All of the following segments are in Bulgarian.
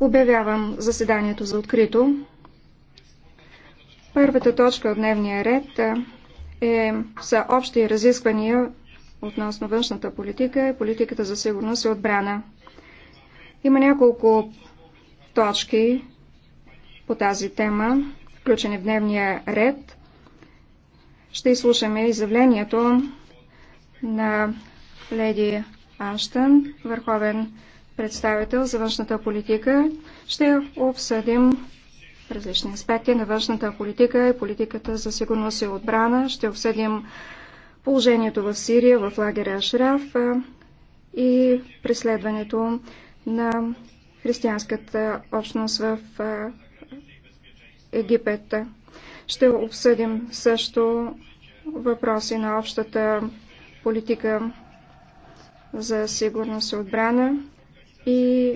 Обявявам заседанието за открито. Първата точка от дневния ред е, са общи разисквания относно външната политика и политиката за сигурност и отбрана. Има няколко точки по тази тема, включени в дневния ред. Ще изслушаме изявлението на леди Аштън, върховен представител за външната политика, ще обсъдим различни аспекти на външната политика и политиката за сигурност и отбрана. Ще обсъдим положението в Сирия, в лагеря Ашраф и преследването на християнската общност в Египет. Ще обсъдим също въпроси на общата политика за сигурност и отбрана и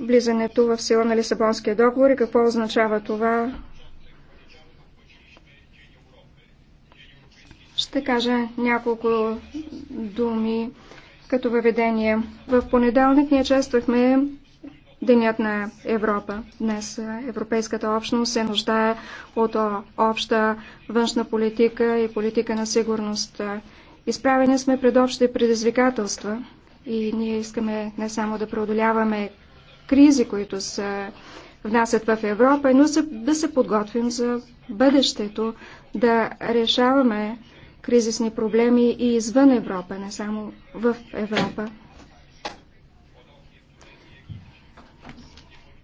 влизането в сила на Лисабонския договор и какво означава това. Ще кажа няколко думи като въведение. В понеделник ние чествахме Денят на Европа. Днес Европейската общност се нуждае от обща външна политика и политика на сигурност. Изправени сме пред общите предизвикателства и ние искаме не само да преодоляваме кризи, които се внасят в Европа, но да се подготвим за бъдещето, да решаваме кризисни проблеми и извън Европа, не само в Европа.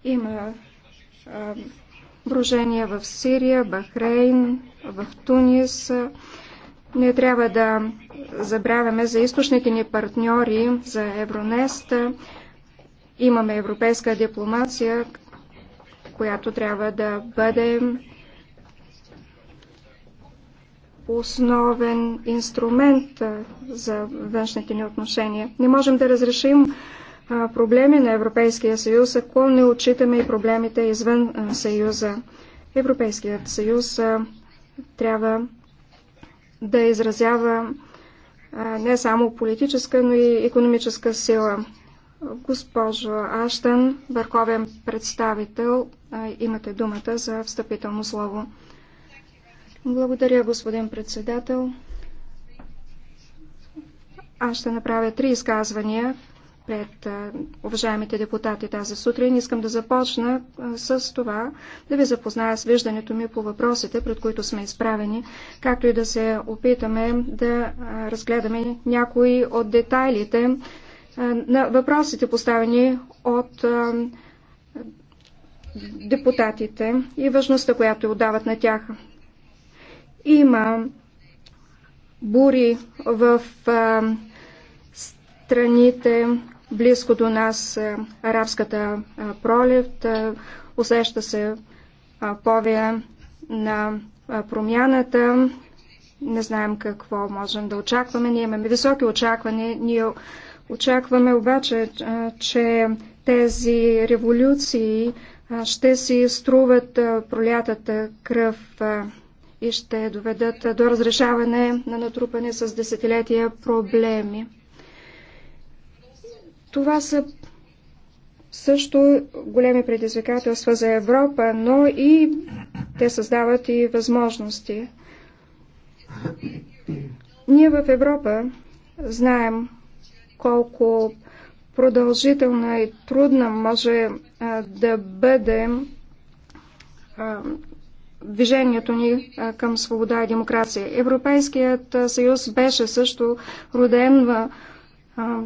Има брожения в Сирия, Бахрейн, в Тунис, не трябва да забравяме за източните ни партньори, за Евронест. Имаме европейска дипломация, която трябва да бъде основен инструмент за външните ни отношения. Не можем да разрешим проблеми на Европейския съюз, ако не отчитаме и проблемите извън съюза. Европейският съюз трябва да изразява не само политическа, но и економическа сила. Госпожо Аштан, върховен представител, имате думата за встъпително слово. Благодаря, господин председател. Аз ще направя три изказвания пред уважаемите депутати тази сутрин. Искам да започна с това да ви запозная с виждането ми по въпросите, пред които сме изправени, както и да се опитаме да разгледаме някои от детайлите на въпросите поставени от депутатите и важността, която отдават на тях. Има бури в страните, близко до нас е, арабската е, пролив, е, усеща се повия на промяната. Не знаем какво можем да очакваме. Ние имаме високи очаквания. Ние очакваме обаче, че тези революции ще си струват пролятата кръв и ще доведат до разрешаване на натрупане с десетилетия проблеми. Това са също големи предизвикателства за Европа, но и те създават и възможности. Ние в Европа знаем колко продължителна и трудна може а, да бъде а, движението ни а, към свобода и демокрация. Европейският съюз беше също роден в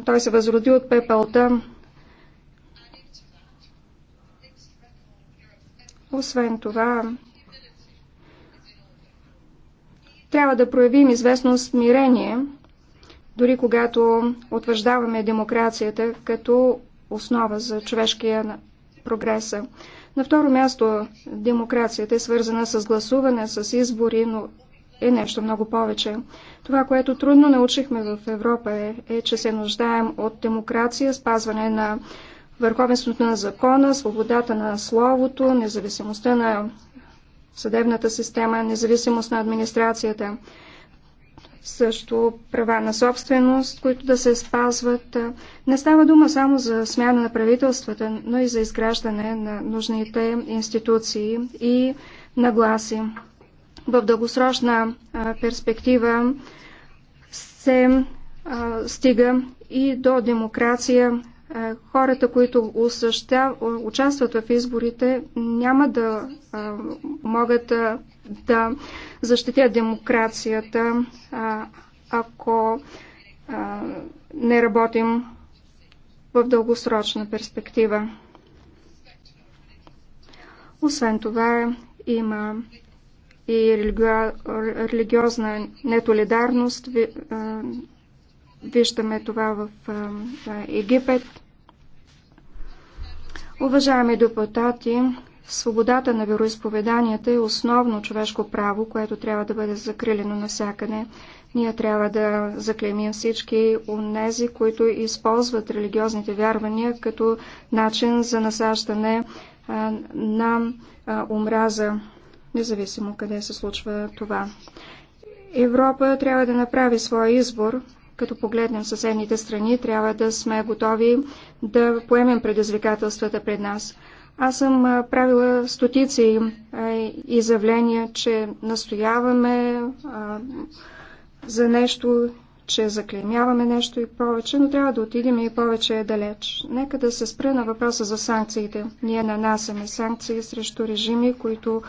той се възроди от пепелта. Освен това, трябва да проявим известно смирение, дори когато утвърждаваме демокрацията като основа за човешкия прогреса. На второ място, демокрацията е свързана с гласуване, с избори, но е нещо много повече. Това, което трудно научихме в Европа е, е че се нуждаем от демокрация, спазване на върховенството на закона, свободата на словото, независимостта на съдебната система, независимост на администрацията, също права на собственост, които да се спазват. Не става дума само за смяна на правителствата, но и за изграждане на нужните институции и нагласи в дългосрочна перспектива се стига и до демокрация. Хората, които участват в изборите, няма да могат да защитят демокрацията, ако не работим в дългосрочна перспектива. Освен това има и религиозна нетолидарност. Виждаме това в Египет. Уважаеми депутати, свободата на вероисповеданията е основно човешко право, което трябва да бъде закрилено навсякъде. Ние трябва да заклемим всички онези, които използват религиозните вярвания като начин за насаждане на омраза независимо къде се случва това. Европа трябва да направи своя избор. Като погледнем съседните страни, трябва да сме готови да поемем предизвикателствата пред нас. Аз съм правила стотици изявления, че настояваме за нещо, че заклемяваме нещо и повече, но трябва да отидем и повече далеч. Нека да се спра на въпроса за санкциите. Ние нанасяме санкции срещу режими, които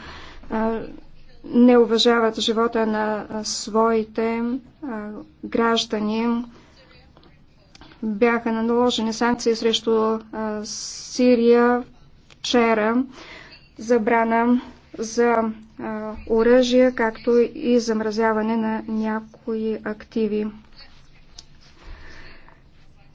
не уважават живота на своите граждани. Бяха наложени санкции срещу Сирия вчера, забрана за оръжие, както и замразяване на някои активи.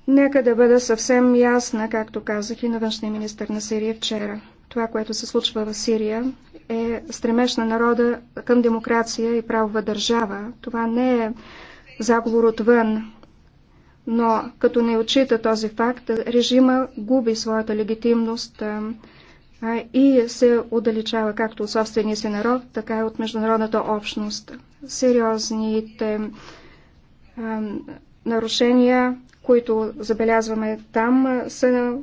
Нека да бъда съвсем ясна, както казах и на външния министр на Сирия вчера. Това, което се случва в Сирия, е стремеж на народа към демокрация и правова държава. Това не е заговор отвън, но като не отчита този факт, режима губи своята легитимност и се отдалечава както от собствения си народ, така и от международната общност. Сериозните нарушения, които забелязваме там, са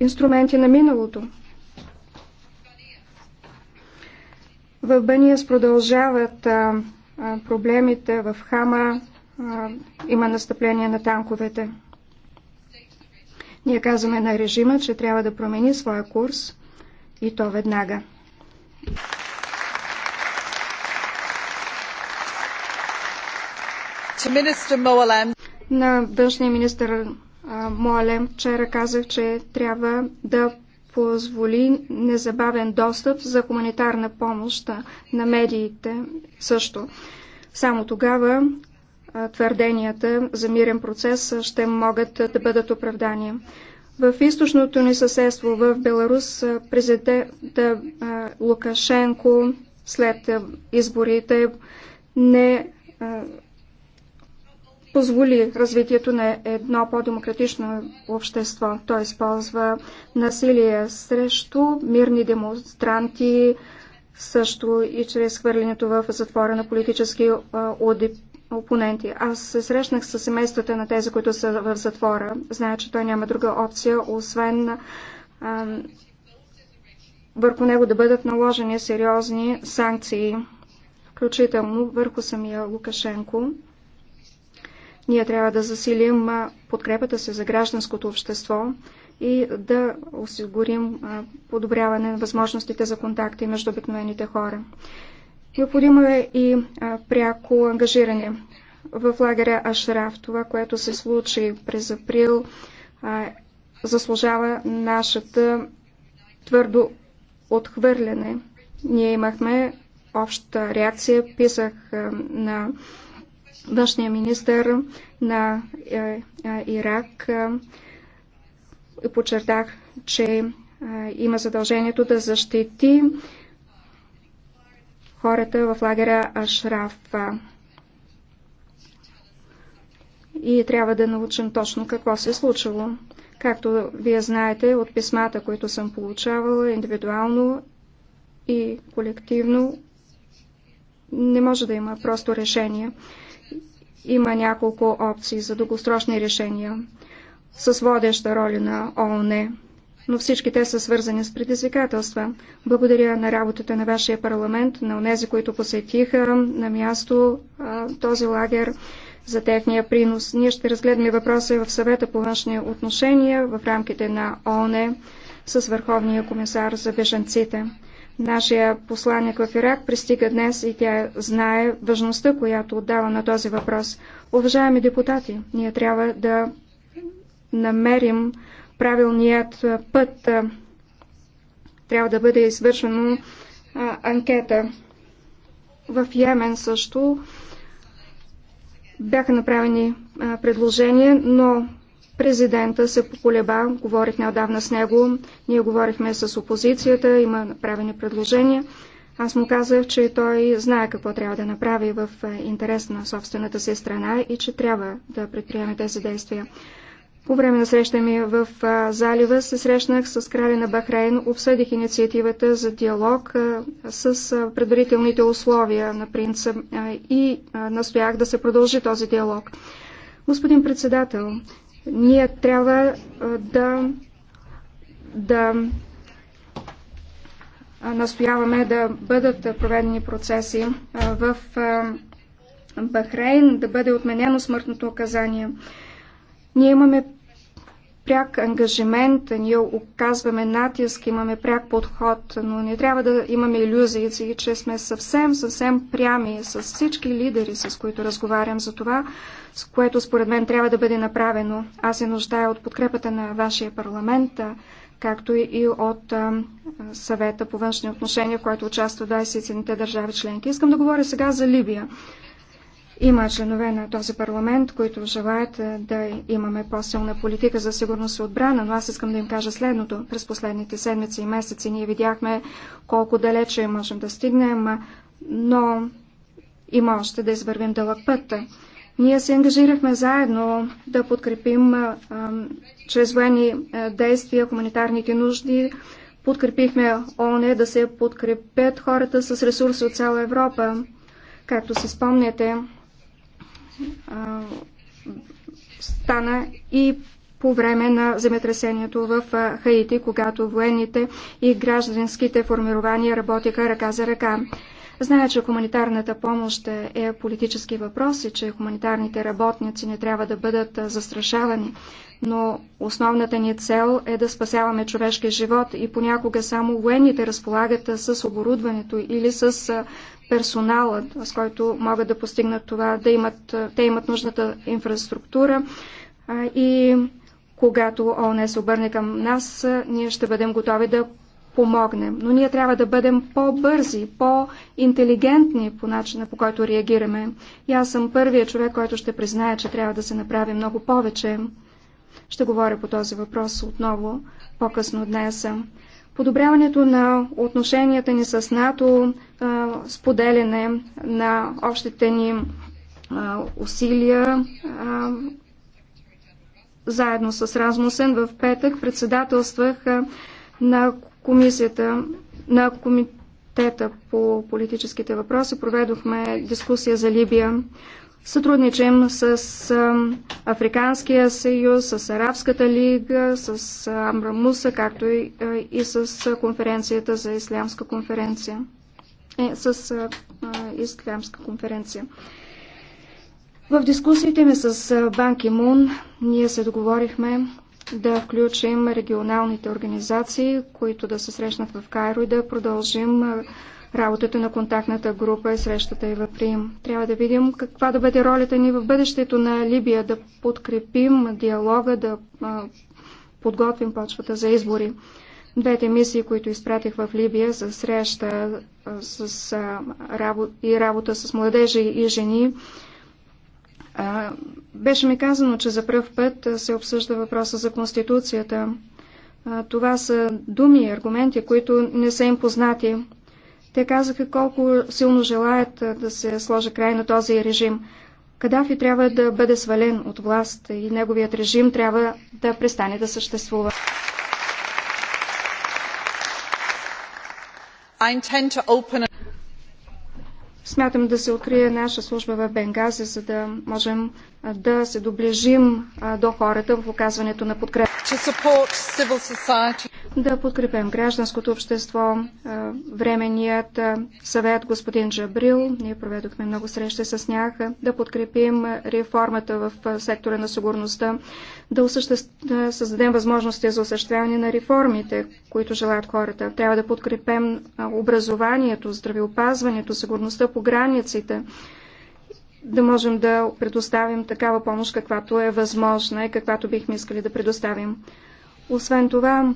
инструменти на миналото. В Албания продължават а, а, проблемите в Хама, а, има настъпление на танковете. Ние казваме на режима, че трябва да промени своя курс и то веднага. На външния министр Моалем вчера казах, че трябва да позволи незабавен достъп за хуманитарна помощ на медиите също. Само тогава твърденията за мирен процес ще могат да бъдат оправдани. В източното ни съседство в Беларус президент Лукашенко след изборите не позволи развитието на едно по-демократично общество. Той използва насилие срещу мирни демонстранти, също и чрез хвърлянето в затвора на политически опоненти. Аз се срещнах с семействата на тези, които са в затвора. Зная, че той няма друга опция, освен а, върху него да бъдат наложени сериозни санкции, включително върху самия Лукашенко. Ние трябва да засилим подкрепата си за гражданското общество и да осигурим подобряване на възможностите за контакти между обикновените хора. Необходимо е и пряко ангажиране. В лагеря Ашраф това, което се случи през април, заслужава нашата твърдо отхвърляне. Ние имахме обща реакция, писах на външния министр на е, е, Ирак е, подчертах, че има задължението да защити хората в лагера Ашраф. И трябва да научим точно какво се е случило. Както вие знаете от писмата, които съм получавала индивидуално и колективно, не може да има просто решение има няколко опции за дългосрочни решения с водеща роля на ООН, но всички те са свързани с предизвикателства. Благодаря на работата на вашия парламент, на онези, които посетиха на място този лагер за техния принос. Ние ще разгледаме въпроса в съвета по външни отношения в рамките на ООН с Върховния комисар за беженците. Нашия посланник в Ирак пристига днес и тя знае важността, която отдава на този въпрос. Уважаеми депутати, ние трябва да намерим правилният път. Трябва да бъде извършена анкета. В Йемен също бяха направени предложения, но Президента се поколеба, говорих неодавна с него, ние говорихме с опозицията, има направени предложения. Аз му казах, че той знае какво трябва да направи в интерес на собствената си страна и че трябва да предприеме тези действия. По време на среща ми в залива се срещнах с краля на Бахрейн, обсъдих инициативата за диалог с предварителните условия на принца и настоях да се продължи този диалог. Господин председател, ние трябва да, да настояваме да бъдат проведени процеси в Бахрейн, да бъде отменено смъртното оказание. Ние имаме пряк ангажимент, ние оказваме натиск, имаме пряк подход, но не трябва да имаме иллюзии, че сме съвсем, съвсем прями с всички лидери, с които разговарям за това, с което според мен трябва да бъде направено. Аз се нуждая от подкрепата на вашия парламент, както и от съвета по външни отношения, в който участва 27-те държави членки. Искам да говоря сега за Либия. Има членове на този парламент, които желаят е, да имаме по-силна политика за сигурност и отбрана, но аз искам да им кажа следното. През последните седмици и месеци ние видяхме колко далече можем да стигнем, но има още да извървим дълъг път. Ние се ангажирахме заедно да подкрепим е, а, чрез военни е, действия хуманитарните нужди. Подкрепихме ООН да се подкрепят хората с ресурси от цяла Европа. Както си спомняте, стана и по време на земетресението в Хаити, когато военните и гражданските формирования работиха ръка за ръка. Зная, че хуманитарната помощ е, е политически въпрос и че хуманитарните работници не трябва да бъдат застрашавани, но основната ни цел е да спасяваме човешкия живот и понякога само военните разполагат с оборудването или с персоналът, с който могат да постигнат това, да имат, те имат нужната инфраструктура и когато ОНС се обърне към нас, ние ще бъдем готови да помогнем. Но ние трябва да бъдем по-бързи, по-интелигентни по начина по който реагираме. И аз съм първият човек, който ще признае, че трябва да се направи много повече. Ще говоря по този въпрос отново по-късно днес. Подобряването на отношенията ни с НАТО, споделяне на общите ни усилия, заедно с Размусен в петък председателствах на комисията, на комитета по политическите въпроси проведохме дискусия за Либия. Сътрудничим с Африканския съюз, с Арабската лига, с Амра Муса, както и, и с конференцията за ислямска конференция. Е, с а, ислямска конференция. В дискусиите ми с Банки Мун ние се договорихме да включим регионалните организации, които да се срещнат в Кайро и да продължим работата на контактната група и срещата и в Рим. Трябва да видим каква да бъде ролята ни в бъдещето на Либия, да подкрепим диалога, да подготвим почвата за избори. Двете мисии, които изпратих в Либия за среща с, работа, и работа с младежи и жени, а, беше ми казано, че за пръв път се обсъжда въпроса за Конституцията. А, това са думи и аргументи, които не са им познати. Те казаха колко силно желаят да се сложи край на този режим. Кадафи трябва да бъде свален от власт и неговият режим трябва да престане да съществува. I intend to open Смятам да се открие наша служба в Бенгази, за да можем да се доближим до хората в оказването на подкрепа. Да подкрепим гражданското общество, временният съвет господин Джабрил, ние проведохме много срещи с тях, да подкрепим реформата в сектора на сигурността, да създадем възможности за осъществяване на реформите, които желаят хората. Трябва да подкрепем образованието, здравеопазването, сигурността по границите, да можем да предоставим такава помощ, каквато е възможна и каквато бихме искали да предоставим. Освен това,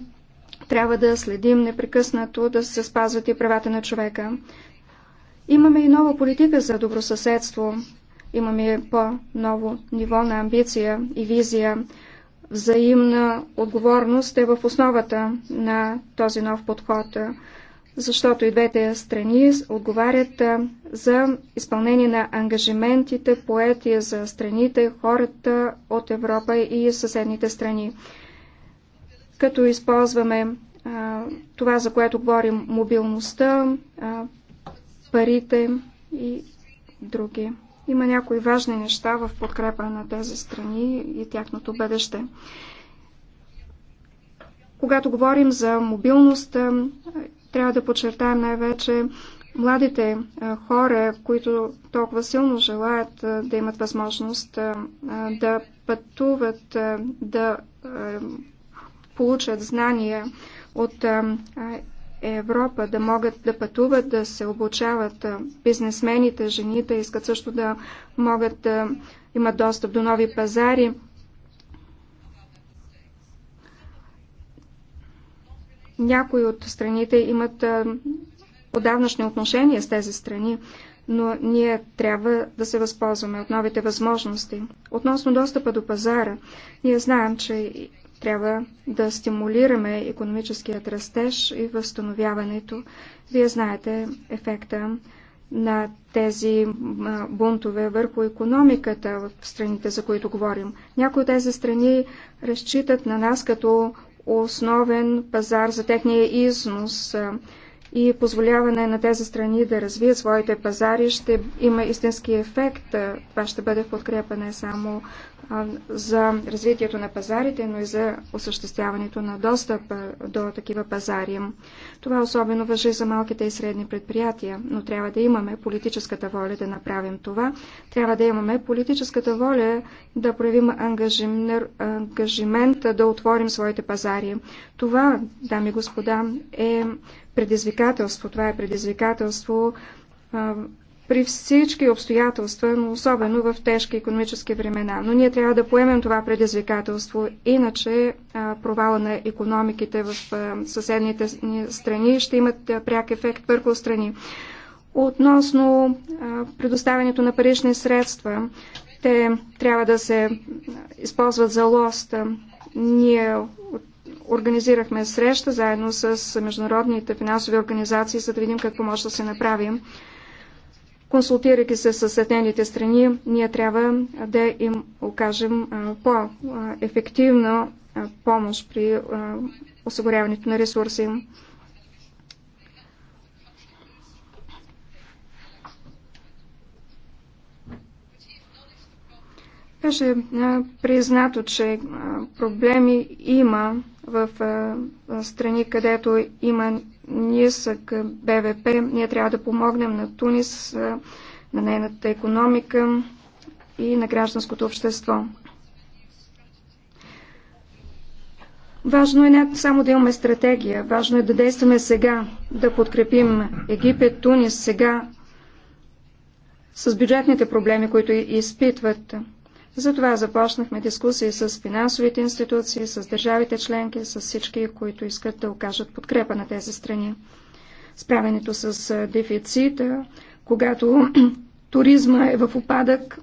трябва да следим непрекъснато да се спазват и правата на човека. Имаме и нова политика за добросъседство имаме по-ново ниво на амбиция и визия. Взаимна отговорност е в основата на този нов подход, защото и двете страни отговарят за изпълнение на ангажиментите, поети за страните, хората от Европа и съседните страни. Като използваме това, за което говорим, мобилността, парите и други. Има някои важни неща в подкрепа на тези страни и тяхното бъдеще. Когато говорим за мобилност, трябва да подчертаем най-вече младите хора, които толкова силно желаят да имат възможност да пътуват, да получат знания от Европа да могат да пътуват, да се обучават. Бизнесмените, жените искат също да могат да имат достъп до нови пазари. Някои от страните имат отдавнашни отношения с тези страни, но ние трябва да се възползваме от новите възможности. Относно достъпа до пазара, ние знаем, че трябва да стимулираме економическият растеж и възстановяването. Вие знаете ефекта на тези бунтове върху економиката в страните, за които говорим. Някои от тези страни разчитат на нас като основен пазар за техния износ и позволяване на тези страни да развият своите пазари ще има истински ефект. Това ще бъде в подкрепа не само за развитието на пазарите, но и за осъществяването на достъп до такива пазари. Това особено въжи за малките и средни предприятия, но трябва да имаме политическата воля да направим това. Трябва да имаме политическата воля да проявим ангажимент да отворим своите пазари. Това, дами и господа, е предизвикателство. Това е предизвикателство при всички обстоятелства, но особено в тежки економически времена. Но ние трябва да поемем това предизвикателство, иначе провала на економиките в съседните страни ще имат пряк ефект върху страни. Относно предоставянето на парични средства, те трябва да се използват за лост. Ние организирахме среща заедно с международните финансови организации, за да видим какво може да се направим. Консултирайки се с съседните страни, ние трябва да им окажем по-ефективна помощ при осигуряването на ресурси. Беше признато, че проблеми има в страни, където има ние към БВП, ние трябва да помогнем на Тунис, на нейната економика и на гражданското общество. Важно е не само да имаме стратегия, важно е да действаме сега, да подкрепим Египет, Тунис сега с бюджетните проблеми, които изпитват. Затова започнахме дискусии с финансовите институции, с държавите членки, с всички, които искат да окажат подкрепа на тези страни. Справянето с дефицита, когато туризма е в опадък,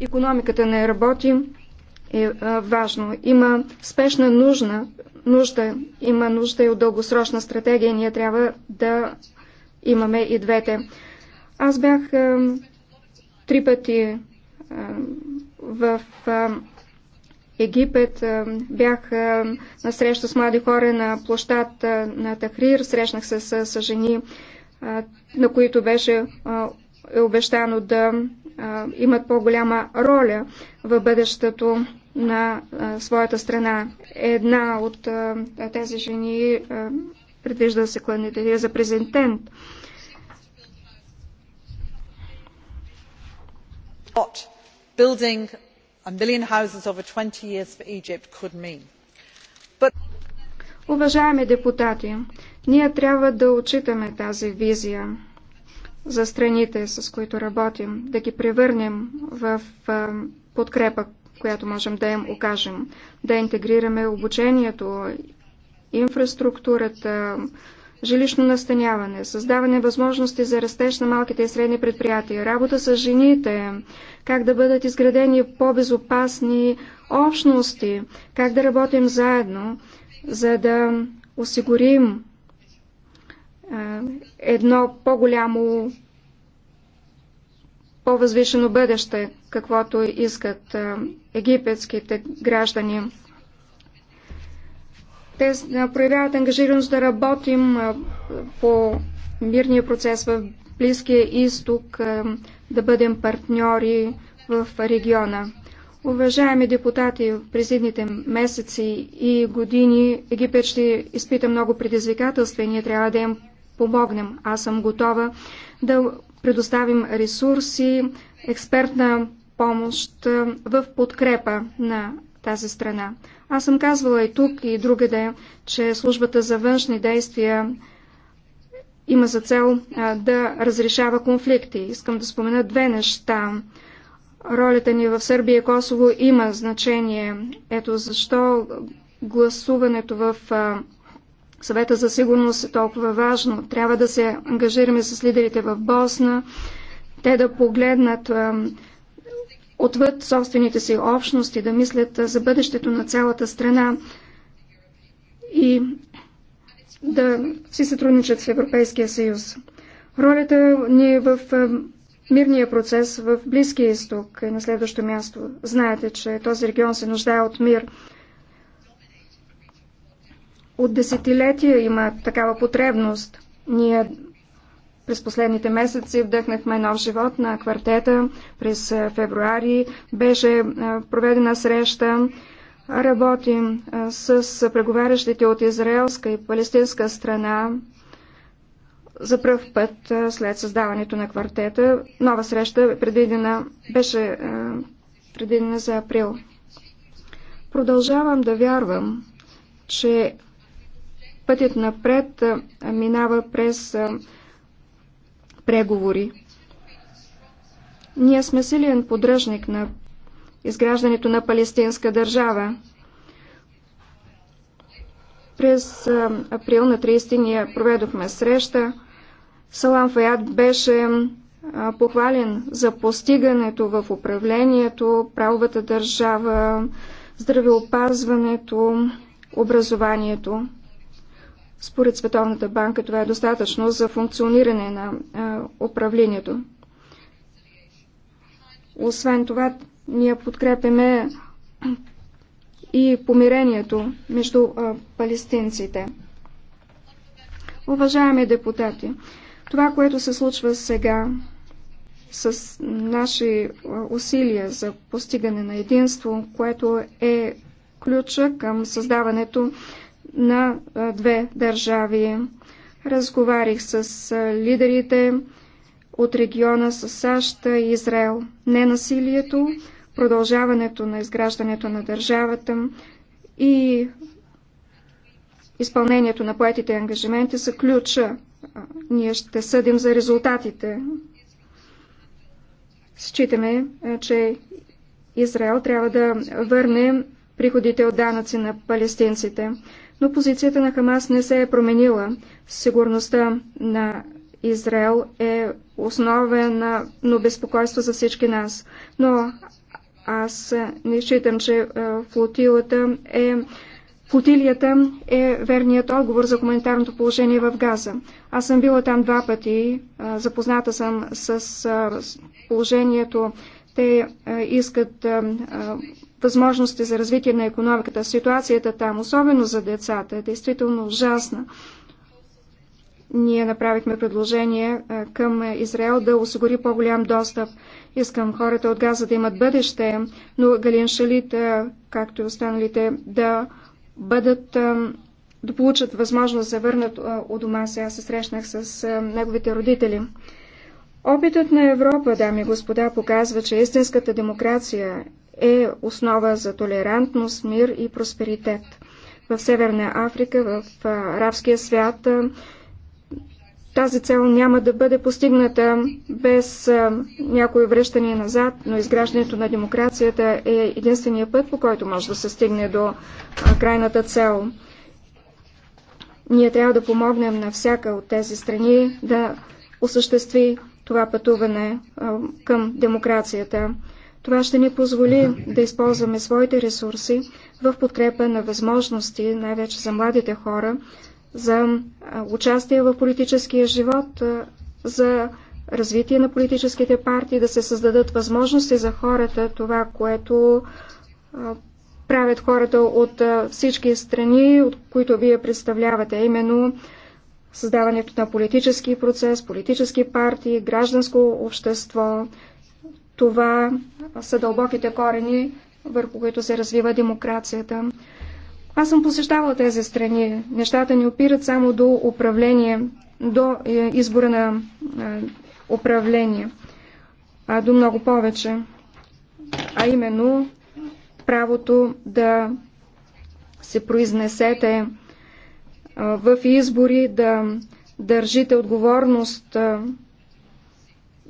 економиката не работи, е важно. Има спешна нужна, нужда, има нужда и от дългосрочна стратегия. Ние трябва да имаме и двете. Аз бях три пъти в Египет. Бях на среща с млади хора на площад на Тахрир. Срещнах се с, с жени, на които беше е обещано да имат по-голяма роля в бъдещето на своята страна. Една от тези жени предвижда да се кандидатира за президент. What? building a million houses over twenty years for Egypt could mean. Уважаеми депутати, ние трябва да отчитаме тази визия за страните, с които работим, да ги превърнем в подкрепа, която можем да им окажем, да интегрираме обучението, инфраструктурата, жилищно настаняване, създаване възможности за растеж на малките и средни предприятия, работа с жените, как да бъдат изградени по-безопасни общности, как да работим заедно, за да осигурим едно по-голямо, по-възвишено бъдеще, каквото искат египетските граждани. Те проявяват ангажираност да работим по мирния процес в Близкия изток, да бъдем партньори в региона. Уважаеми депутати, през едните месеци и години Египет ще изпита много предизвикателства и ние трябва да им помогнем. Аз съм готова да предоставим ресурси, експертна помощ в подкрепа на тази страна. Аз съм казвала и тук, и другаде, че службата за външни действия има за цел да разрешава конфликти. Искам да спомена две неща. Ролята ни в Сърбия и Косово има значение. Ето защо гласуването в съвета за сигурност е толкова важно. Трябва да се ангажираме с лидерите в Босна, те да погледнат отвъд собствените си общности, да мислят за бъдещето на цялата страна и да си сътрудничат с Европейския съюз. Ролята ни е в мирния процес в Близкия изток и е на следващо място. Знаете, че този регион се нуждае от мир. От десетилетия има такава потребност. Ние през последните месеци вдъхнахме нов живот на квартета. През февруари беше проведена среща. Работим с преговарящите от израелска и палестинска страна за пръв път след създаването на квартета. Нова среща е предвидена, беше предвидена за април. Продължавам да вярвам, че пътят напред минава през преговори. Ние сме силен поддръжник на изграждането на палестинска държава. През април на 30 ние проведохме среща. Салам Фаят беше похвален за постигането в управлението, правовата държава, здравеопазването, образованието. Според Световната банка това е достатъчно за функциониране на управлението. Освен това, ние подкрепяме и помирението между палестинците. Уважаеми депутати, това, което се случва сега с наши усилия за постигане на единство, което е ключа към създаването на две държави. Разговарих с лидерите от региона с САЩ и Израел. Ненасилието, продължаването на изграждането на държавата и изпълнението на поетите ангажименти са ключа. Ние ще съдим за резултатите. Считаме, че Израел трябва да върне приходите от данъци на палестинците но позицията на Хамас не се е променила. Сигурността на Израел е основа на безпокойство за всички нас. Но аз не считам, че флотилата е Флотилията е верният отговор за хуманитарното положение в Газа. Аз съм била там два пъти, запозната съм с положението. Те искат възможности за развитие на економиката. Ситуацията там, особено за децата, е действително ужасна. Ние направихме предложение към Израел да осигури по-голям достъп. Искам хората от Газа да имат бъдеще, но Галин Шалит, както и останалите, да бъдат да получат възможност да се върнат у дома си. Аз се срещнах с неговите родители. Опитът на Европа, дами и господа, показва, че истинската демокрация е основа за толерантност, мир и просперитет. В Северна Африка, в арабския свят, тази цел няма да бъде постигната без някои връщане назад, но изграждането на демокрацията е единствения път, по който може да се стигне до крайната цел. Ние трябва да помогнем на всяка от тези страни да осъществи това пътуване към демокрацията. Това ще ни позволи да използваме своите ресурси в подкрепа на възможности, най-вече за младите хора, за участие в политическия живот, за развитие на политическите партии, да се създадат възможности за хората, това, което правят хората от всички страни, от които вие представлявате, именно създаването на политически процес, политически партии, гражданско общество, това са дълбоките корени, върху които се развива демокрацията. Аз съм посещавала тези страни. Нещата ни опират само до управление, до е, избора на е, управление, а до много повече. А именно правото да се произнесете е, в избори, да държите отговорност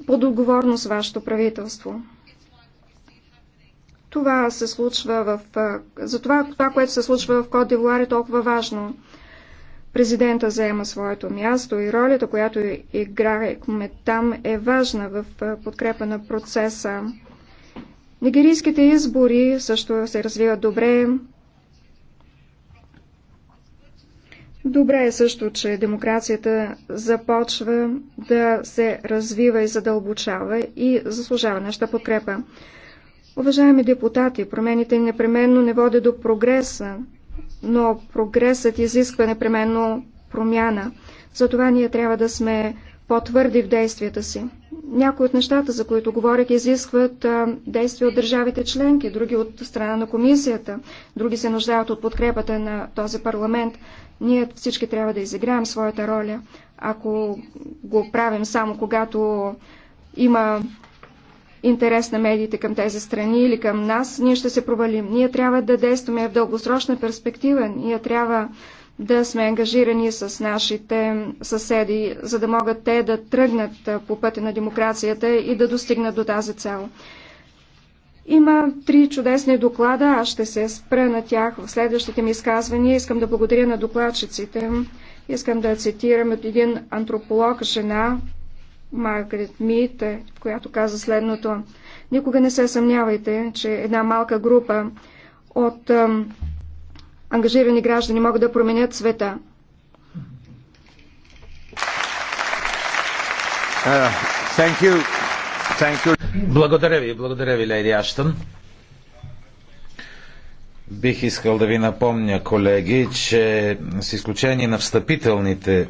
под отговорност вашето правителство. Това се случва в... Затова това, което се случва в Код Девуар е толкова важно. Президента заема своето място и ролята, която играехме там, е важна в подкрепа на процеса. Нигерийските избори също се развиват добре. Добре е също, че демокрацията започва да се развива и задълбочава и заслужава нашата подкрепа. Уважаеми депутати, промените непременно не водят до прогреса, но прогресът изисква непременно промяна. Затова ние трябва да сме по-твърди в действията си. Някои от нещата, за които говорих, изискват действия от държавите членки, други от страна на комисията, други се нуждаят от подкрепата на този парламент. Ние всички трябва да изиграем своята роля. Ако го правим само когато има интерес на медиите към тези страни или към нас, ние ще се провалим. Ние трябва да действаме в дългосрочна перспектива. Ние трябва да сме ангажирани с нашите съседи, за да могат те да тръгнат по пътя на демокрацията и да достигнат до тази цел. Има три чудесни доклада, аз ще се спра на тях в следващите ми изказвания. Искам да благодаря на докладчиците. Искам да цитирам от един антрополог, жена, Маргарет Мит, която каза следното. Никога не се съмнявайте, че една малка група от ам, ангажирани граждани могат да променят света. Uh, thank you. Thank you благодаря ви, благодаря ви, Лейди Аштън. Бих искал да ви напомня, колеги, че с изключение на встъпителните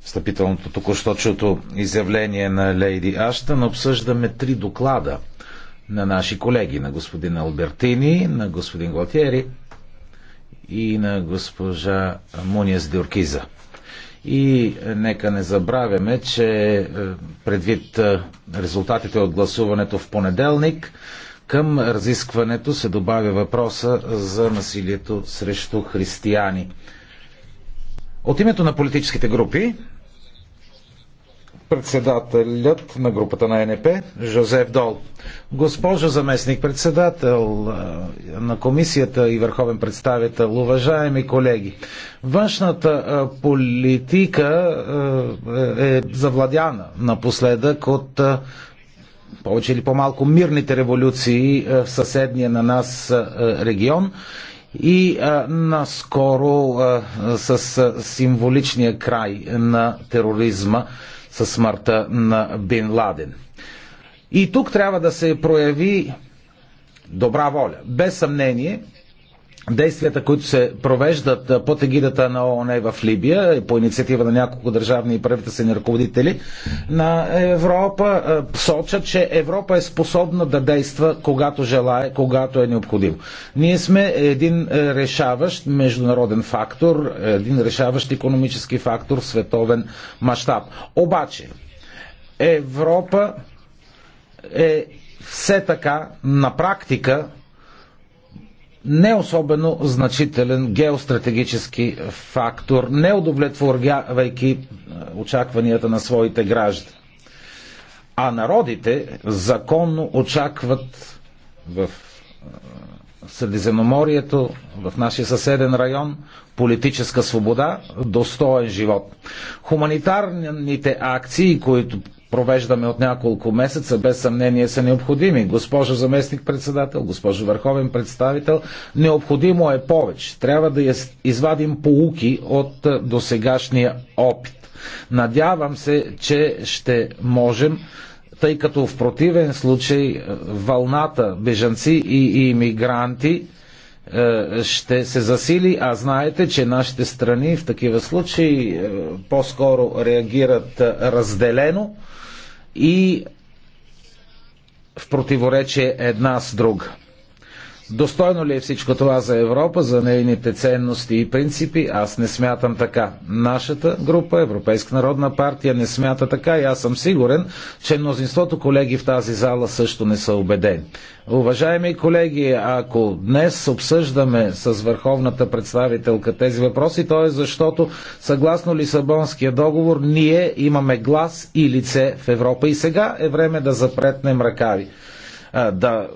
встъпителното току-що чуто изявление на Лейди Аштън, обсъждаме три доклада на наши колеги, на господин Албертини, на господин Глотиери и на госпожа Муниес Дюркиза. И е, нека не забравяме, че е, предвид е, резултатите от гласуването в понеделник, към разискването се добавя въпроса за насилието срещу християни. От името на политическите групи председателят на групата на НП Жозеф Дол. Госпожо заместник председател на комисията и върховен представител, уважаеми колеги, външната политика е завладяна напоследък от повече или по-малко мирните революции в съседния на нас регион и а, наскоро а, с символичния край на тероризма със смъртта на Бин Ладен. И тук трябва да се прояви добра воля. Без съмнение, действията, които се провеждат под егидата на ООН е в Либия, по инициатива на няколко държавни и правителствени ръководители на Европа, сочат, че Европа е способна да действа когато желае, когато е необходимо. Ние сме един е, решаващ международен фактор, един решаващ економически фактор в световен мащаб. Обаче, Европа е все така на практика не особено значителен геостратегически фактор, не удовлетворявайки е, очакванията на своите граждани. А народите законно очакват в е, Средиземноморието, в нашия съседен район, политическа свобода, достоен живот. Хуманитарните акции, които провеждаме от няколко месеца, без съмнение са необходими. Госпожо заместник председател, госпожо върховен представител, необходимо е повече. Трябва да извадим полуки от досегашния опит. Надявам се, че ще можем тъй като в противен случай вълната бежанци и иммигранти е, ще се засили, а знаете, че нашите страни в такива случаи е, по-скоро реагират е, разделено и в противоречие една с друга. Достойно ли е всичко това за Европа, за нейните ценности и принципи? Аз не смятам така. Нашата група, Европейска народна партия, не смята така и аз съм сигурен, че мнозинството колеги в тази зала също не са убедени. Уважаеми колеги, ако днес обсъждаме с върховната представителка тези въпроси, то е защото съгласно Лисабонския договор ние имаме глас и лице в Европа и сега е време да запретнем ръкави да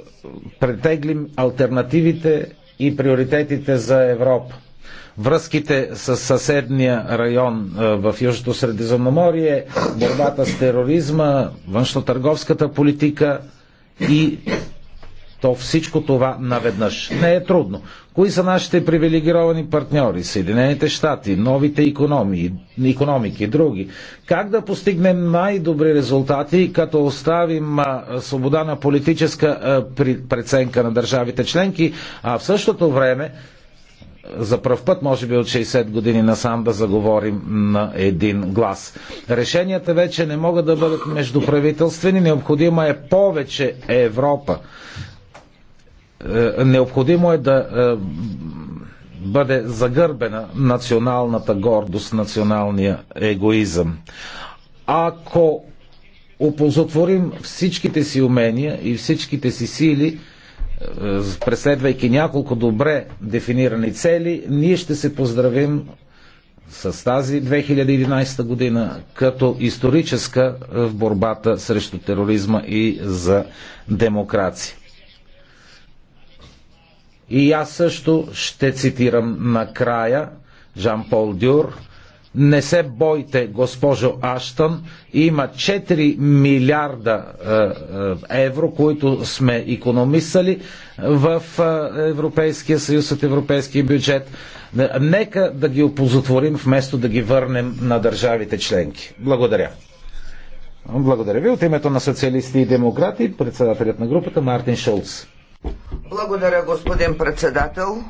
претеглим альтернативите и приоритетите за Европа. Връзките с съседния район в Южното Средиземноморие, борбата с тероризма, външно-търговската политика и то всичко това наведнъж. Не е трудно. Кои са нашите привилегировани партньори? Съединените щати, новите економии, економики, други. Как да постигнем най-добри резултати, като оставим а, свобода на политическа а, при, преценка на държавите членки, а в същото време за пръв път, може би от 60 години насам, да заговорим на един глас. Решенията вече не могат да бъдат междуправителствени, необходима е повече Европа. Е, необходимо е да е, бъде загърбена националната гордост, националния егоизъм. Ако опозотворим всичките си умения и всичките си сили, е, преследвайки няколко добре дефинирани цели, ние ще се поздравим с тази 2011 година като историческа в борбата срещу тероризма и за демокрация. И аз също ще цитирам накрая Жан-Пол Дюр. Не се бойте, госпожо Аштън, има 4 милиарда е, е, евро, които сме економисали в е, Европейския съюз от европейския бюджет. Нека да ги опозотворим, вместо да ги върнем на държавите членки. Благодаря. Благодаря ви. От името на социалисти и демократи, председателят на групата Мартин Шолц. Благодаря, господин председател.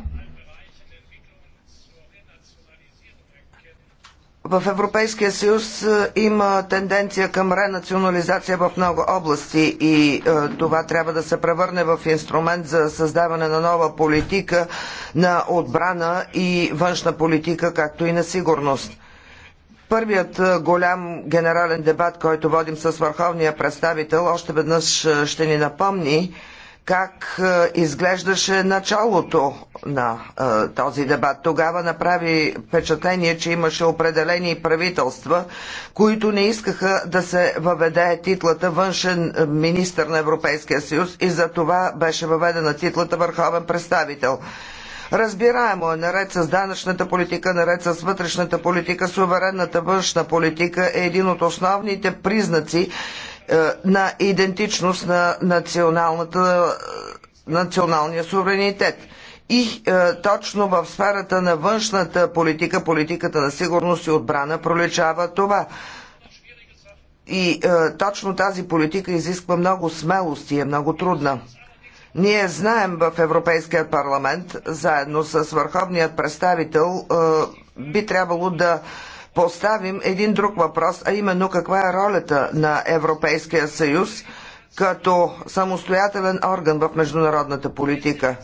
В Европейския съюз е, има тенденция към ренационализация в много области и е, това трябва да се превърне в инструмент за създаване на нова политика на отбрана и външна политика, както и на сигурност. Първият е, голям генерален дебат, който водим с върховния представител, още веднъж ще ни напомни, как е, изглеждаше началото на е, този дебат. Тогава направи впечатление, че имаше определени правителства, които не искаха да се въведе титлата външен е, министр на Европейския съюз и за това беше въведена титлата върховен представител. Разбираемо е, наред с данъчната политика, наред с вътрешната политика, суверенната външна политика е един от основните признаци е, на идентичност на националната, е, националния суверенитет. И е, точно в сферата на външната политика, политиката на сигурност и отбрана проличава това. И е, точно тази политика изисква много смелост и е много трудна. Ние знаем в Европейския парламент, заедно с върховният представител, е, би трябвало да е, поставим един друг въпрос, а именно каква е ролята на Европейския съюз като самостоятелен орган в международната политика.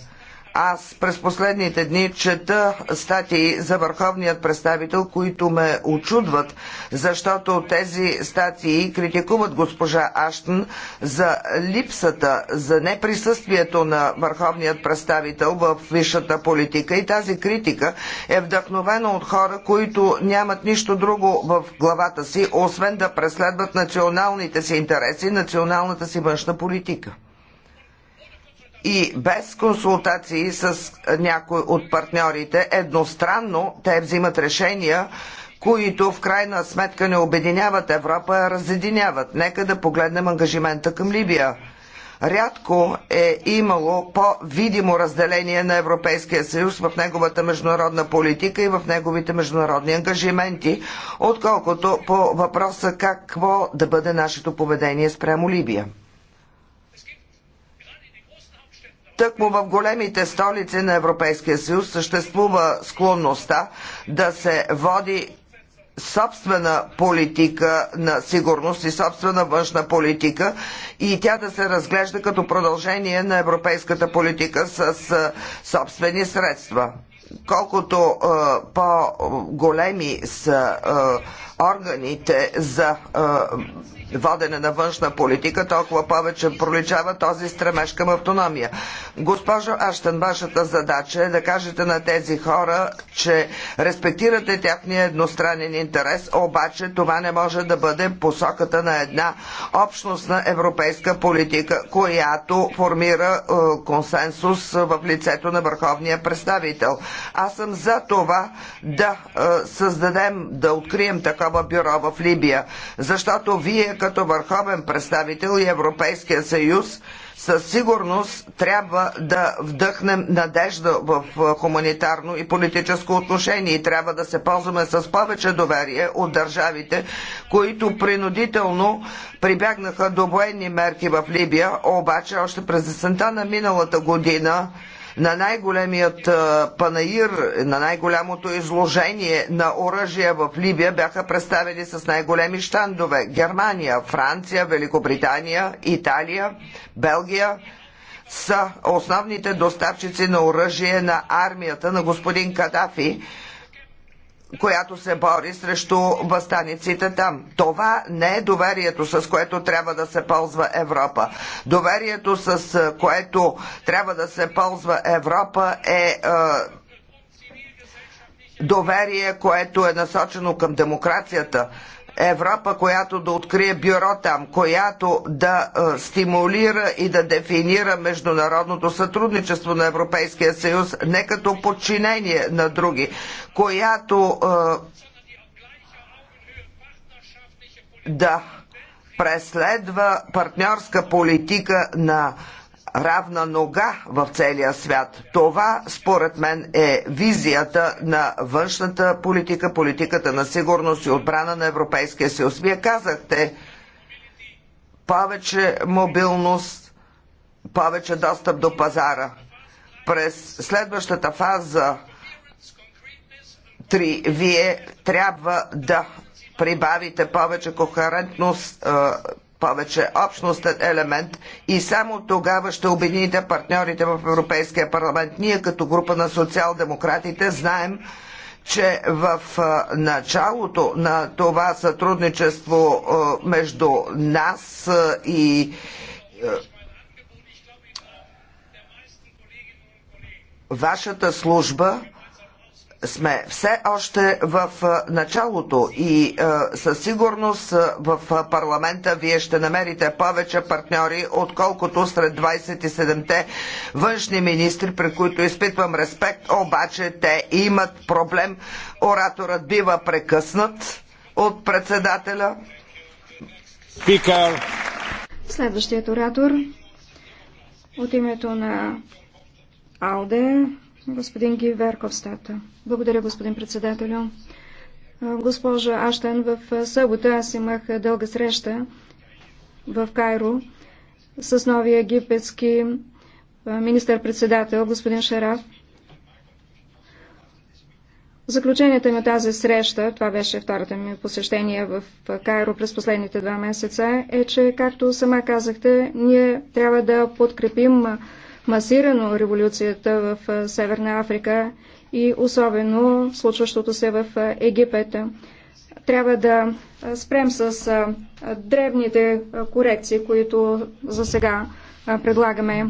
Аз през последните дни чета статии за върховният представител, които ме очудват, защото тези статии критикуват госпожа Аштън за липсата, за неприсъствието на върховният представител в висшата политика и тази критика е вдъхновена от хора, които нямат нищо друго в главата си, освен да преследват националните си интереси, националната си външна политика и без консултации с някой от партньорите, едностранно те взимат решения, които в крайна сметка не обединяват Европа, а разединяват. Нека да погледнем ангажимента към Либия. Рядко е имало по-видимо разделение на Европейския съюз в неговата международна политика и в неговите международни ангажименти, отколкото по въпроса какво да бъде нашето поведение спрямо Либия. Тъкмо в големите столици на Европейския съюз съществува склонността да се води собствена политика на сигурност и собствена външна политика и тя да се разглежда като продължение на европейската политика с собствени средства. Колкото по-големи са органите за водене на външна политика, толкова повече проличава този стремеж към автономия. Госпожо Аштен, вашата задача е да кажете на тези хора, че респектирате тяхния едностранен интерес, обаче това не може да бъде посоката на една общностна европейска политика, която формира консенсус в лицето на върховния представител. Аз съм за това да създадем, да открием такова такова бюро в Либия, защото вие като върховен представител и Европейския съюз със сигурност трябва да вдъхнем надежда в хуманитарно и политическо отношение и трябва да се ползваме с повече доверие от държавите, които принудително прибягнаха до военни мерки в Либия, обаче още през десента на миналата година на най-големият панаир, на най-голямото изложение на оръжия в Либия бяха представени с най-големи щандове Германия, Франция, Великобритания, Италия, Белгия, са основните доставчици на оръжие на армията на господин Кадафи която се бори срещу възстаниците там. Това не е доверието, с което трябва да се ползва Европа. Доверието, с което трябва да се ползва Европа е, е доверие, което е насочено към демокрацията. Европа, която да открие бюро там, която да е, стимулира и да дефинира международното сътрудничество на Европейския съюз не като подчинение на други, която е, да преследва партньорска политика на равна нога в целия свят. Това, според мен, е визията на външната политика, политиката на сигурност и отбрана на Европейския съюз. Вие казахте повече мобилност, повече достъп до пазара. През следващата фаза 3 вие трябва да прибавите повече кохерентност е, повече общностен елемент и само тогава ще обедините партньорите в Европейския парламент. Ние като група на социал-демократите знаем, че в началото на това сътрудничество между нас и вашата служба сме все още в началото и със сигурност в парламента вие ще намерите повече партньори, отколкото сред 27-те външни министри, при които изпитвам респект, обаче те имат проблем. Ораторът бива прекъснат от председателя. Спикър. Следващият оратор от името на Алде Господин Гиверковстата. Благодаря, господин председателю. Госпожа Аштен, в събота аз имах дълга среща в Кайро с новия египетски министър-председател, господин Шараф. Заключенията на тази среща, това беше втората ми посещение в Кайро през последните два месеца, е, че, както сама казахте, ние трябва да подкрепим масирано революцията в Северна Африка и особено случващото се в Египет. Трябва да спрем с древните корекции, които за сега предлагаме.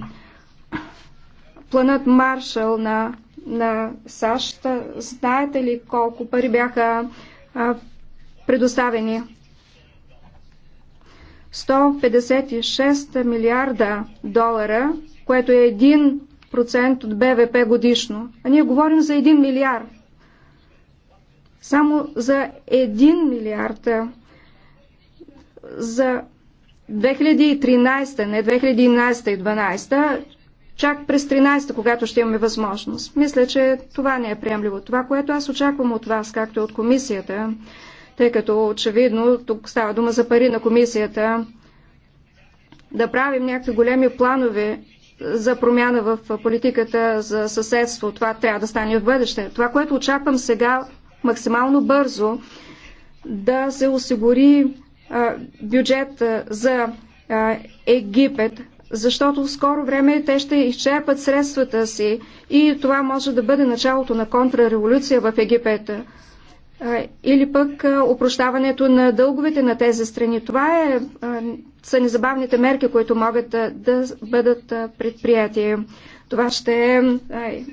Планът Маршал на, на САЩ, знаете ли колко пари бяха предоставени 156 милиарда долара което е 1% от БВП годишно. А ние говорим за 1 милиард. Само за 1 милиард за 2013, не 2011 и 2012, чак през 13, когато ще имаме възможност. Мисля, че това не е приемливо. Това, което аз очаквам от вас, както и от комисията, тъй като очевидно тук става дума за пари на комисията, да правим някакви големи планове за промяна в политиката за съседство. Това трябва да стане в бъдеще. Това, което очаквам сега максимално бързо, да се осигури бюджет за Египет, защото в скоро време те ще изчерпат средствата си и това може да бъде началото на контрреволюция в Египет или пък опрощаването на дълговете на тези страни. Това е са незабавните мерки, които могат да, да бъдат предприятия. Това ще е ай,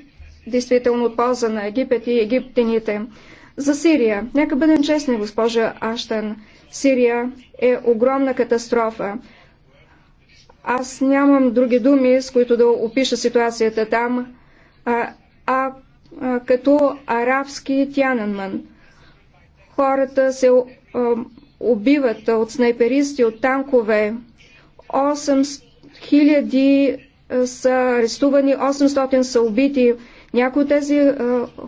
действително от полза на Египет и египтяните. За Сирия. Нека бъдем честни, госпожа Аштен. Сирия е огромна катастрофа. Аз нямам други думи, с които да опиша ситуацията там, а, а, а като арабски тянанман. Хората се убиват от снайперисти, от танкове. 8 000 е, са арестувани, 800 са убити. Някои от тези е,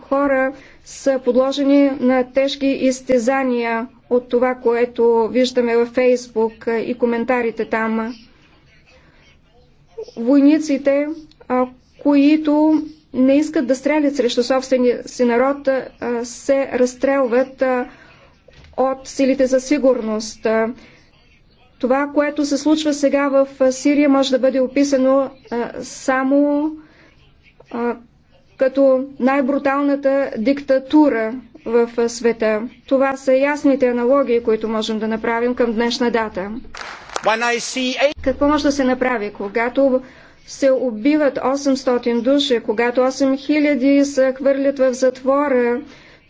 хора са подложени на тежки изтезания от това, което виждаме във Фейсбук е, и коментарите там. Войниците, които не искат да стрелят срещу собствения си народ, се разстрелват от силите за сигурност. Това, което се случва сега в Сирия, може да бъде описано само като най-бруталната диктатура в света. Това са ясните аналогии, които можем да направим към днешна дата. See... Какво може да се направи, когато се убиват 800 души, когато 8000 се хвърлят в затвора?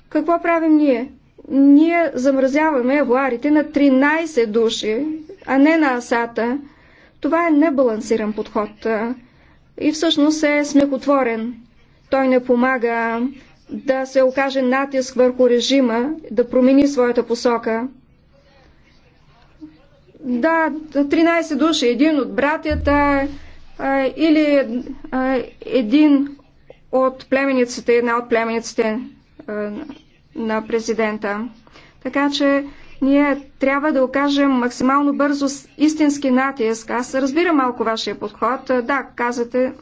Какво правим ние? ние замразяваме авуарите на 13 души, а не на асата. Това е небалансиран подход и всъщност е смехотворен. Той не помага да се окаже натиск върху режима, да промени своята посока. Да, 13 души, един от братята или един от племениците, една от племениците на президента. Така че ние трябва да окажем максимално бързо истински натиск. Аз разбирам малко вашия подход. Да, казвате,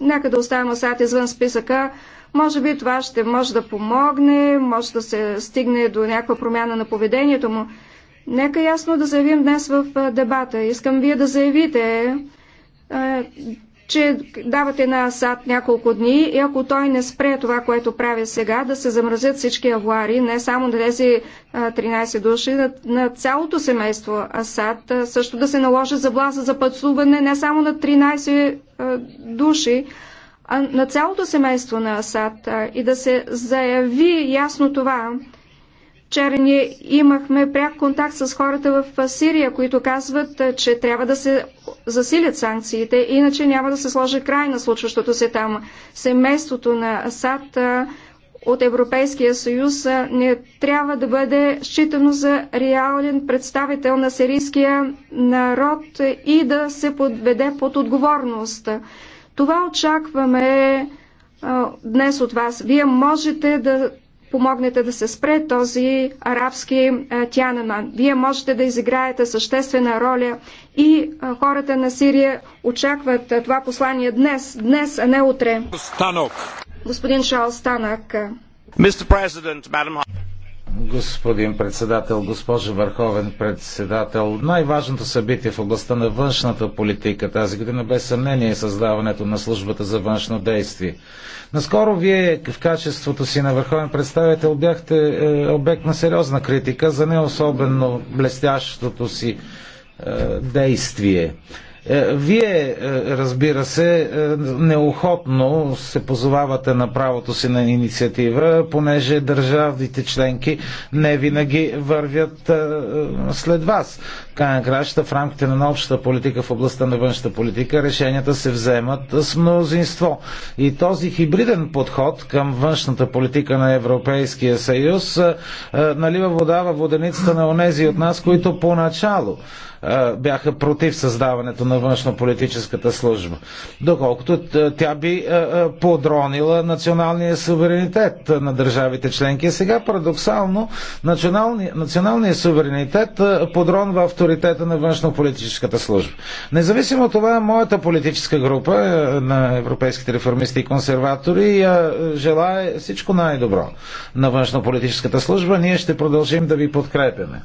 нека да оставим Асад извън списъка. Може би това ще може да помогне, може да се стигне до някаква промяна на поведението му. Нека ясно да заявим днес в дебата. Искам вие да заявите, че давате на Асад няколко дни и ако той не спре това, което прави сега, да се замразят всички авуари, не само на тези 13 души, на, на цялото семейство Асад, също да се наложи заблаза за пътсуване не само на 13 души, а на цялото семейство на Асад и да се заяви ясно това, Вчера ние имахме пряк контакт с хората в Сирия, които казват, е, че трябва да се засилят санкциите, иначе няма да се сложи край на случващото се там. Семейството на Асад е, от Европейския съюз е, не трябва да бъде считано за реален представител на сирийския народ и да се подведе под отговорност. Това очакваме днес от вас. Вие можете да помогнете да се спре този арабски е, тянаман. Вие можете да изиграете съществена роля и е, хората на Сирия очакват е, това послание днес, днес, а не утре. Станок. Господин Шал Станак господин председател, госпожо върховен председател. Най-важното събитие в областта на външната политика тази година без съмнение е създаването на службата за външно действие. Наскоро вие в качеството си на върховен представител бяхте е, обект на сериозна критика за не особено блестящото си е, действие. Е, вие, е, разбира се, е, неохотно се позовавате на правото си на инициатива, понеже държавните членки не винаги вървят след вас края на краща в рамките на общата политика в областта на външната политика решенията се вземат с мнозинство. И този хибриден подход към външната политика на Европейския съюз е, е, налива вода във воденицата на онези от нас, които поначало е, бяха против създаването на външно-политическата служба. Доколкото тя би подронила националния суверенитет на държавите членки. Сега парадоксално националния суверенитет подронва авторитет авторитета на външно-политическата служба. Независимо от това, моята политическа група е, на европейските реформисти и консерватори е, желая всичко най-добро на външно-политическата служба. Ние ще продължим да ви подкрепяме.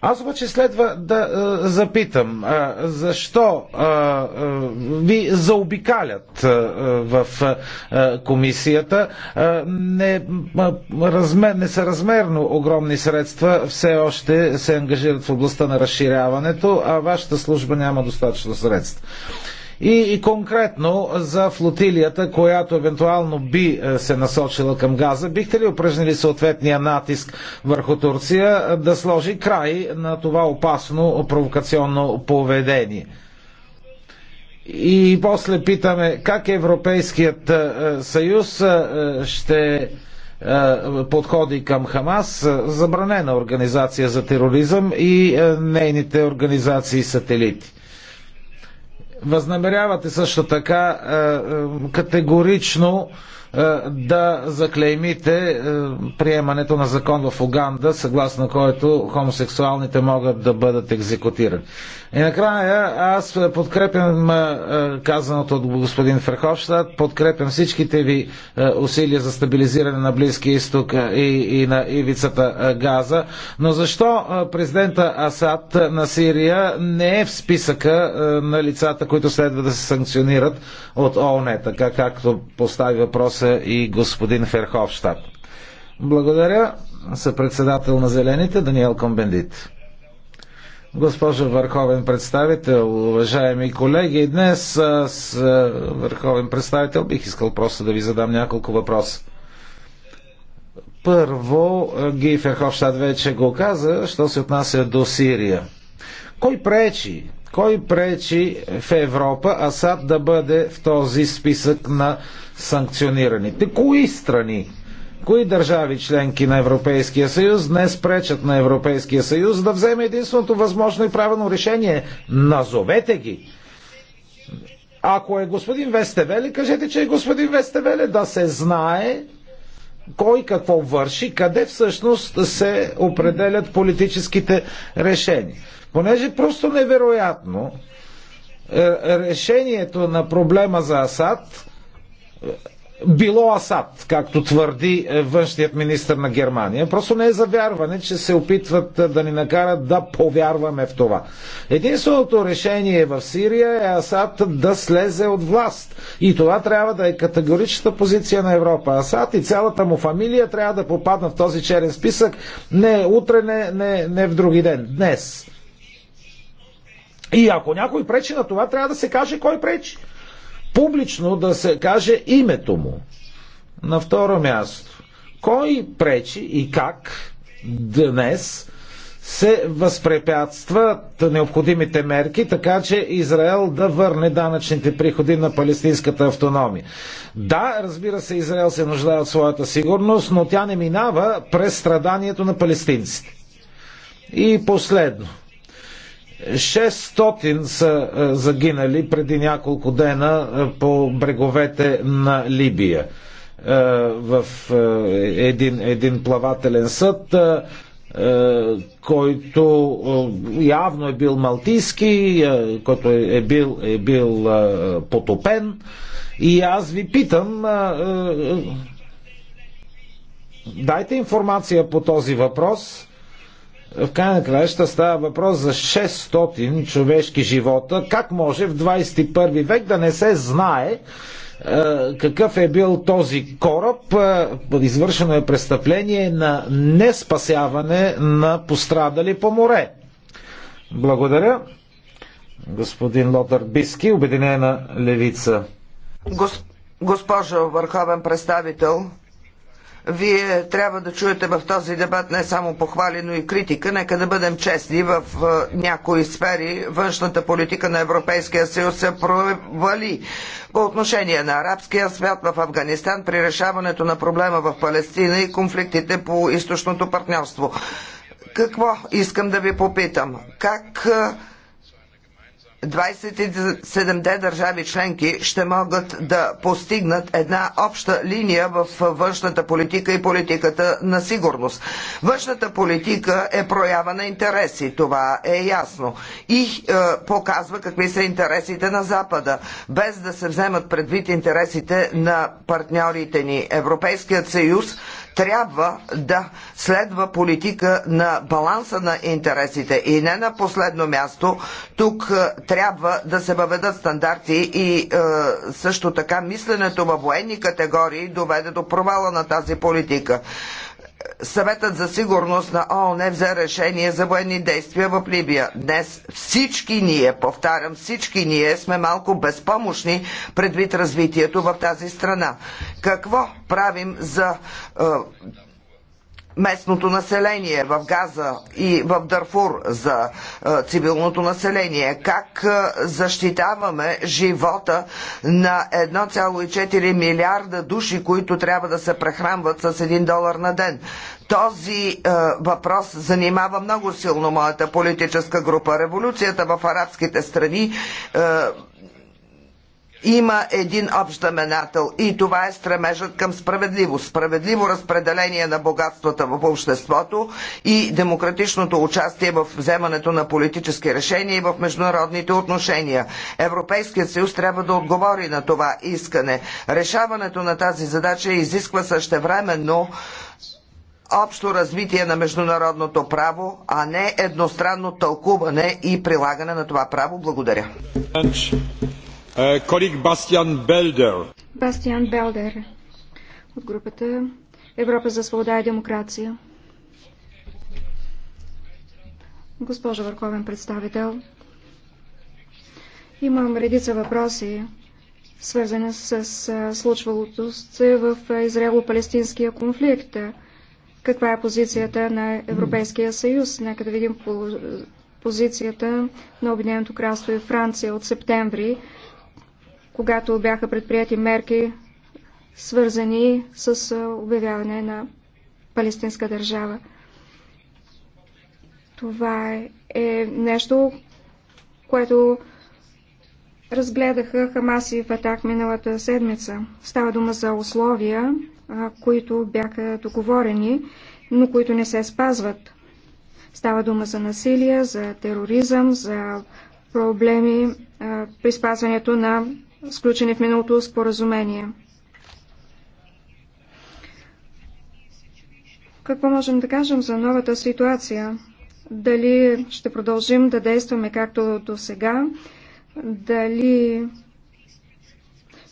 Аз обаче следва да е, запитам, е, защо е, е, ви заобикалят е, в е, комисията е, не, е, не са несъразмерно огромни средства все още се ангажират в областта на разширяването, а вашата служба няма достатъчно средства. И, и конкретно за флотилията, която евентуално би е, се насочила към Газа, бихте ли упражнили съответния натиск върху Турция е, да сложи край на това опасно провокационно поведение? И после питаме как Европейският е, съюз ще подходи към Хамас, забранена организация за тероризъм и нейните организации сателити. Възнамерявате също така е, е, категорично е, да заклеймите е, приемането на закон в Уганда, съгласно който хомосексуалните могат да бъдат екзекутирани. И накрая аз подкрепям е, казаното от господин Ферховщад, подкрепям всичките ви усилия за стабилизиране на Близкия изток и, и на ивицата Газа, но защо президента Асад на Сирия не е в списъка на лицата, които следва да се санкционират от ООН, така както постави въпроса Каса и господин Ферховщад. Благодаря съпредседател на Зелените Даниел Комбендит. Госпожо Върховен представител, уважаеми колеги, днес с Върховен представител бих искал просто да ви задам няколко въпроса. Първо, Ги Ферховщад вече го каза, що се отнася до Сирия. Кой пречи кой пречи в Европа Асад да бъде в този списък на санкционираните? Кои страни? Кои държави членки на Европейския съюз днес пречат на Европейския съюз да вземе единственото възможно и правилно решение? Назовете ги! Ако е господин Вестевеле, кажете, че е господин Вестевеле, да се знае кой какво върши, къде всъщност се определят политическите решения. Понеже просто невероятно е, решението на проблема за Асад е, било Асад, както твърди е, външният министр на Германия. Просто не е за вярване, че се опитват да ни накарат да повярваме в това. Единственото решение в Сирия е Асад да слезе от власт. И това трябва да е категоричната позиция на Европа. Асад и цялата му фамилия трябва да попадна в този черен списък не утре, не, не, не в други ден. Днес. И ако някой пречи на това, трябва да се каже кой пречи. Публично да се каже името му. На второ място. Кой пречи и как днес се възпрепятстват необходимите мерки, така че Израел да върне данъчните приходи на палестинската автономия. Да, разбира се, Израел се нуждае от своята сигурност, но тя не минава през страданието на палестинците. И последно – 600 са е, загинали преди няколко дена е, по бреговете на Либия е, в един, един плавателен съд, който явно е бил малтийски, който е бил, е бил потопен. И аз ви питам, дайте информация по този въпрос в крайна краища става въпрос за 600 човешки живота. Как може в 21 век да не се знае е, какъв е бил този кораб. Е, извършено е престъпление на неспасяване на пострадали по море. Благодаря. Господин Лотър Биски, Обединена левица. Госпожо върховен представител, вие трябва да чуете в този дебат не само похвали, но и критика. Нека да бъдем честни, в някои сфери външната политика на Европейския съюз се провали. По отношение на арабския свят в Афганистан, при решаването на проблема в Палестина и конфликтите по източното партньорство. Какво искам да ви попитам? Как 27-те държави членки ще могат да постигнат една обща линия в външната политика и политиката на сигурност. Външната политика е проява на интереси, това е ясно. И е, показва какви са интересите на Запада, без да се вземат предвид интересите на партньорите ни. Европейският съюз трябва да следва политика на баланса на интересите. И не на последно място, тук е, трябва да се въведат стандарти и е, също така мисленето във военни категории доведе до провала на тази политика. Съветът за сигурност на ООН взе решение за военни действия в Либия. Днес всички ние, повтарям, всички ние сме малко безпомощни предвид развитието в тази страна. Какво правим за е, местното население в Газа и в Дарфур за е, цивилното население, как е, защитаваме живота на 1,4 милиарда души, които трябва да се прехранват с 1 долар на ден. Този е, въпрос занимава много силно моята политическа група. Революцията в арабските страни е, има един общ знаменател и това е стремежът към справедливост, справедливо разпределение на богатствата в обществото и демократичното участие в вземането на политически решения и в международните отношения. Европейският съюз трябва да отговори на това искане. Решаването на тази задача изисква същевременно общо развитие на международното право, а не едностранно тълкуване и прилагане на това право. Благодаря. Е, колег Бастиан Белдер. Бастиан Белдер от групата Европа за свобода и демокрация. Госпожо Върховен представител, имам редица въпроси, свързани с случвалото се в Израело-Палестинския конфликт. Каква е позицията на Европейския съюз? Нека да видим позицията на Обединеното кралство и Франция от септември когато бяха предприяти мерки, свързани с обявяване на палестинска държава. Това е, е нещо, което разгледаха Хамас и Фатах миналата седмица. Става дума за условия, които бяха договорени, но които не се спазват. Става дума за насилие, за тероризъм, за проблеми при спазването на сключени в миналото споразумение. Какво можем да кажем за новата ситуация? Дали ще продължим да действаме както до сега? Дали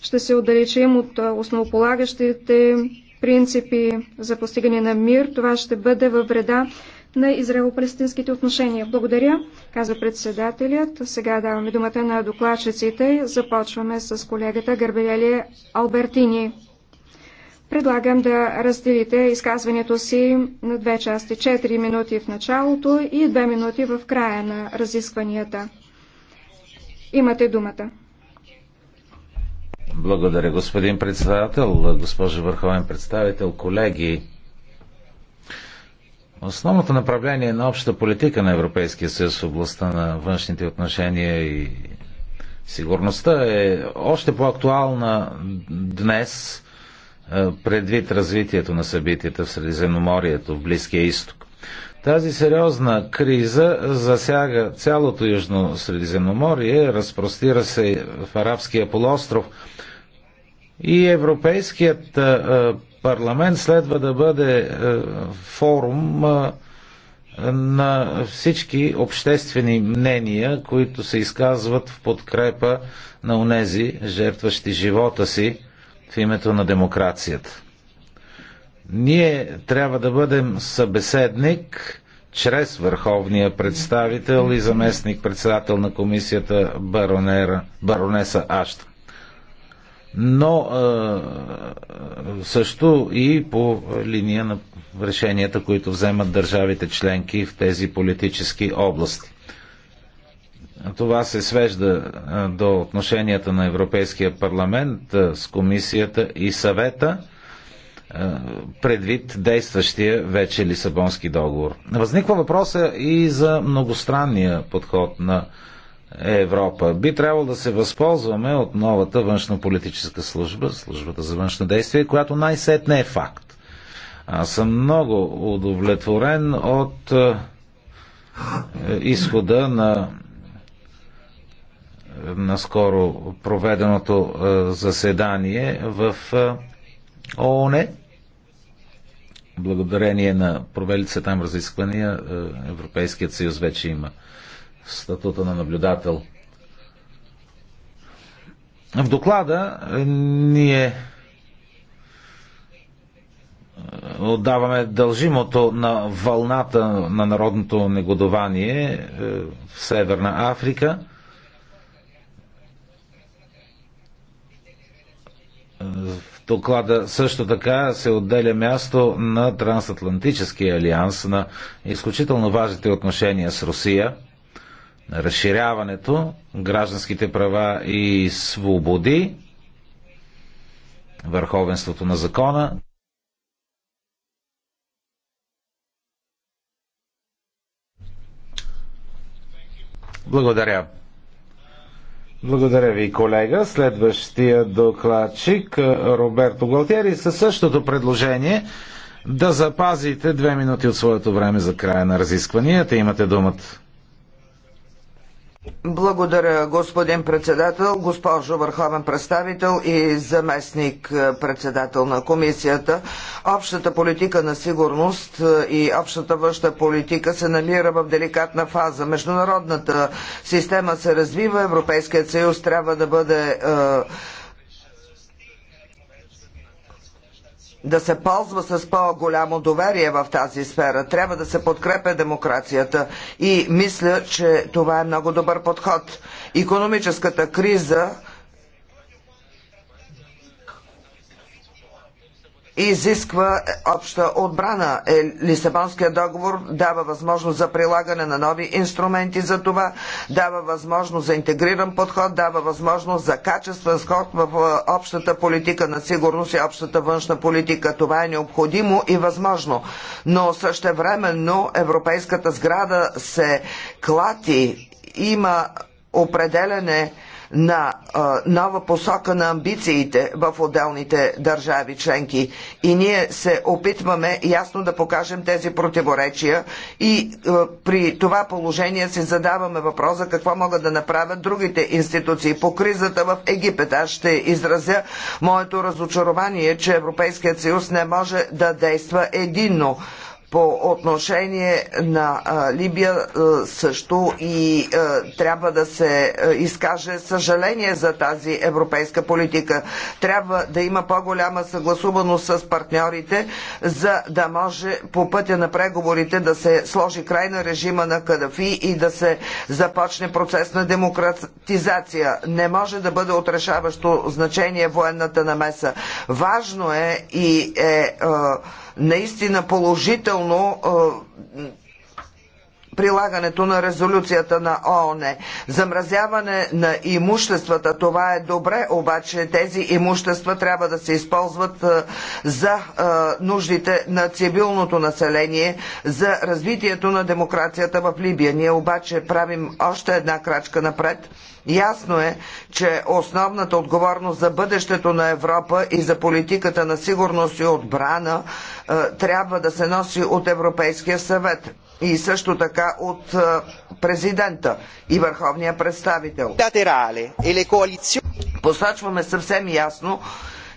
ще се отдалечим от основополагащите принципи за постигане на мир? Това ще бъде във вреда на израело-палестинските отношения. Благодаря, каза председателят. Сега даваме думата на докладчиците. Започваме с колегата Гарбелели Албертини. Предлагам да разделите изказването си на две части. 4 минути в началото и две минути в края на разискванията. Имате думата. Благодаря, господин председател, госпожо върховен представител, колеги. Основното направление на общата политика на Европейския съюз в областта на външните отношения и сигурността е още по-актуална днес предвид развитието на събитията в Средиземноморието, в Близкия изток. Тази сериозна криза засяга цялото Южно Средиземноморие, разпростира се в Арабския полуостров, и Европейският парламент следва да бъде форум на всички обществени мнения, които се изказват в подкрепа на онези, жертващи живота си в името на демокрацията. Ние трябва да бъдем събеседник чрез върховния представител и заместник председател на комисията баронера, баронеса Ашта но също и по линия на решенията, които вземат държавите членки в тези политически области. Това се свежда до отношенията на Европейския парламент с комисията и съвета предвид действащия вече Лисабонски договор. Възниква въпроса и за многостранния подход на Европа. Би трябвало да се възползваме от новата външна политическа служба, службата за външно действие, която най-сетне е факт. Аз съм много удовлетворен от е, изхода на наскоро проведеното е, заседание в е, ООН. Благодарение на провелица там разисквания, Европейският съюз вече има статута на наблюдател. В доклада е, ние е, отдаваме дължимото на вълната на народното негодование е, в Северна Африка. В доклада също така се отделя място на Трансатлантическия алианс, на изключително важните отношения с Русия – разширяването, гражданските права и свободи, върховенството на закона. Благодаря. Благодаря ви, колега. Следващия докладчик е, Роберто Галтери със същото предложение да запазите две минути от своето време за края на разискванията. Имате думата. Благодаря, господин председател, госпожо върховен представител и заместник е, председател на комисията. Общата политика на сигурност е, и общата външна политика се намира в деликатна фаза. Международната система се развива, Европейският съюз трябва да бъде е, да се ползва с по-голямо доверие в тази сфера. Трябва да се подкрепя демокрацията и мисля, че това е много добър подход. Економическата криза изисква обща отбрана. Е, Лисабонският договор дава възможност за прилагане на нови инструменти за това, дава възможност за интегриран подход, дава възможност за качествен сход в е, общата политика на сигурност и общата външна политика. Това е необходимо и възможно. Но също времено европейската сграда се клати, има определене на нова посока на амбициите в отделните държави членки. И ние се опитваме ясно да покажем тези противоречия и при това положение си задаваме въпроса какво могат да направят другите институции. По кризата в Египет аз ще изразя моето разочарование, че Европейският съюз не може да действа единно по отношение на Либия също и трябва да се изкаже съжаление за тази европейска политика. Трябва да има по-голяма съгласуваност с партньорите, за да може по пътя на преговорите да се сложи край на режима на Кадафи и да се започне процес на демократизация. Не може да бъде отрешаващо значение военната намеса. Важно е и е, е наистина положително прилагането на резолюцията на ООН. Замразяване на имуществата, това е добре, обаче тези имущества трябва да се използват е, за е, нуждите на цивилното население, за развитието на демокрацията в Либия. Ние обаче правим още една крачка напред. Ясно е, че основната отговорност за бъдещето на Европа и за политиката на сигурност и отбрана е, трябва да се носи от Европейския съвет и също така от е, президента и върховния представител. E Посочваме съвсем ясно,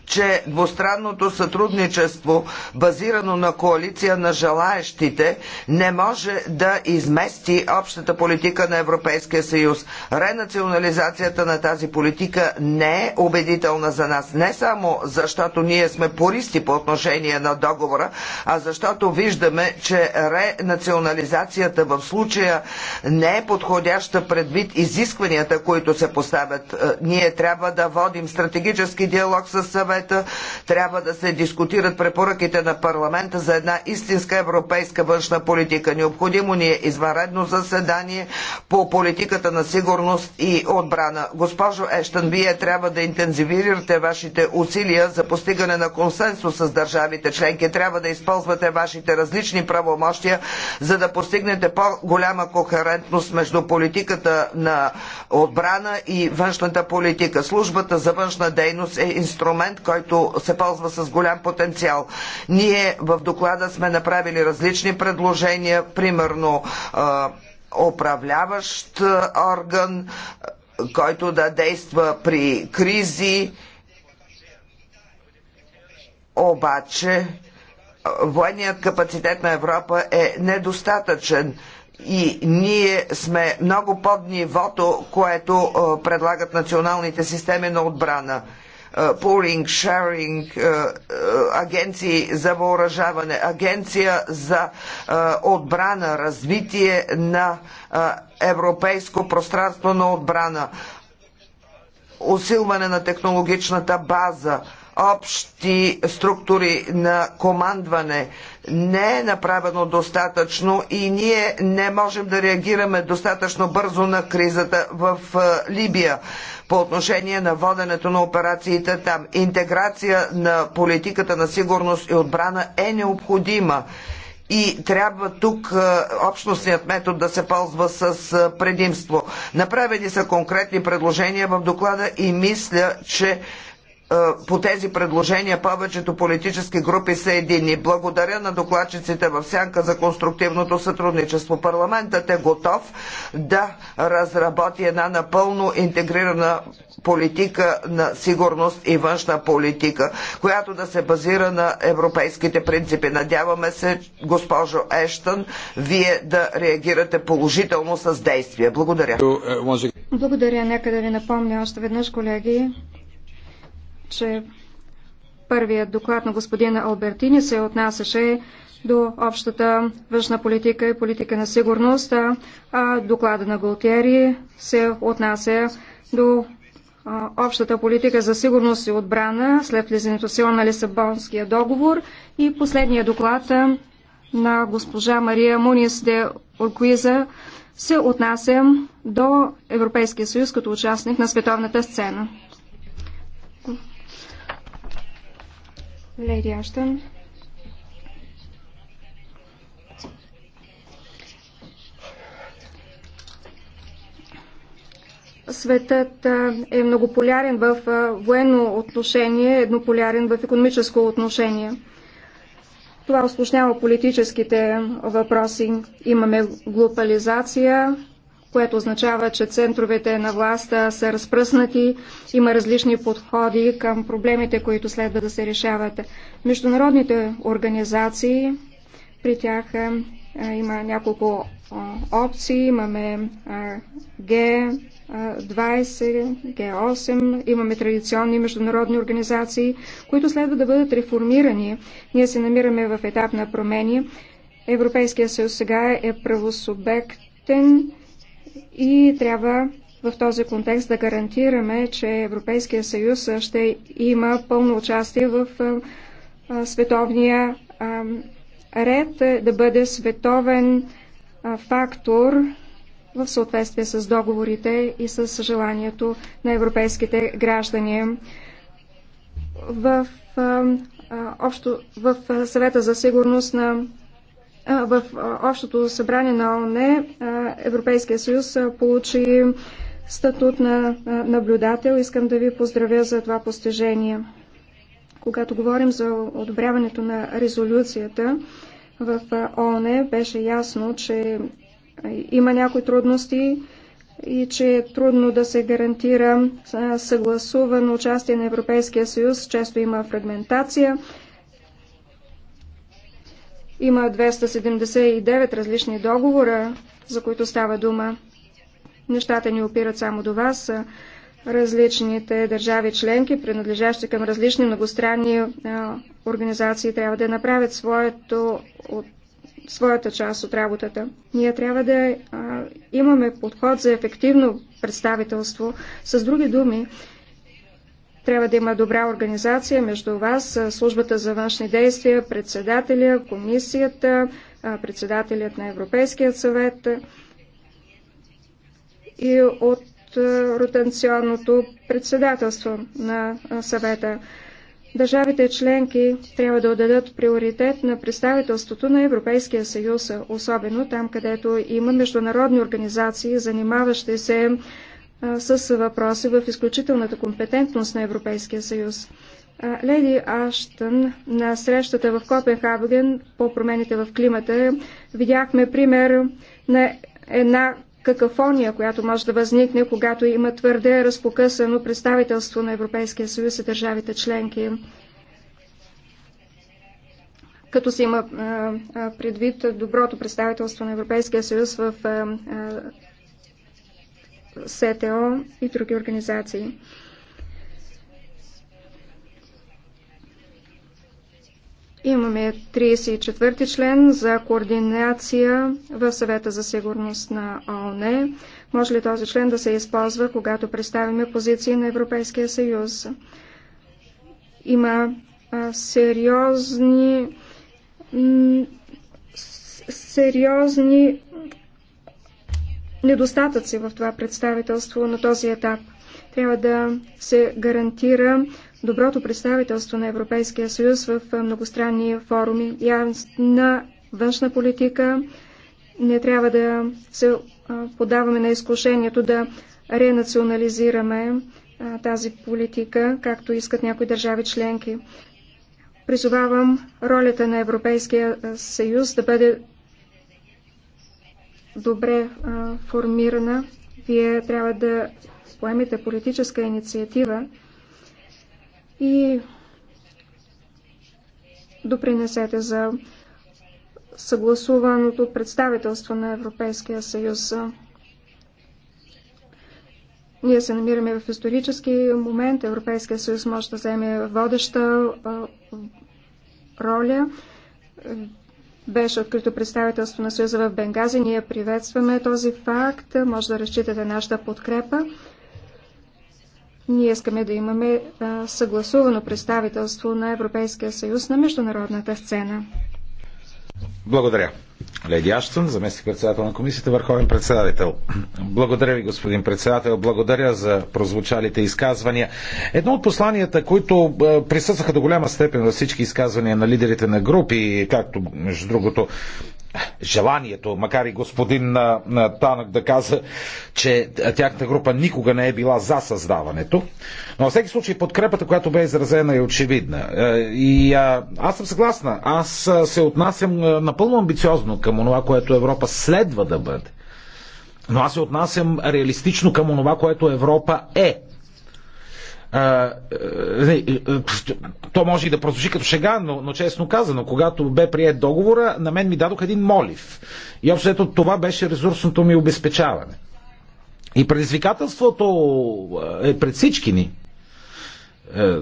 че двустранното сътрудничество, базирано на коалиция на желаещите, не може да измести общата политика на Европейския съюз. Ренационализацията на тази политика не е убедителна за нас. Не само защото ние сме пористи по отношение на договора, а защото виждаме, че ренационализацията в случая не е подходяща предвид изискванията, които се поставят. Ние трябва да водим стратегически диалог с съвет съвета трябва да се дискутират препоръките на парламента за една истинска европейска външна политика. Необходимо ни е извънредно заседание по политиката на сигурност и отбрана. Госпожо Ештън, вие трябва да интензивирате вашите усилия за постигане на консенсус с държавите членки. Трябва да използвате вашите различни правомощия, за да постигнете по-голяма кохерентност между политиката на отбрана и външната политика. Службата за външна дейност е инструмент, който се ползва с голям потенциал. Ние в доклада сме направили различни предложения, примерно управляващ орган, който да действа при кризи, обаче военният капацитет на Европа е недостатъчен и ние сме много под нивото, което предлагат националните системи на отбрана пулинг, е, шаринг, е, е, агенции за въоръжаване, агенция за отбрана, развитие на европейско пространство на отбрана, усилване на технологичната база, общи структури на командване не е направено достатъчно и ние не можем да реагираме достатъчно бързо на кризата в е, Либия по отношение на воденето на операциите там. Интеграция на политиката на сигурност и отбрана е необходима и трябва тук е, общностният метод да се ползва с е, предимство. Направени са конкретни предложения в доклада и мисля, че е, по тези предложения повечето политически групи са едини. Благодаря на докладчиците в Сянка за конструктивното сътрудничество. Парламентът е готов да разработи една напълно интегрирана политика на сигурност и външна политика, която да се базира на европейските принципи. Надяваме се, госпожо Ештън, вие да реагирате положително с действия. Благодаря. Благодаря. Нека да ви напомня още веднъж, колеги, че първият доклад на господин Албертини се отнасяше до общата външна политика и политика на сигурност, а доклада на Голтери се отнася до общата политика за сигурност и отбрана след влизането сила на Лисабонския договор и последния доклад на госпожа Мария Мунис де Оркуиза се отнася до Европейския съюз като участник на световната сцена. Леди Аштън. Светът е многополярен в военно отношение, еднополярен в економическо отношение. Това осложнява политическите въпроси. Имаме глобализация, което означава, че центровете на властта са разпръснати, има различни подходи към проблемите, които следва да се решават. Международните организации, при тях е, е, има няколко опции. Имаме Г20, Г8, имаме традиционни международни организации, които следва да бъдат реформирани. Ние се намираме в етап на промени. Европейския съюз сега е правосубектен и трябва в този контекст да гарантираме, че Европейския съюз ще има пълно участие в световния ред, да бъде световен фактор в съответствие с договорите и с желанието на европейските граждани. В, общо, в съвета за сигурност на в Общото събрание на ООН Европейския съюз получи статут на наблюдател. Искам да ви поздравя за това постижение. Когато говорим за одобряването на резолюцията в ООН, беше ясно, че има някои трудности и че е трудно да се гарантира съгласувано участие на Европейския съюз. Често има фрагментация има 279 различни договора, за които става дума. Нещата ни опират само до вас. Различните държави членки, принадлежащи към различни многостранни организации, трябва да направят своето, от, своята част от работата. Ние трябва да имаме подход за ефективно представителство. С други думи, трябва да има добра организация между вас, службата за външни действия, председателя, комисията, председателят на Европейския съвет и от ротационното председателство на съвета. Държавите членки трябва да отдадат приоритет на представителството на Европейския съюз, особено там, където има международни организации, занимаващи се с въпроси в изключителната компетентност на Европейския съюз. Леди Аштън на срещата в Копенхаген по промените в климата видяхме пример на една какафония, която може да възникне, когато има твърде разпокъсано представителство на Европейския съюз и държавите членки. Като се има предвид доброто представителство на Европейския съюз в СТО и други организации. Имаме 34 ти член за координация в съвета за сигурност на ООН. Може ли този член да се използва, когато представяме позиции на Европейския съюз? Има сериозни сериозни недостатъци в това представителство на този етап. Трябва да се гарантира доброто представителство на Европейския съюз в многостранни форуми. на външна политика не трябва да се подаваме на изкушението да ренационализираме тази политика, както искат някои държави членки. Призовавам ролята на Европейския съюз да бъде добре а, формирана. Вие трябва да поемете политическа инициатива и допринесете за съгласуваното представителство на Европейския съюз. Ние се намираме в исторически момент. Европейския съюз може да вземе водеща роля беше открито представителство на Съюза в Бенгази. Ние приветстваме този факт. Може да разчитате нашата подкрепа. Ние искаме да имаме съгласувано представителство на Европейския съюз на международната сцена. Благодаря. Леди Аштън, заместник председател на комисията, върховен председател. Благодаря ви, господин председател. Благодаря за прозвучалите изказвания. Едно от посланията, които е, присъстваха до голяма степен във всички изказвания на лидерите на групи, както, между другото, желанието, макар и господин Танък да каза, че тяхната група никога не е била за създаването. Но във всеки случай подкрепата, която бе изразена е очевидна. И а, аз съм съгласна. Аз се отнасям напълно амбициозно към това, което Европа следва да бъде. Но аз се отнасям реалистично към онова, което Европа е. Е, е, е, то може и да прозвучи като шега, но, но честно казано, когато бе прият договора, на мен ми дадох един молив. И общо ето това беше ресурсното ми обезпечаване. И предизвикателството е пред всички ни, е,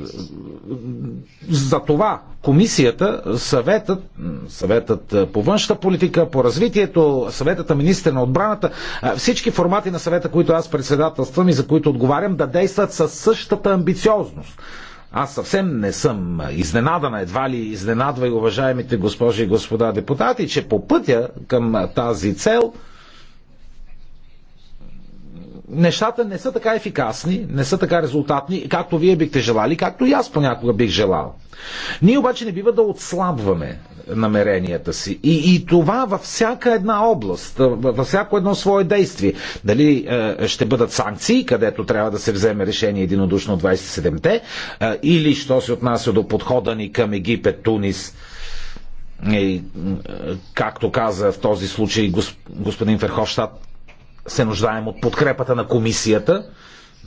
за това комисията, съветът, съветът по външната политика, по развитието, съветът на министър на отбраната, е, всички формати на съвета, които аз председателствам и за които отговарям, да действат със същата амбициозност. Аз съвсем не съм изненадана, едва ли изненадва и уважаемите госпожи и господа депутати, че по пътя към тази цел – нещата не са така ефикасни, не са така резултатни, както вие бихте желали, както и аз понякога бих желал. Ние обаче не бива да отслабваме намеренията си. И, и това във всяка една област, във всяко едно свое действие. Дали е, ще бъдат санкции, където трябва да се вземе решение единодушно от 27-те, е, или що се отнася до подхода ни към Египет, Тунис, и, е, както каза в този случай госп, господин Ферховщад, се нуждаем от подкрепата на комисията,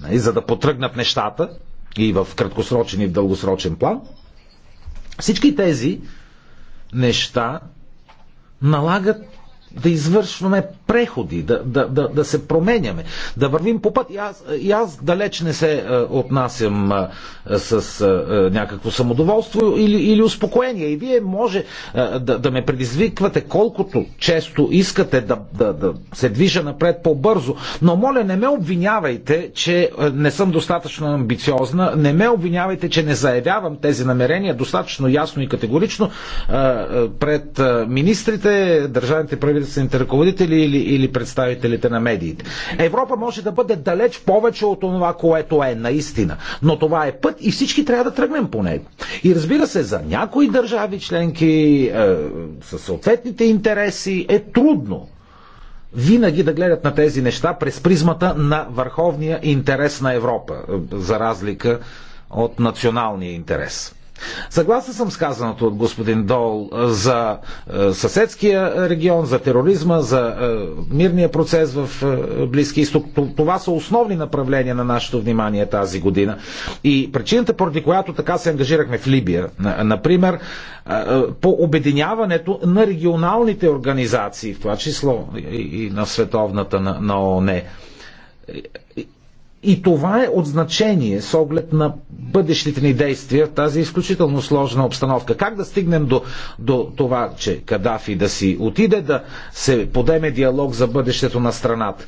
нали, за да потръгнат нещата и в краткосрочен и в дългосрочен план. Всички тези неща налагат да извършваме преходи, да, да, да, да се променяме, да вървим по път. И аз, и аз далеч не се а, е, отнасям а, е, с а, е, някакво самодоволство или, или успокоение. И вие може а, да, да ме предизвиквате колкото често искате да, да, да се движа напред по-бързо, но моля не ме обвинявайте, че не съм достатъчно амбициозна, не ме обвинявайте, че не заявявам тези намерения достатъчно ясно и категорично а, пред министрите, държавните правителства правителствените ръководители или, или представителите на медиите. Европа може да бъде далеч повече от това, което е наистина. Но това е път и всички трябва да тръгнем по него. И разбира се, за някои държави членки е, със съответните интереси е трудно винаги да гледат на тези неща през призмата на върховния интерес на Европа, е, за разлика от националния интерес. Съгласен съм с казаното от господин Дол за съседския регион, за тероризма, за мирния процес в Близки изток. Това са основни направления на нашето внимание тази година. И причината, поради която така се ангажирахме в Либия, например, по обединяването на регионалните организации, в това число и на световната на ООН и това е от значение с оглед на бъдещите ни действия в тази изключително сложна обстановка. Как да стигнем до, до това, че Кадафи да си отиде, да се подеме диалог за бъдещето на страната?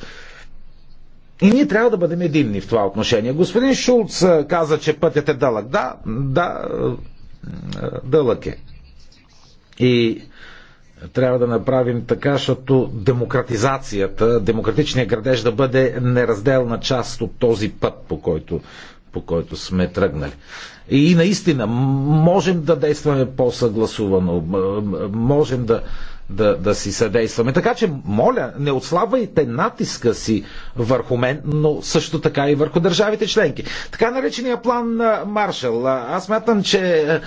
И ние трябва да бъдем единни в това отношение. Господин Шулц каза, че пътят е дълъг. Да, да, дълъг е. И трябва да направим така, защото демократизацията, демократичният градеж да бъде неразделна част от този път, по който, по който сме тръгнали. И наистина, можем да действаме по-съгласувано, можем да, да, да си съдействаме. Така че, моля, не отслабвайте натиска си върху мен, но също така и върху държавите членки. Така наречения план Маршал. Аз мятам, че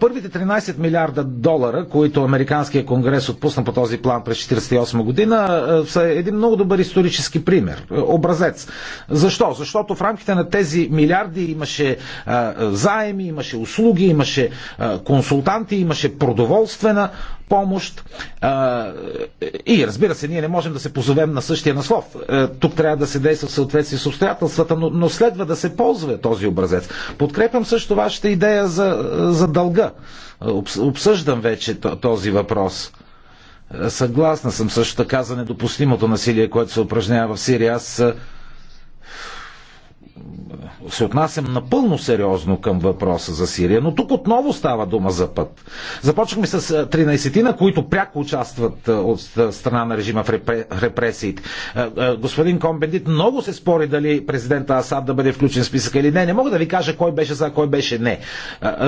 първите 13 милиарда долара, които Американския конгрес отпусна по този план през 1948 година, са един много добър исторически пример, образец. Защо? Защото в рамките на тези милиарди имаше заеми, имаше услуги, имаше консултанти, имаше продоволствена помощ. И разбира се, ние не можем да се позовем на същия наслов. Е, тук трябва да се действа в съответствие с обстоятелствата, но, но следва да се ползва този образец. Подкрепям също вашата идея за, за дълга. Обсъждам вече този въпрос. Е, съгласна съм също така за недопустимото насилие, което се упражнява в Сирия. Аз е, се отнасям напълно сериозно към въпроса за Сирия, но тук отново става дума за път. Започнахме с 13 на които пряко участват от страна на режима в репресиите. Господин Комбендит, много се спори дали президента Асад да бъде включен в списъка или не. Не мога да ви кажа кой беше за, кой беше не.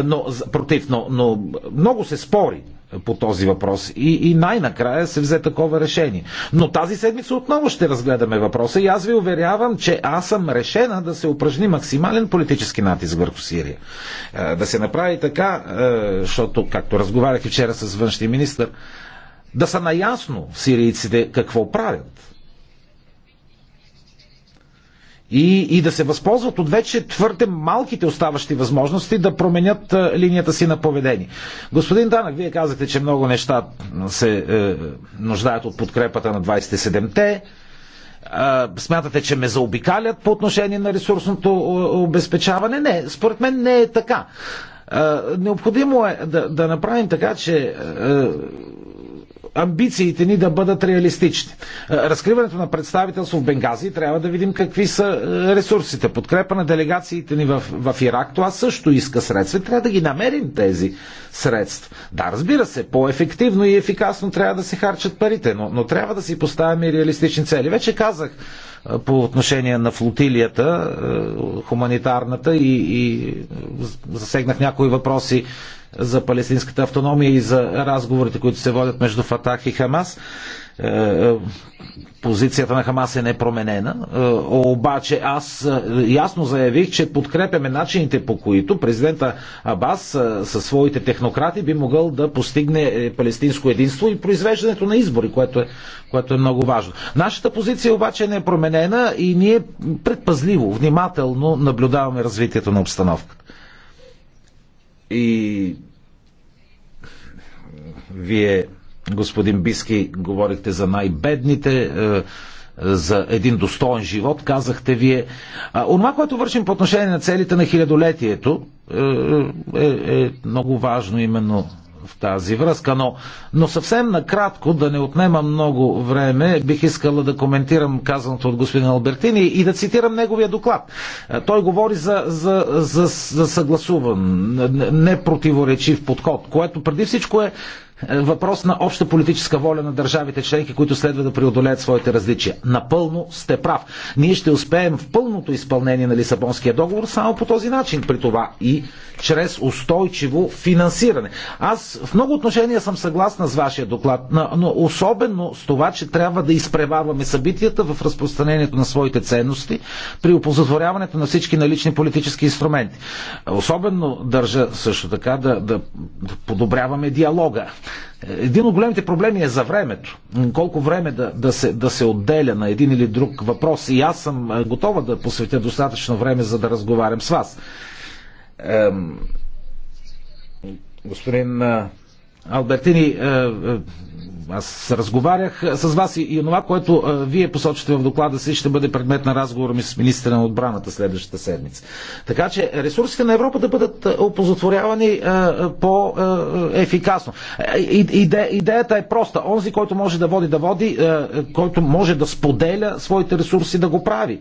Но, против, но, но много се спори по този въпрос. И, и най-накрая се взе такова решение. Но тази седмица отново ще разгледаме въпроса и аз ви уверявам, че аз съм решена да се упражни максимален политически натиск върху Сирия. Е, да се направи така, е, защото, както разговарях вчера с външния министр, да са наясно сирийците какво правят и, и да се възползват от вече твърде малките оставащи възможности да променят е, линията си на поведение. Господин Данък, вие казахте, че много неща се е, нуждаят от подкрепата на 27-те. Е, смятате, че ме заобикалят по отношение на ресурсното е, обезпечаване? Не, според мен не е така. Необходимо е да, да направим така, че амбициите ни да бъдат реалистични. Е, разкриването на представителство в Бенгази трябва да видим какви са е, ресурсите. Подкрепа на делегациите ни в, в Ирак, това също иска средства. Трябва да ги намерим тези средства. Да, разбира се, по-ефективно и ефикасно трябва да се харчат парите, но, но трябва да си поставяме реалистични цели. Вече казах, по отношение на флотилията, хуманитарната и, и засегнах някои въпроси за палестинската автономия и за разговорите, които се водят между Фатах и Хамас. Е, е, позицията на Хамас е непроменена. Е, обаче аз ясно заявих, че подкрепяме начините по които президента Абас със своите технократи би могъл да постигне палестинско единство и произвеждането на избори, което е, което е много важно. Нашата позиция обаче не е променена и ние предпазливо, внимателно наблюдаваме развитието на обстановката. И вие господин Биски, говорихте за най-бедните, е, е, за един достоен живот, казахте вие. Онова, което вършим по отношение на целите на хилядолетието, е, е, е много важно именно в тази връзка, но, но съвсем накратко, да не отнема много време, бих искала да коментирам казаното от господин Албертини и да цитирам неговия доклад. Той говори за, за, за, за съгласуван, непротиворечив подход, което преди всичко е е, въпрос на обща политическа воля на държавите членки, които следва да преодолеят своите различия. Напълно сте прав. Ние ще успеем в пълното изпълнение на Лисабонския договор само по този начин при това и чрез устойчиво финансиране. Аз в много отношения съм съгласна с вашия доклад, но особено с това, че трябва да изпреварваме събитията в разпространението на своите ценности при опозотворяването на всички налични политически инструменти. Особено държа също така да, да подобряваме диалога един от големите проблеми е за времето. Колко време да, да, се, да се отделя на един или друг въпрос. И аз съм е, готова да посветя достатъчно време, за да разговарям с вас. Ем, господин е, Албертини, е, аз разговарях с вас и, и това, което вие посочите в доклада си, ще бъде предмет на разговор ми с министра на отбраната следващата седмица. Така че ресурсите на Европа да бъдат опозотворявани по-ефикасно. Иде, идеята е проста. Онзи, който може да води, да води, който може да споделя своите ресурси, да го прави.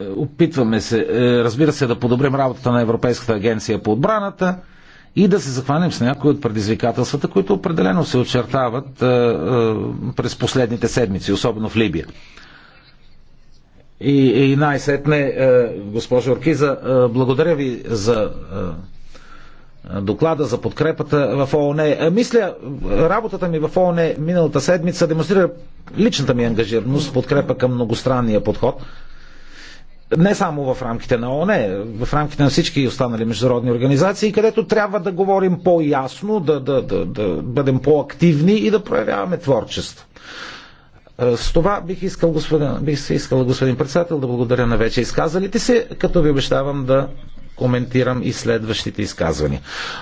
Е, опитваме се, е, разбира се, да подобрим работата на Европейската агенция по отбраната и да се захванем с някои от предизвикателствата, които определено се очертават е, през последните седмици, особено в Либия. И, и най-сетне, госпожо Оркиза, благодаря ви за доклада за подкрепата в ООН. Мисля, работата ми в ООН миналата седмица демонстрира личната ми ангажираност, подкрепа към многостранния подход – не само в рамките на ОНЕ, в рамките на всички останали международни организации, където трябва да говорим по-ясно, да, да, да, да бъдем по-активни и да проявяваме творчество. Е, с това бих, искал, господин, бих искал, господин председател, да благодаря на вече изказалите се, като ви обещавам да коментирам и следващите изказвания.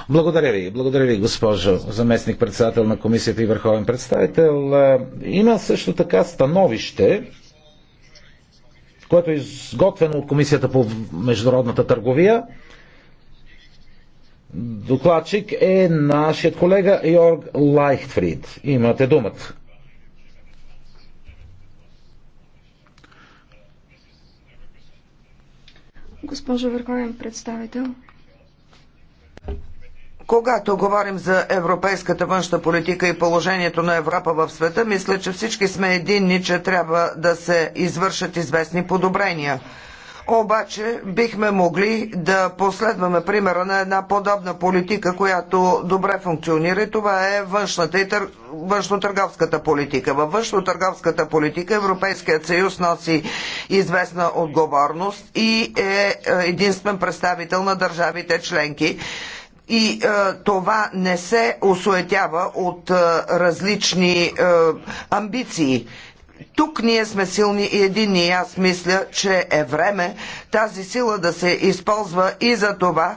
Благодаря ви, благодаря ви, госпожо заместник председател на комисията и върховен представител. Е, има също така становище което е изготвено от Комисията по международната търговия. Докладчик е нашият колега Йорг Лайхтфрид. Имате думата. Госпожо Върховен представител, когато говорим за европейската външна политика и положението на Европа в света, мисля, че всички сме единни, че трябва да се извършат известни подобрения. Обаче бихме могли да последваме примера на една подобна политика, която добре функционира и това е външната и тър... външно-търговската политика. Във външно-търговската политика Европейският съюз носи известна отговорност и е, е единствен представител на държавите членки и е, това не се осуетява от е, различни е, амбиции. Тук ние сме силни и едини и аз мисля, че е време тази сила да се използва и за това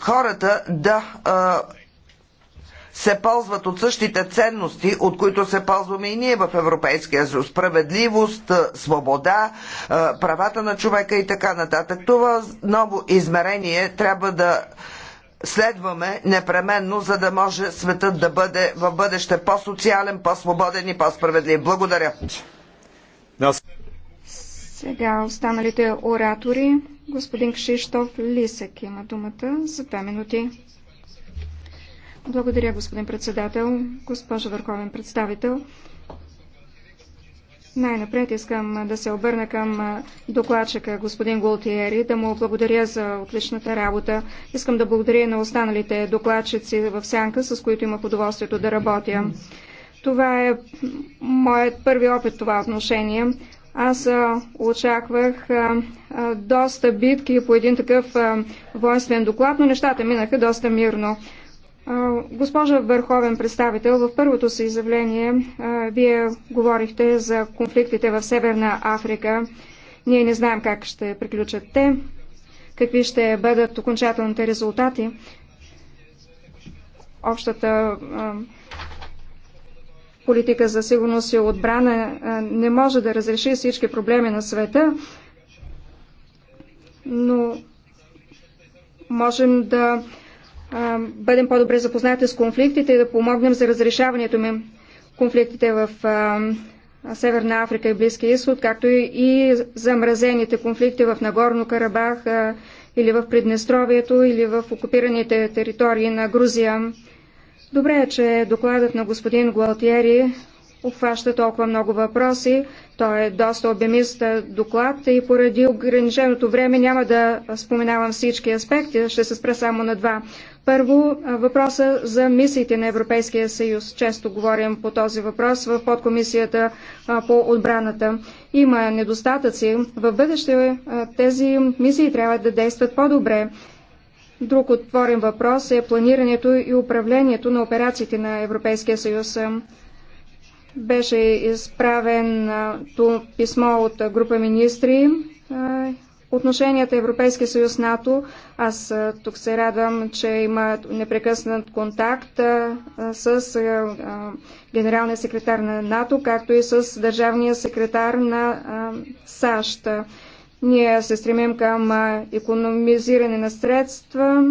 хората да е, се ползват от същите ценности, от които се ползваме и ние в Европейския съюз. Справедливост, е, свобода, е, правата на човека и така нататък. Това ново измерение трябва да следваме непременно, за да може светът да бъде в бъдеще по-социален, по-свободен и по-справедлив. Благодаря. Сега останалите оратори. Господин Кшиштоф Лисек има думата за две минути. Благодаря, господин председател, госпожа върховен представител. Най-напред искам да се обърна към докладчика господин Голтиери, да му благодаря за отличната работа. Искам да благодаря на останалите докладчици в сянка, с които имах удоволствието да работя. Това е моят първи опит в това отношение. Аз очаквах доста битки по един такъв воинствен доклад, но нещата минаха доста мирно. Госпожа Върховен представител, в първото си изявление вие говорихте за конфликтите в Северна Африка. Ние не знаем как ще приключат те, какви ще бъдат окончателните резултати. Общата политика за сигурност и отбрана не може да разреши всички проблеми на света, но можем да бъдем по-добре запознати с конфликтите и да помогнем за разрешаването ми. Конфликтите в Северна Африка и Близкия изход, както и замразените конфликти в Нагорно Карабах или в Приднестровието или в окупираните територии на Грузия. Добре е, че докладът на господин Гуалтиери обхваща толкова много въпроси. Той е доста обемист доклад и поради ограниченото време няма да споменавам всички аспекти, ще се спра само на два. Първо, въпроса за мисиите на Европейския съюз. Често говорим по този въпрос в подкомисията по отбраната. Има недостатъци. В бъдеще тези мисии трябва да действат по-добре. Друг отворен въпрос е планирането и управлението на операциите на Европейския съюз. Беше изправено писмо от група министри Отношенията Европейския съюз-НАТО, аз тук се радвам, че има непрекъснат контакт с генералния секретар на НАТО, както и с държавния секретар на САЩ. Ние се стремим към економизиране на средства,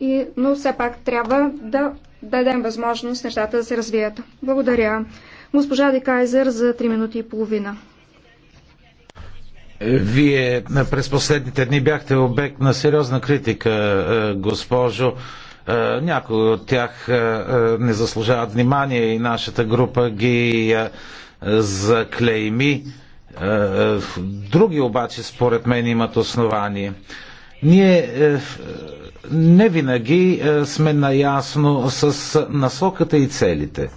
и, но все пак трябва да дадем възможност нещата да се развият. Благодаря. Госпожа Дикайзер за 3 минути и половина. Вие през последните дни бяхте обект на сериозна критика, е, госпожо. Е, някои от тях е, не заслужават внимание и нашата група ги заклейми. Други обаче, според мен, имат основание. Ние не винаги сме наясно с насоката и целите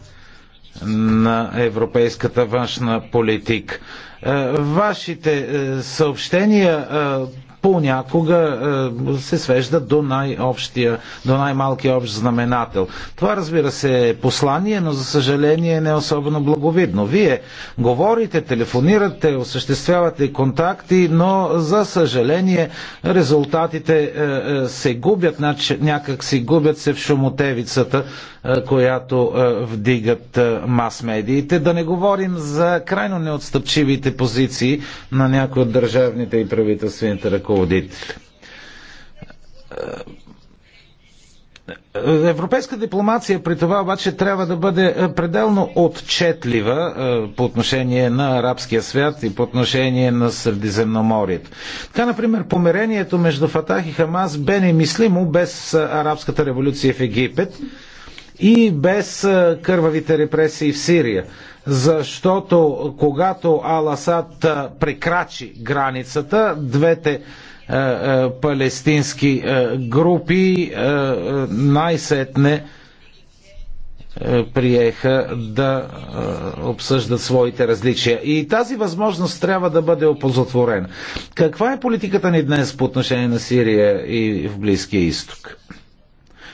на европейската външна политика. Е, вашите е, съобщения е, понякога се свеждат до най-общия, до най-малкия общ знаменател. Това, разбира се, е послание, но за съжаление не е особено благовидно. Вие говорите, телефонирате, осъществявате контакти, но за съжаление резултатите се губят, някак си губят се в шумотевицата която вдигат мас-медиите. Да не говорим за крайно неотстъпчивите позиции на някои от държавните и правителствените ръководители. Европейска дипломация при това обаче трябва да бъде пределно отчетлива по отношение на арабския свят и по отношение на Средиземноморието. Така, например, помирението между Фатах и Хамас бе немислимо без арабската революция в Египет и без кървавите репресии в Сирия. Защото когато Ал-Асад прекрачи границата, двете палестински групи най-сетне приеха да обсъждат своите различия. И тази възможност трябва да бъде опозотворена. Каква е политиката ни днес по отношение на Сирия и в Близкия изток?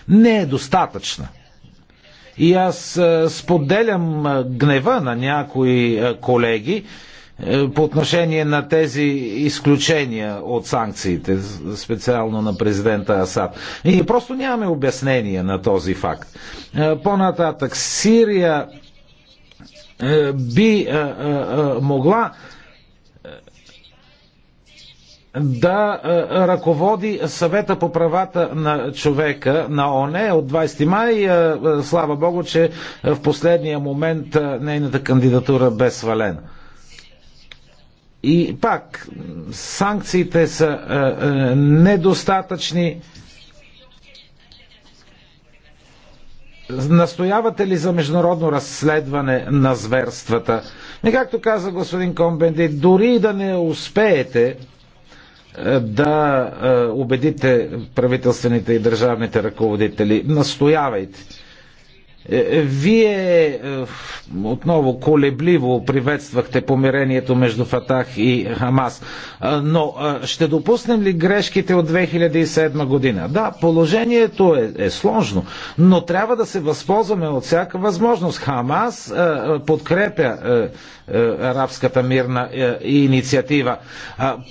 Не е достатъчна. И аз е, споделям е, гнева на някои е, колеги по отношение на тези изключения от санкциите, специално на президента Асад. И просто нямаме обяснение на този факт. По-нататък, Сирия би могла да е, ръководи съвета по правата на човека на ОНЕ от 20 май. Е, е, слава Богу, че в последния момент нейната кандидатура бе свалена. И пак, санкциите са недостатъчни. Настоявате ли за международно разследване на зверствата? И както каза господин Комбенди, дори да не успеете да е, убедите правителствените и държавните ръководители. Настоявайте е, е, вие е, отново колебливо приветствахте помирението между Фатах и Хамас, но ще допуснем ли грешките от 2007 година? Да, положението е, е сложно, но трябва да се възползваме от всяка възможност. Хамас подкрепя арабската мирна инициатива.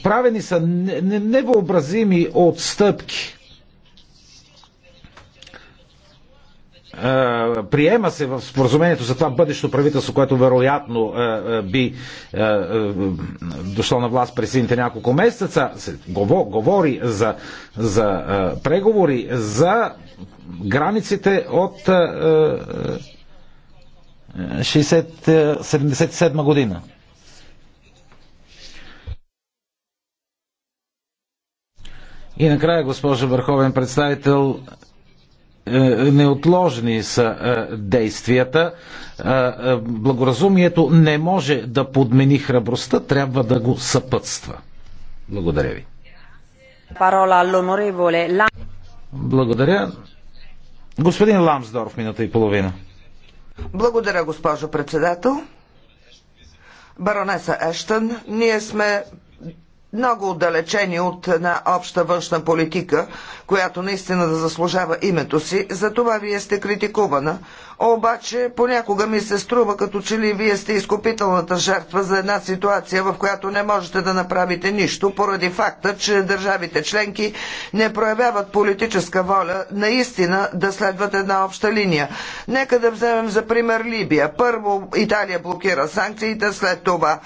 Правени са невъобразими отстъпки приема се в споразумението за това бъдещо правителство, което вероятно би дошло на власт през следните няколко месеца, се говори за, за преговори за границите от 60-77 година. И накрая, госпожа Върховен представител, е, неотложни са е, действията. Е, благоразумието не може да подмени храбростта, трябва да го съпътства. Благодаря ви. Благодаря. Господин Ламсдорф, минута и половина. Благодаря, госпожо председател. Баронеса Ештън, ние сме много отдалечени от една обща външна политика, която наистина да заслужава името си, за това вие сте критикувана обаче понякога ми се струва, като че ли вие сте изкупителната жертва за една ситуация, в която не можете да направите нищо, поради факта, че държавите членки не проявяват политическа воля наистина да следват една обща линия. Нека да вземем за пример Либия. Първо Италия блокира санкциите, след това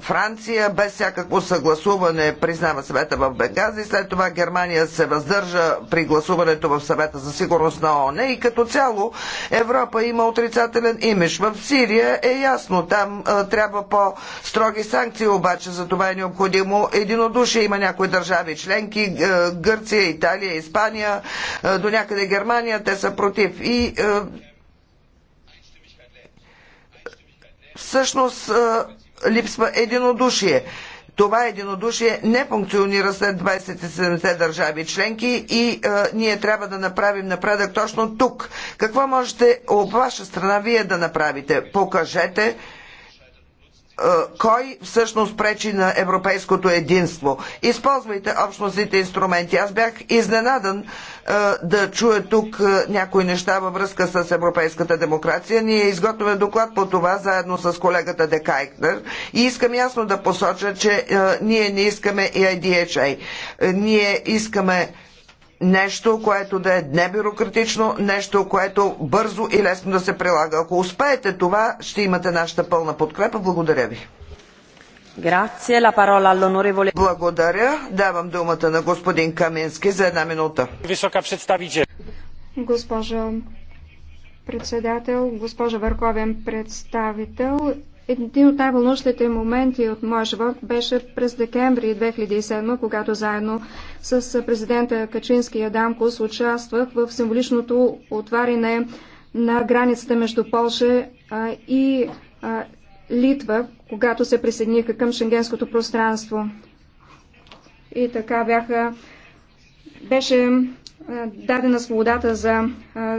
Франция без всякакво съгласуване признава съвета в Бенгази, след това Германия се въздържа при гласуването в съвета за сигурност на ООН и като цяло Европа Европа има отрицателен имидж. В Сирия е ясно, там а, трябва по-строги санкции, обаче за това е необходимо единодушие. Има някои държави членки, Гърция, Италия, Испания, а, до някъде Германия, те са против. И всъщност липсва единодушие това единодушие не функционира след 27 държави членки и е, ние трябва да направим напредък точно тук. Какво можете от ваша страна вие да направите? Покажете е, кой всъщност пречи на европейското единство. Използвайте общностните инструменти. Аз бях изненадан е, да чуя тук е, някои неща във връзка с европейската демокрация. Ние изготвяме доклад по това заедно с колегата Декайкнер и искам ясно да посоча, че е, ние не искаме и EIDHA. Е, ние искаме нещо, което да е небюрократично, нещо, което бързо и лесно да се прилага. Ако успеете това, ще имате нашата пълна подкрепа. Благодаря ви. Благодаря. Давам думата на господин Камински за една минута. Висока представител. Госпожо председател, госпожо върховен представител, един от най-вълнуващите моменти от моя живот беше през декември 2007, когато заедно с президента Качински и Адамкос участвах в символичното отваряне на границата между Польша и Литва, когато се присъединиха към шенгенското пространство. И така бяха беше е, дадена свободата за е,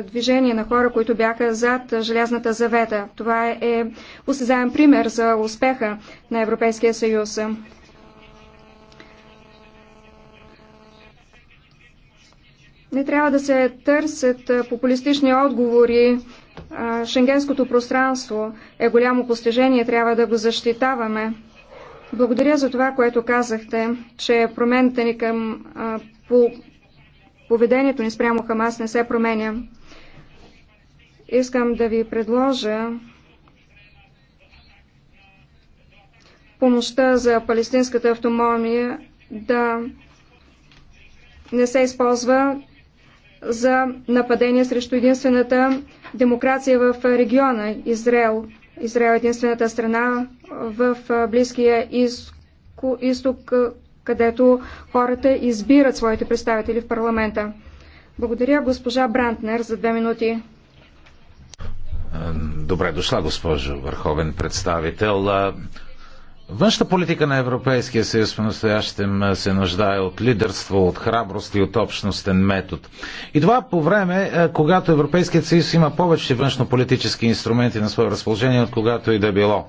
движение на хора, които бяха зад желязната завета. Това е осезаем пример за успеха на Европейския съюз. Не трябва да се търсят популистични отговори. Е, шенгенското пространство е голямо постижение, трябва да го защитаваме. Благодаря за това, което казахте, че промените ни към по поведението ни спрямо Хамас не се променя. Искам да ви предложа помощта за палестинската автономия да не се използва за нападение срещу единствената демокрация в региона Израел. Израел е единствената страна в Близкия изток, където хората избират своите представители в парламента. Благодаря госпожа Брантнер за две минути. Добре дошла, госпожо Върховен представител. Външната политика на Европейския съюз по настоящем се нуждае от лидерство, от храброст и от общностен метод. И това по време, е, когато Европейският съюз има повече външнополитически инструменти на свое разположение, от когато и да било.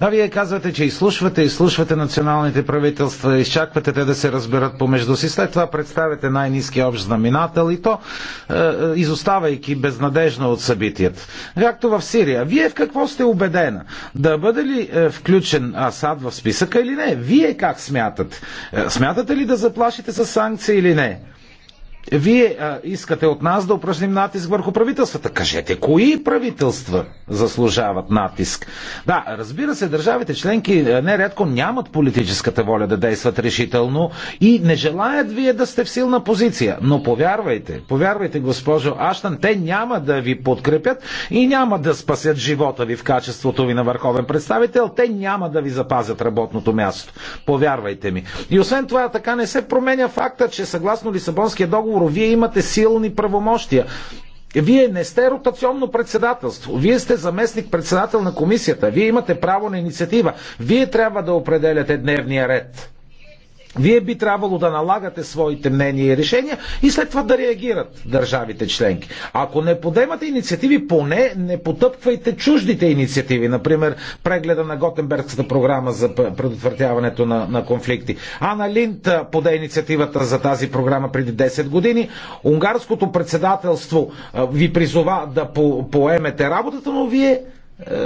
Да, вие казвате, че изслушвате, изслушвате националните правителства, изчаквате те да се разберат помежду си, след това представяте най-низки общ знаменател и то е, е, изоставайки безнадежно от събитията. Както в Сирия. Вие в какво сте убедена? Да бъде ли включен Асад кандидат в списъка или не. Вие как смятате? Смятате ли да заплашите с санкция или не? Вие а, искате от нас да упражним натиск върху правителствата. Кажете, кои правителства заслужават натиск? Да, разбира се, държавите членки нередко нямат политическата воля да действат решително и не желаят вие да сте в силна позиция. Но повярвайте, повярвайте, госпожо Аштан, те няма да ви подкрепят и няма да спасят живота ви в качеството ви на върховен представител. Те няма да ви запазят работното място. Повярвайте ми. И освен това, така не се променя факта, че съгласно Лисабонския договор договор. Вие имате силни правомощия. Вие не сте ротационно председателство. Вие сте заместник председател на комисията. Вие имате право на инициатива. Вие трябва да определяте дневния ред. Вие би трябвало да налагате своите мнения и решения и след това да реагират държавите членки. Ако не подемате инициативи, поне не потъпквайте чуждите инициативи. Например, прегледа на Готенбергската програма за предотвратяването на, на конфликти. Ана Линд поде инициативата за тази програма преди 10 години. Унгарското председателство ви призова да по, поемете работата, но вие е, е,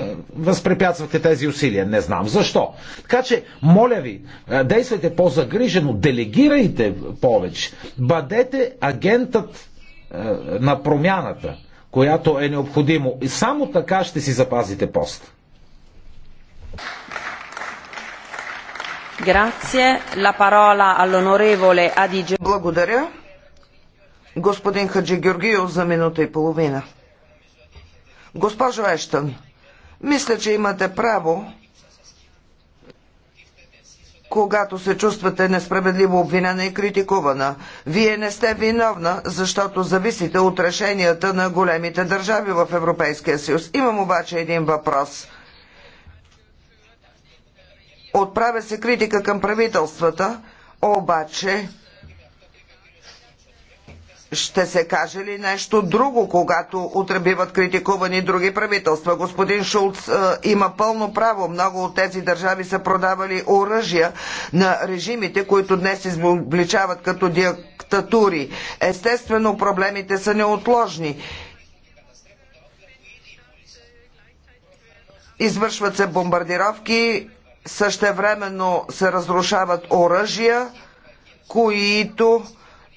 е, възпрепятствате тези усилия. Не знам защо. Така че, моля ви, действайте по-загрижено, делегирайте повече, бъдете агентът на промяната, която е необходимо. И само така ще си запазите пост. Благодаря. Господин Хаджи Георгиев за минута и половина. Госпожо Ештън, мисля, че имате право, когато се чувствате несправедливо обвинена и критикувана. Вие не сте виновна, защото зависите от решенията на големите държави в Европейския съюз. Имам обаче един въпрос. Отправя се критика към правителствата, обаче ще се каже ли нещо друго, когато утре биват критикувани други правителства? Господин Шулц е, има пълно право. Много от тези държави са продавали оръжия на режимите, които днес изобличават като диктатури. Естествено, проблемите са неотложни. Извършват се бомбардировки, същевременно се разрушават оръжия, които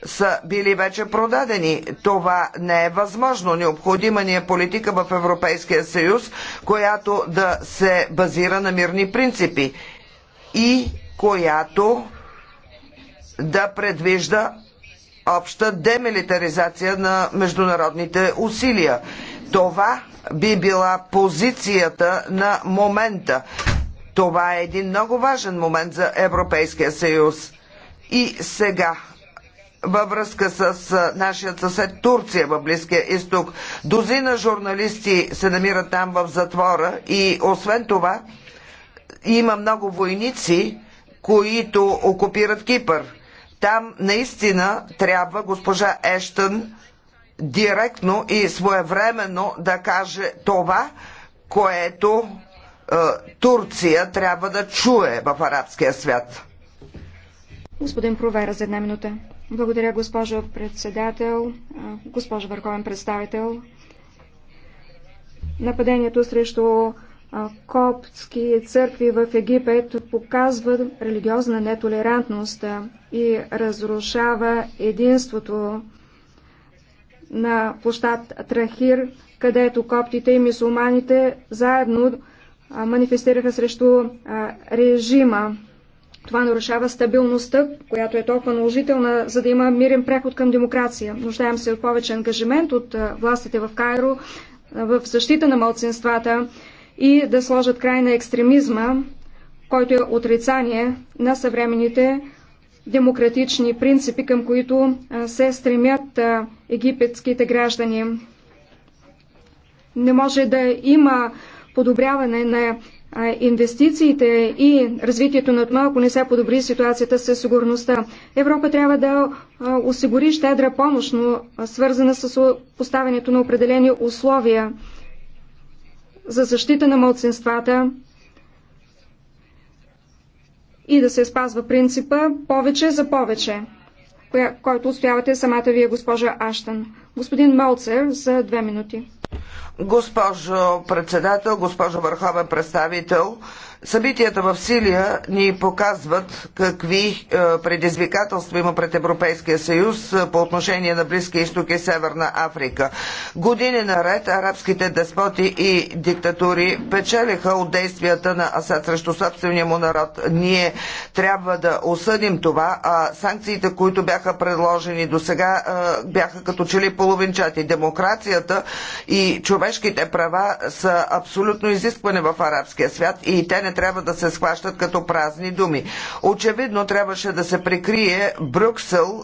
са били вече продадени. Това не е възможно. Необходима ни е политика в Европейския съюз, която да се базира на мирни принципи и която да предвижда обща демилитаризация на международните усилия. Това би била позицията на момента. Това е един много важен момент за Европейския съюз. И сега във връзка с нашия съсед Турция в Близкия изток. Дозина журналисти се намират там в затвора и освен това има много войници, които окупират Кипър. Там наистина трябва госпожа Ештън директно и своевременно да каже това, което е, Турция трябва да чуе в арабския свят. Господин Провера за една минута. Благодаря, госпожо председател, госпожо върховен представител. Нападението срещу коптски църкви в Египет показва религиозна нетолерантност и разрушава единството на площад Трахир, където коптите и мисулманите заедно манифестираха срещу режима. Това нарушава стабилността, която е толкова наложителна, за да има мирен преход към демокрация. Нуждаем се от повече ангажимент от властите в Кайро в защита на младсинствата и да сложат край на екстремизма, който е отрицание на съвременните демократични принципи, към които се стремят египетските граждани. Не може да има подобряване на инвестициите и развитието на ТМА, не се подобри ситуацията със сигурността. Европа трябва да осигури щедра помощ, но свързана с поставянето на определени условия за защита на младсинствата и да се спазва принципа повече за повече, който устоявате самата вие, госпожа Аштан. Господин Малцер, за две минути. Госпожо председател, госпожо върховен представител, Събитията в Силия ни показват какви е, предизвикателства има пред Европейския съюз е, по отношение на Близкия изток и Северна Африка. Години наред арабските деспоти и диктатури печелиха от действията на Асад срещу собствения му народ. Ние трябва да осъдим това, а санкциите, които бяха предложени до сега, е, бяха като чели половинчати. Демокрацията и човешките права са абсолютно изискване в арабския свят и те не не трябва да се схващат като празни думи. Очевидно трябваше да се прикрие Брюксел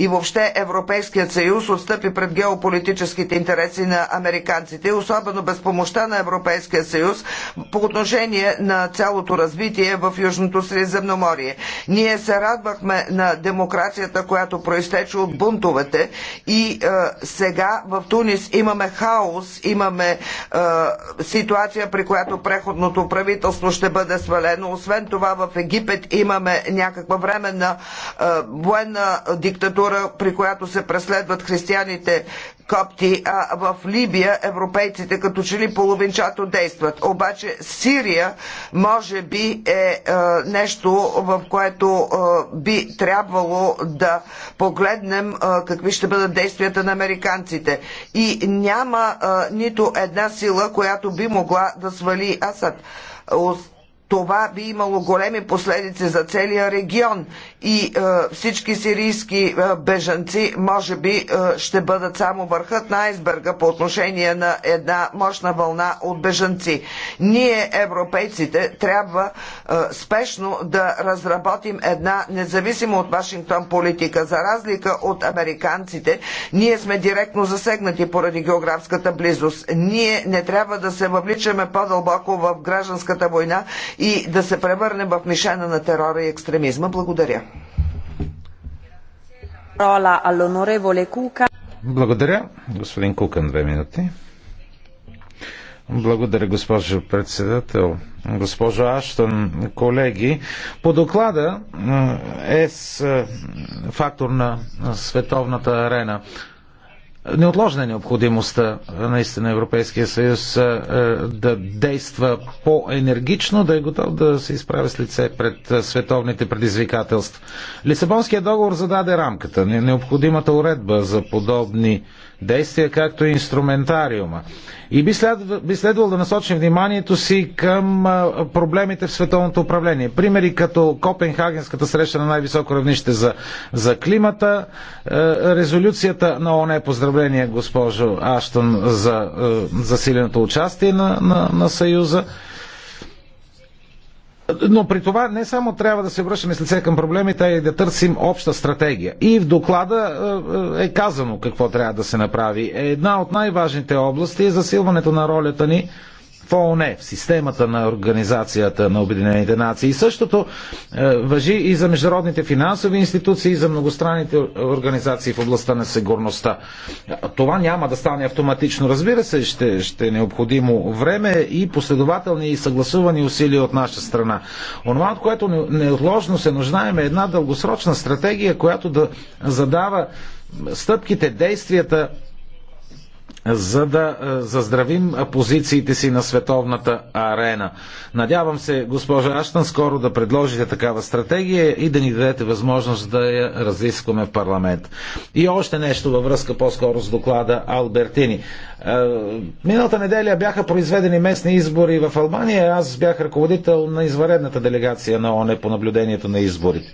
и въобще Европейският съюз отстъпи пред геополитическите интереси на американците, особено без помощта на Европейския съюз по отношение на цялото развитие в Южното Средиземноморие. Ние се радвахме на демокрацията, която проистече от бунтовете и е, сега в Тунис имаме хаос, имаме е, ситуация, при която преходното правителство ще бъде свалено. Освен това в Египет имаме някаква временна е, военна диктатура, процедура, при която се преследват християните копти, а в Либия европейците като че ли половинчато действат. Обаче Сирия може би е, е нещо, в което е, би трябвало да погледнем е, какви ще бъдат действията на американците. И няма е, нито една сила, която би могла да свали Асад това би имало големи последици за целия регион и е, всички сирийски е, бежанци може би е, ще бъдат само върхът на айсберга по отношение на една мощна вълна от бежанци. Ние, европейците, трябва е, спешно да разработим една независимо от Вашингтон политика. За разлика от американците, ние сме директно засегнати поради географската близост. Ние не трябва да се въвличаме по-дълбоко в гражданската война и да се превърне в мишена на терора и екстремизма. Благодаря. Благодаря. Господин Кукан, две минути. Благодаря, госпожо председател. Госпожо Аштън, колеги, по доклада ЕС е, фактор на световната арена. Неотложна е необходимостта наистина Европейския съюз да действа по-енергично, да е готов да се изправи с лице пред световните предизвикателства. Лисабонският договор зададе рамката, необходимата уредба за подобни действия, както и инструментариума. И би, след, би следвало да насочим вниманието си към проблемите в световното управление. Примери като Копенхагенската среща на най-високо равнище за, за климата, резолюцията на ОНЕ, поздравление госпожо Аштон за засиленото участие на, на, на Съюза, но при това не само трябва да се връщаме с лице към проблемите, а и да търсим обща стратегия. И в доклада е, е, е казано какво трябва да се направи. Една от най-важните области е засилването на ролята ни в ООН, в системата на Организацията на Обединените нации. И същото е, въжи и за международните финансови институции, и за многостранните организации в областта на сигурността. Това няма да стане автоматично. Разбира се, ще, ще е необходимо време и последователни и съгласувани усилия от наша страна. Онова, от което неотложно се нуждаем е една дългосрочна стратегия, която да задава стъпките, действията за да е, заздравим позициите си на световната арена. Надявам се, госпожа Аштан, скоро да предложите такава стратегия и да ни дадете възможност да я разискваме в парламент. И още нещо във връзка по-скоро с доклада Албертини. Е, миналата неделя бяха произведени местни избори в Албания. Аз бях ръководител на изваредната делегация на ОНЕ по наблюдението на изборите.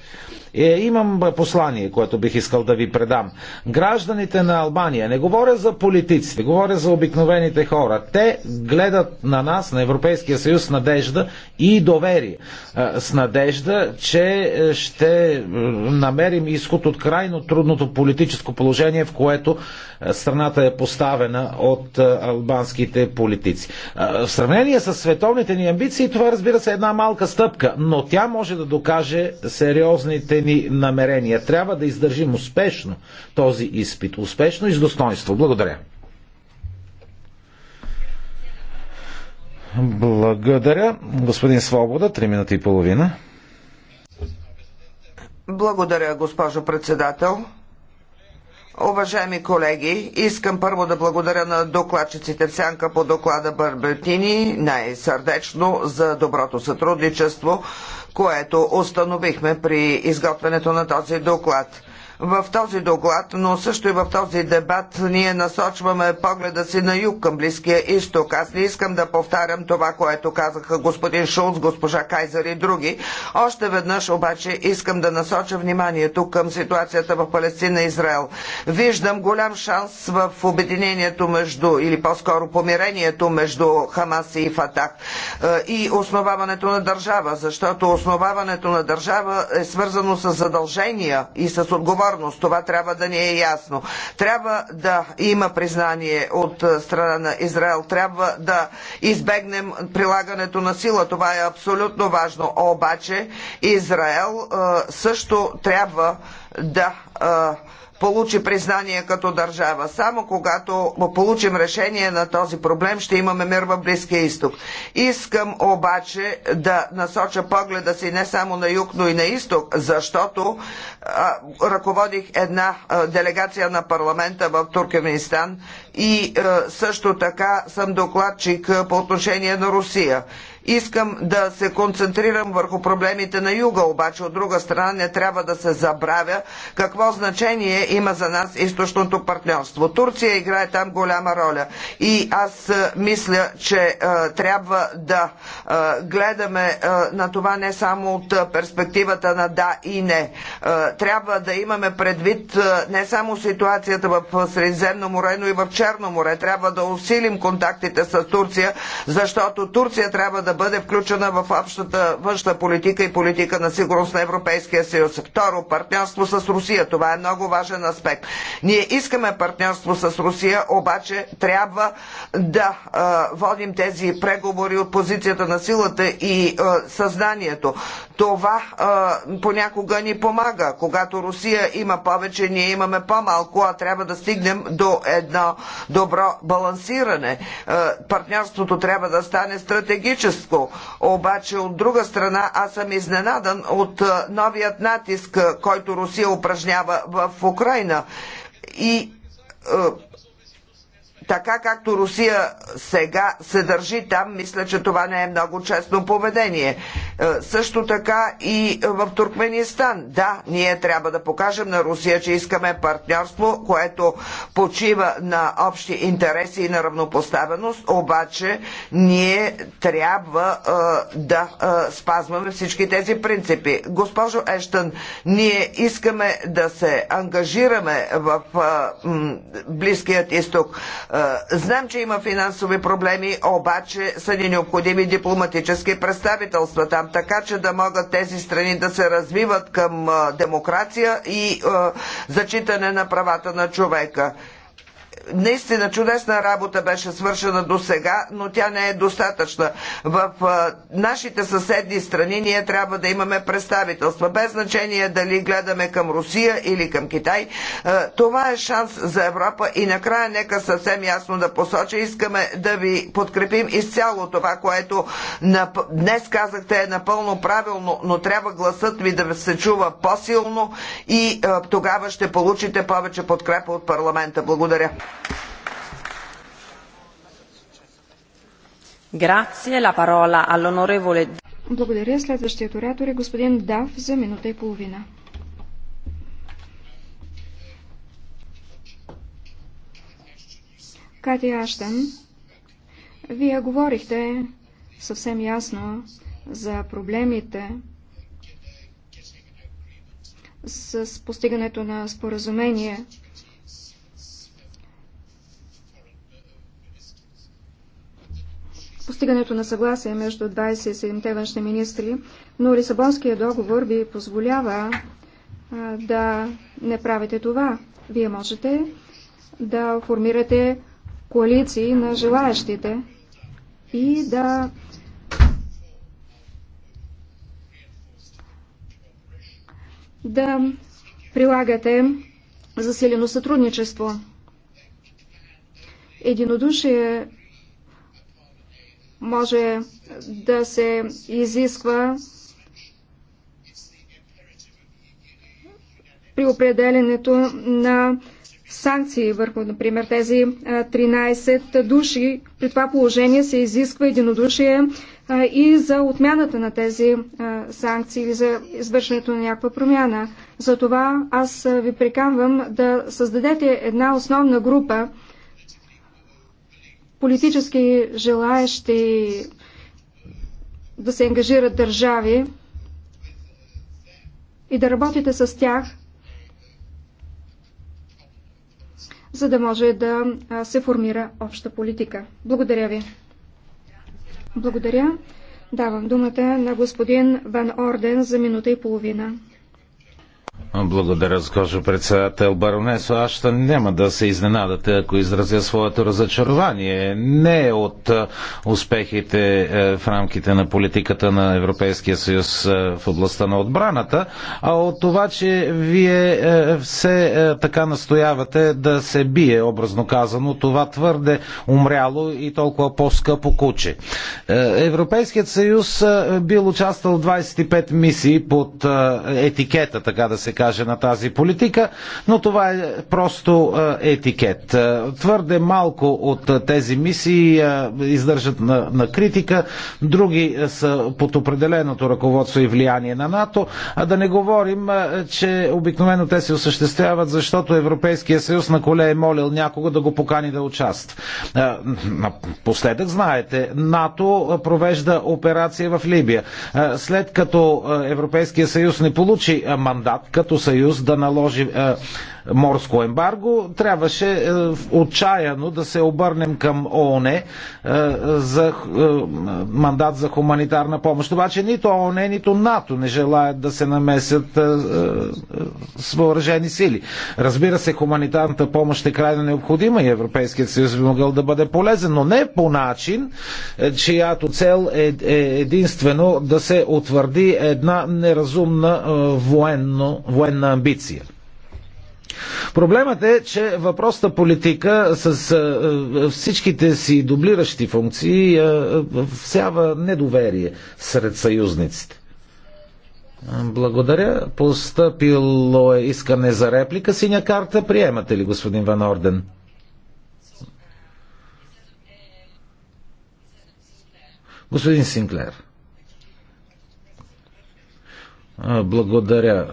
Е, имам послание, което бих искал да ви предам. Гражданите на Албания, не говоря за политиците, говоря за обикновените хора. Те гледат на нас, на Европейския съюз, с надежда и доверие. Е, с надежда, че е, ще е, намерим изход от крайно трудното политическо положение, в което страната е поставена от албанските политици. В сравнение с световните ни амбиции, това разбира се е една малка стъпка, но тя може да докаже сериозните ни намерения. Трябва да издържим успешно този изпит. Успешно и с достоинство. Благодаря. Благодаря. Господин Свобода, 3 минути и половина. Благодаря, госпожо председател. Уважаеми колеги, искам първо да благодаря на докладчиците в сянка по доклада Бърбетини най-сърдечно за доброто сътрудничество, което установихме при изготвянето на този доклад в този доклад, но също и в този дебат ние насочваме погледа си на юг към Близкия изток. Аз не искам да повтарям това, което казаха господин Шулц, госпожа Кайзер и други. Още веднъж обаче искам да насоча вниманието към ситуацията в Палестина и Израел. Виждам голям шанс в обединението между, или по-скоро помирението между Хамас и Фатах е, и основаването на държава, защото основаването на държава е свързано с задължения и с отговорност отговорност. Това трябва да ни е ясно. Трябва да има признание от страна на Израел. Трябва да избегнем прилагането на сила. Това е абсолютно важно. Обаче Израел също трябва да получи признание като държава. Само когато получим решение на този проблем, ще имаме мир в Близкия изток. Искам обаче да насоча погледа си не само на юг, но и на изток, защото а, ръководих една а, делегация на парламента в Туркменистан и а, също така съм докладчик а, по отношение на Русия. Искам да се концентрирам върху проблемите на юга, обаче от друга страна не трябва да се забравя какво значение има за нас източното партньорство. Турция играе там голяма роля и аз мисля, че трябва да гледаме на това не само от перспективата на да и не. Трябва да имаме предвид не само ситуацията в Средиземно море, но и в Черно море. Трябва да усилим контактите с Турция, защото Турция трябва да да бъде включена в общата външна политика и политика на сигурност на Европейския съюз. Второ, партньорство с Русия. Това е много важен аспект. Ние искаме партньорство с Русия, обаче трябва да водим тези преговори от позицията на силата и съзнанието. Това а, понякога ни помага. Когато Русия има повече, ние имаме по-малко, а трябва да стигнем до едно добро балансиране. А, партньорството трябва да стане стратегическо. Обаче, от друга страна, аз съм изненадан от а, новият натиск, който Русия упражнява в Украина. И а, така както Русия сега се държи там, мисля, че това не е много честно поведение. Е, също така и е, в Туркменистан. Да, ние трябва да покажем на Русия, че искаме партньорство, което почива на общи интереси и на равнопоставеност, обаче ние трябва е, да спазваме всички тези принципи. Госпожо Ештън, ние искаме да се ангажираме в Близкият изток. Знам, че има финансови проблеми, обаче са ни необходими дипломатически представителства там там, така че да могат тези страни да се развиват към демокрация и зачитане на правата на човека наистина чудесна работа беше свършена до сега, но тя не е достатъчна. В нашите съседни страни ние трябва да имаме представителства, без значение дали гледаме към Русия или към Китай. Това е шанс за Европа и накрая нека съвсем ясно да посоча, искаме да ви подкрепим изцяло това, което днес казахте е напълно правилно, но трябва гласът ви да се чува по-силно и тогава ще получите повече подкрепа от парламента. Благодаря. Благодаря. Следващият оратор е господин Дав за минута и половина. Кати Аштън, вие говорихте съвсем ясно за проблемите с постигането на споразумение постигането на съгласие между 27-те външни министри, но Лисабонския договор ви позволява да не правите това. Вие можете да формирате коалиции на желаящите и да да прилагате засилено сътрудничество. Единодушие може да се изисква при определенето на санкции върху, например, тези 13 души. При това положение се изисква единодушие и за отмяната на тези санкции или за извършването на някаква промяна. Затова аз ви приканвам да създадете една основна група, политически желаещи да се ангажират държави и да работите с тях, за да може да се формира обща политика. Благодаря ви. Благодаря. Давам думата на господин Ван Орден за минута и половина. Благодаря, госпожо председател. Баронесо ще няма да се изненадате, ако изразя своето разочарование. Не е от е, успехите е, в рамките на политиката на Европейския съюз в областта на отбраната, а от това, че вие все така настоявате да се бие, образно казано, това твърде умряло и толкова по-скъпо куче. Европейският съюз бил участвал в 25 мисии под етикета, така да се казва, каже на тази политика, но това е просто етикет. Твърде малко от тези мисии издържат на, на критика, други са под определеното ръководство и влияние на НАТО, а да не говорим, че обикновено те се осъществяват, защото Европейския съюз на коле е молил някога да го покани да участва. Последък, знаете, НАТО провежда операция в Либия. След като Европейския съюз не получи мандат като Съюз да наложи е, морско ембарго, трябваше е, отчаяно да се обърнем към ООН е, за е, мандат за хуманитарна помощ. Обаче нито ООН, нито НАТО не желаят да се намесят с въоръжени сили. Разбира се, хуманитарната помощ е крайно необходима и Европейският съюз би могъл да бъде полезен, но не по начин, чиято цел е единствено да се утвърди една неразумна военно, военна амбиция. Проблемът е, че въпросната политика с всичките си дублиращи функции всява недоверие сред съюзниците. Благодаря. Постъпило е искане за реплика. Синя карта приемате ли, господин Ван Орден? Господин Синклер. Благодаря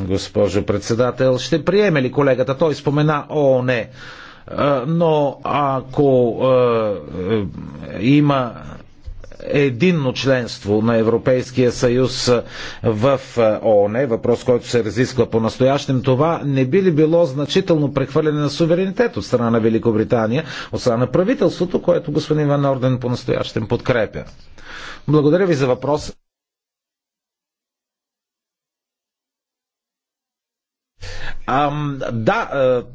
госпожо председател. Ще приеме ли колегата? Той спомена ООН. Е, но ако е, е, има единно членство на Европейския съюз в ООН, въпрос, който се разисква по настоящем, това не би ли било значително прехвърляне на суверенитет от страна на Великобритания, от страна на правителството, което господин Ван Орден по настоящем подкрепя? Благодаря ви за въпроса. А, да,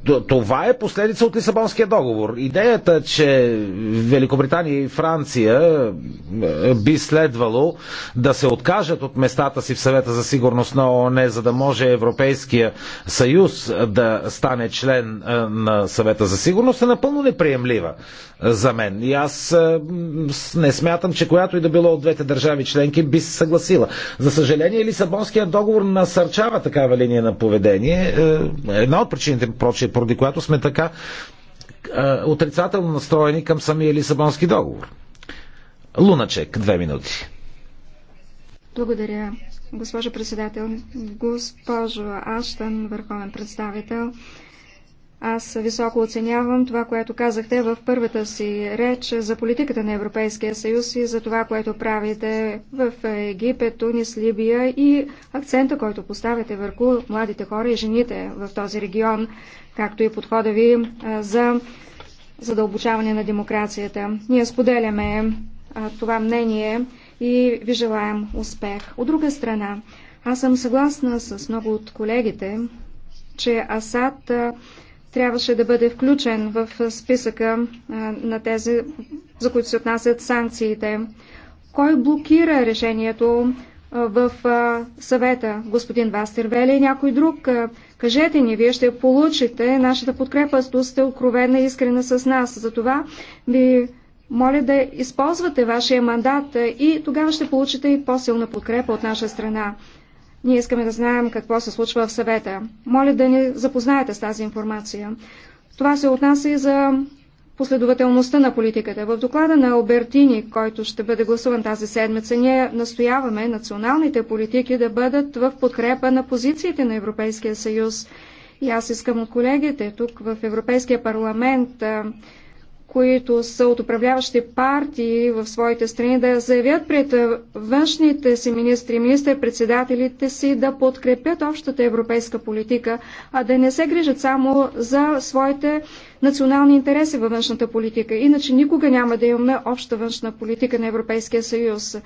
е, това е последица от Лисабонския договор. Идеята, че Великобритания и Франция е, би следвало да се откажат от местата си в съвета за сигурност на ООН, за да може Европейския съюз да стане член е, на съвета за сигурност, е напълно неприемлива за мен. И аз не смятам, че която и да било от двете държави членки би се съгласила. За съжаление, Лисабонския договор насърчава такава линия на поведение една от причините, прочее, поради която сме така отрицателно настроени към самия Лисабонски договор. Луначек, две минути. Благодаря, госпожо председател, госпожо Аштан, върховен представител. Аз високо оценявам това, което казахте в първата си реч за политиката на Европейския съюз и за това, което правите в Египет, Тунис, Либия и акцента, който поставяте върху младите хора и жените в този регион, както и подхода ви за задълбочаване на демокрацията. Ние споделяме това мнение и ви желаем успех. От друга страна, аз съм съгласна с много от колегите, че Асад трябваше да бъде включен в списъка на тези, за които се отнасят санкциите. Кой блокира решението в съвета? Господин Вастервеле и някой друг? Кажете ни, вие ще получите нашата подкрепа, ако сте откровена и искрена с нас. Затова ви моля да използвате вашия мандат и тогава ще получите и по-силна подкрепа от наша страна. Ние искаме да знаем какво се случва в съвета. Моля да ни запознаете с тази информация. Това се отнася и за последователността на политиката. В доклада на Албертини, който ще бъде гласуван тази седмица, ние настояваме националните политики да бъдат в подкрепа на позициите на Европейския съюз. И аз искам от колегите тук в Европейския парламент които са от управляващи партии в своите страни, да заявят пред външните си министри, министър-председателите си да подкрепят общата европейска политика, а да не се грижат само за своите национални интереси във външната политика. Иначе никога няма да имаме обща външна политика на Европейския съюз.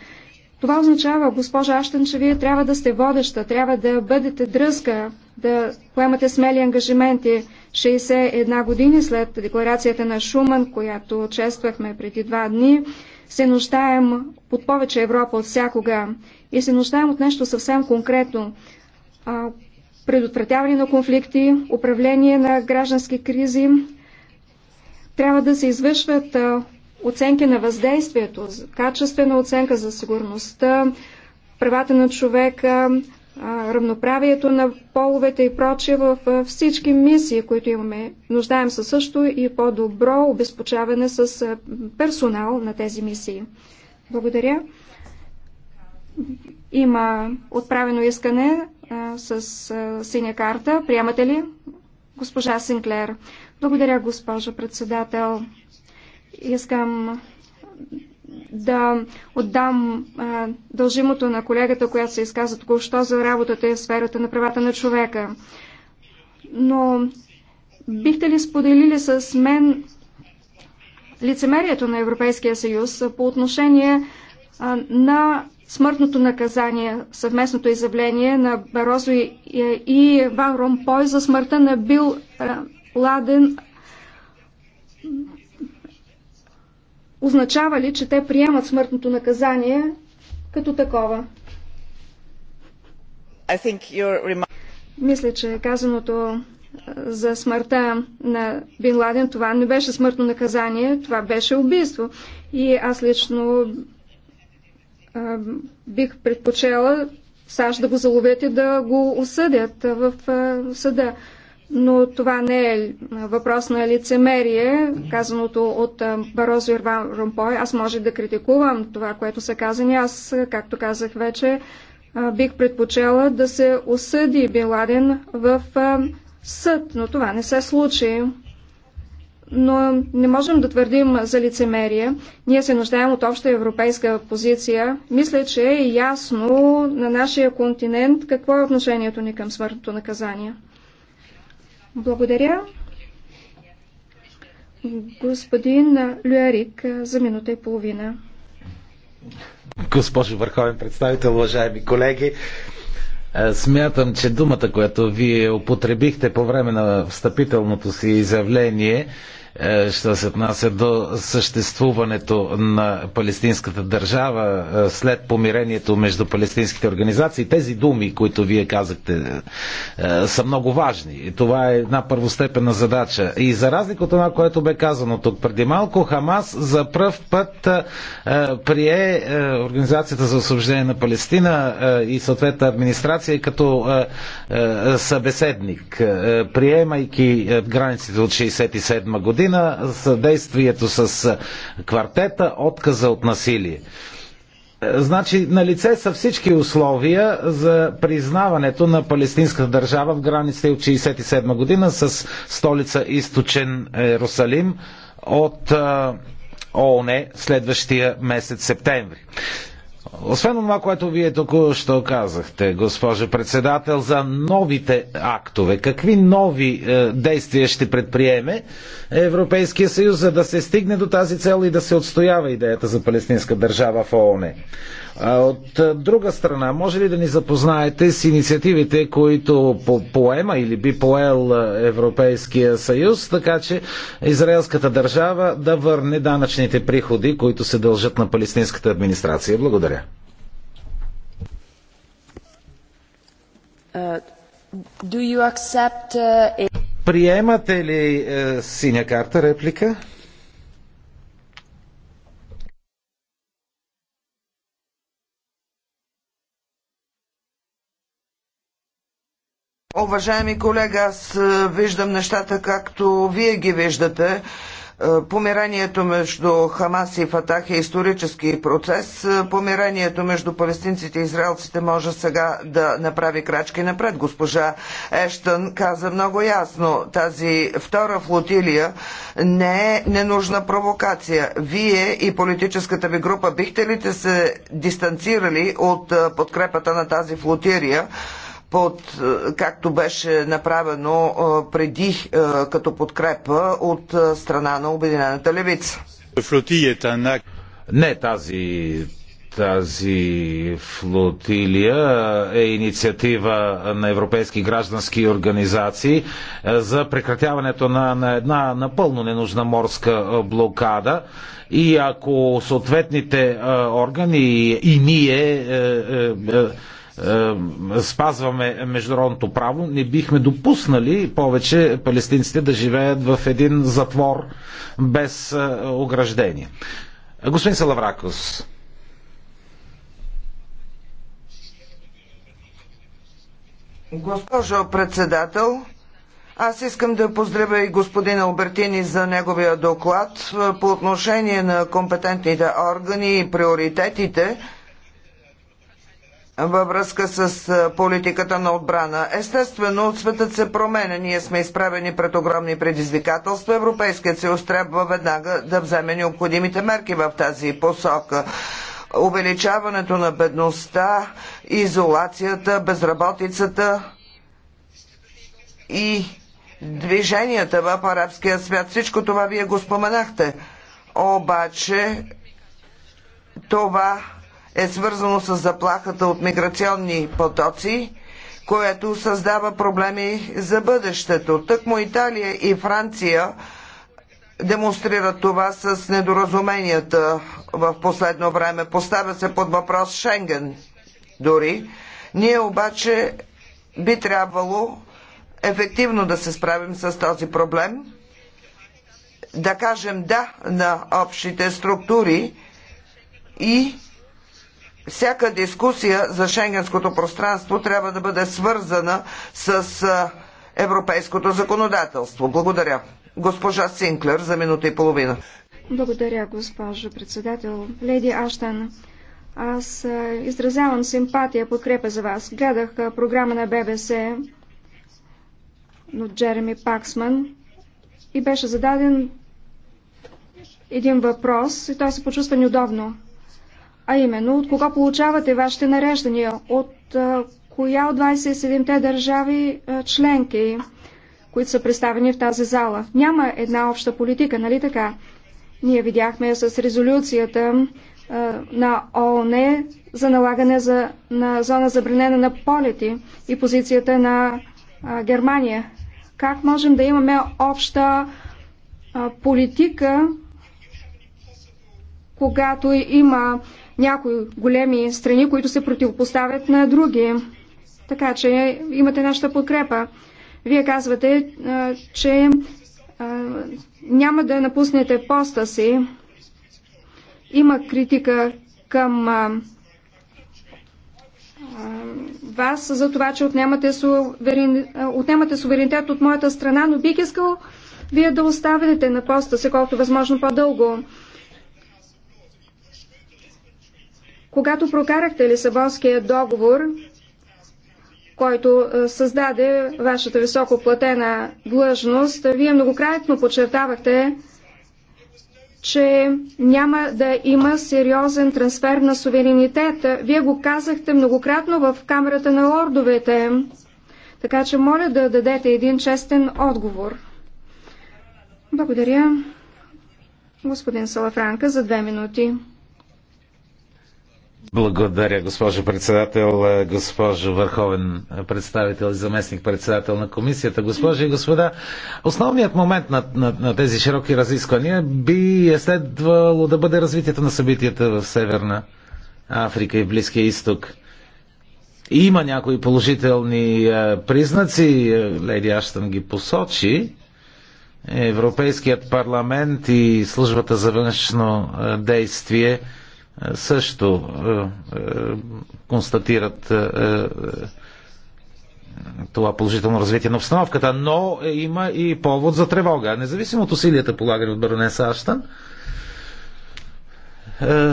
Това означава, госпожа Аштен, че вие трябва да сте водеща, трябва да бъдете дръзка, да поемате смели ангажименти. 61 години след декларацията на Шуман, която чествахме преди два дни, се нуждаем от повече Европа от всякога и се нуждаем от нещо съвсем конкретно. Предотвратяване на конфликти, управление на граждански кризи. Трябва да се извършват оценки на въздействието, качествена оценка за сигурността, правата на човека, равноправието на половете и прочие в всички мисии, които имаме. Нуждаем се също и по-добро обезпочаване с персонал на тези мисии. Благодаря. Има отправено искане а, с синя карта. Приемате ли? Госпожа Синклер. Благодаря, госпожо председател. Искам да отдам а, дължимото на колегата, която се изказа току-що за работата и в сферата на правата на човека. Но бихте ли споделили с мен лицемерието на Европейския съюз по отношение а, на смъртното наказание, съвместното изявление на Барозо и, и Ван Ромпой за смъртта на Бил а, Ладен означава ли, че те приемат смъртното наказание като такова? Мисля, че казаното за смъртта на Бин Ладен, това не беше смъртно наказание, това беше убийство. И аз лично а, бих предпочела САЩ да го заловят и да го осъдят в а, съда но това не е въпрос на лицемерие, казаното от Барозо Рван Румпой. Аз може да критикувам това, което са казани. Аз, както казах вече, бих предпочела да се осъди Биладен в съд, но това не се случи. Но не можем да твърдим за лицемерие. Ние се нуждаем от обща европейска позиция. Мисля, че е ясно на нашия континент какво е отношението ни към смъртното наказание. Благодаря. Господин Люерик за минута и половина. Госпожо Върховен представител, уважаеми колеги, е, смятам, че думата, която вие употребихте по време на встъпителното си изявление, ще се отнася до съществуването на палестинската държава е, след помирението между палестинските организации. Тези думи, които вие казахте, е, са много важни. Това е една първостепенна задача. И за разлика от това, което бе казано тук преди малко, Хамас за пръв път е, прие Организацията за освобождение на Палестина и съответна администрация като събеседник, приемайки границите от 67 година година, съдействието с квартета, отказа от насилие. Значи, на лице са всички условия за признаването на палестинска държава в границите от 1967 година с столица Източен Иерусалим от ООН следващия месец септември. Освен това, което вие току-що казахте, госпожо председател, за новите актове, какви нови е, действия ще предприеме Европейския съюз, за да се стигне до тази цел и да се отстоява идеята за палестинска държава в ООН? От друга страна, може ли да ни запознаете с инициативите, които по поема или би поел Европейския съюз, така че израелската държава да върне данъчните приходи, които се дължат на палестинската администрация? Благодаря. Uh, accept... Uh, Приемате ли е, синя карта реплика? Уважаеми колега, аз е, виждам нещата както вие ги виждате. Е, помирението между Хамас и Фатах е исторически процес. Е, помирението между палестинците и израелците може сега да направи крачки напред. Госпожа Ештън каза много ясно, тази втора флотилия не е ненужна провокация. Вие и политическата ви група бихте ли те се дистанцирали от подкрепата на тази флотилия? под, е, както беше направено е, преди е, като подкрепа от страна на Обединената левица. Не, тази тази флотилия е инициатива на европейски граждански организации за прекратяването на, на една напълно ненужна морска блокада и ако съответните органи и ние е, спазваме международното право, не бихме допуснали повече палестинците да живеят в един затвор без е, ограждение. Господин Салавракос. Госпожо председател, аз искам да поздравя и господин Албертини за неговия доклад е, по отношение на компетентните органи и приоритетите, във връзка с политиката на отбрана. Естествено, светът се променя. Ние сме изправени пред огромни предизвикателства. Европейският съюз трябва веднага да вземе необходимите мерки в тази посока увеличаването на бедността, изолацията, безработицата и движенията в арабския свят. Всичко това вие го споменахте. Обаче това е свързано с заплахата от миграционни потоци, което създава проблеми за бъдещето. Тъкмо Италия и Франция демонстрират това с недоразуменията в последно време. Поставя се под въпрос Шенген дори. Ние обаче би трябвало ефективно да се справим с този проблем, да кажем да на общите структури и всяка дискусия за шенгенското пространство трябва да бъде свързана с европейското законодателство. Благодаря. Госпожа Синклер за минута и половина. Благодаря, госпожо председател. Леди Аштан, аз изразявам симпатия, подкрепа за вас. Гледах програма на ББС от Джереми Паксман и беше зададен един въпрос и той се почувства неудобно а именно от кога получавате вашите нареждания, от а, коя от 27-те държави а, членки, които са представени в тази зала. Няма една обща политика, нали така? Ние видяхме с резолюцията а, на ООН за налагане за, на зона забранена на полети и позицията на а, Германия. Как можем да имаме обща а, политика, когато има някои големи страни, които се противопоставят на други. Така че имате нашата подкрепа. Вие казвате, че няма да напуснете поста си. Има критика към вас за това, че отнемате, суверен... отнемате суверенитет от моята страна, но бих искал вие да оставите на поста си колкото е възможно по-дълго. Когато прокарахте Лисабонския договор, който създаде вашата високоплатена длъжност, вие многократно подчертавахте, че няма да има сериозен трансфер на суверенитета. Вие го казахте многократно в Камерата на лордовете. Така че моля да дадете един честен отговор. Благодаря, господин Салафранка, за две минути. Благодаря, госпожо председател, е, госпожо върховен представител и заместник председател на комисията. Госпожи и господа, основният момент на, на, на тези широки разисквания би е следвало да бъде развитието на събитията в Северна Африка и Близкия изток. Има някои положителни е, признаци, е, леди Аштън ги посочи, Европейският парламент и службата за външно действие – също е, е, констатират е, това положително развитие на обстановката, но има и повод за тревога. Независимо от усилията полагани от баронеса Аштан,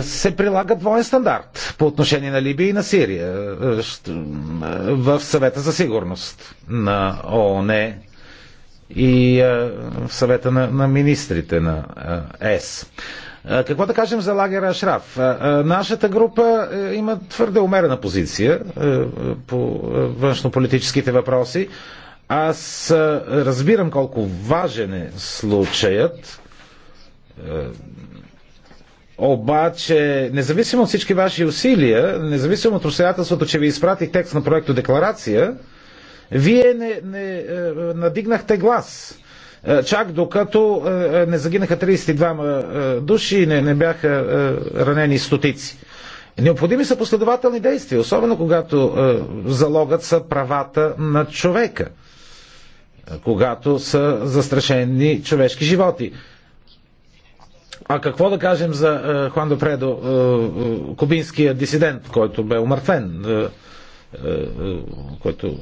се прилага двоен стандарт по отношение на Либия и на Сирия в съвета за сигурност на ООН и в съвета на, на министрите на ЕС. Какво да кажем за лагера Ашраф? Нашата група е, има твърде умерена позиция е, по е, външнополитическите въпроси. Аз разбирам колко важен е случаят. Обаче, независимо от всички ваши усилия, независимо от обстоятелството, че ви изпратих текст на проекто декларация, вие не, не надигнахте глас. Е, чак докато е, е, не загинаха 32 души и не, не бяха ранени стотици. Необходими са последователни действия, особено когато залогът са правата на човека, когато са застрашени човешки животи. А какво да кажем за Хуан Допредо, кубинския дисидент, който бе умъртвен, който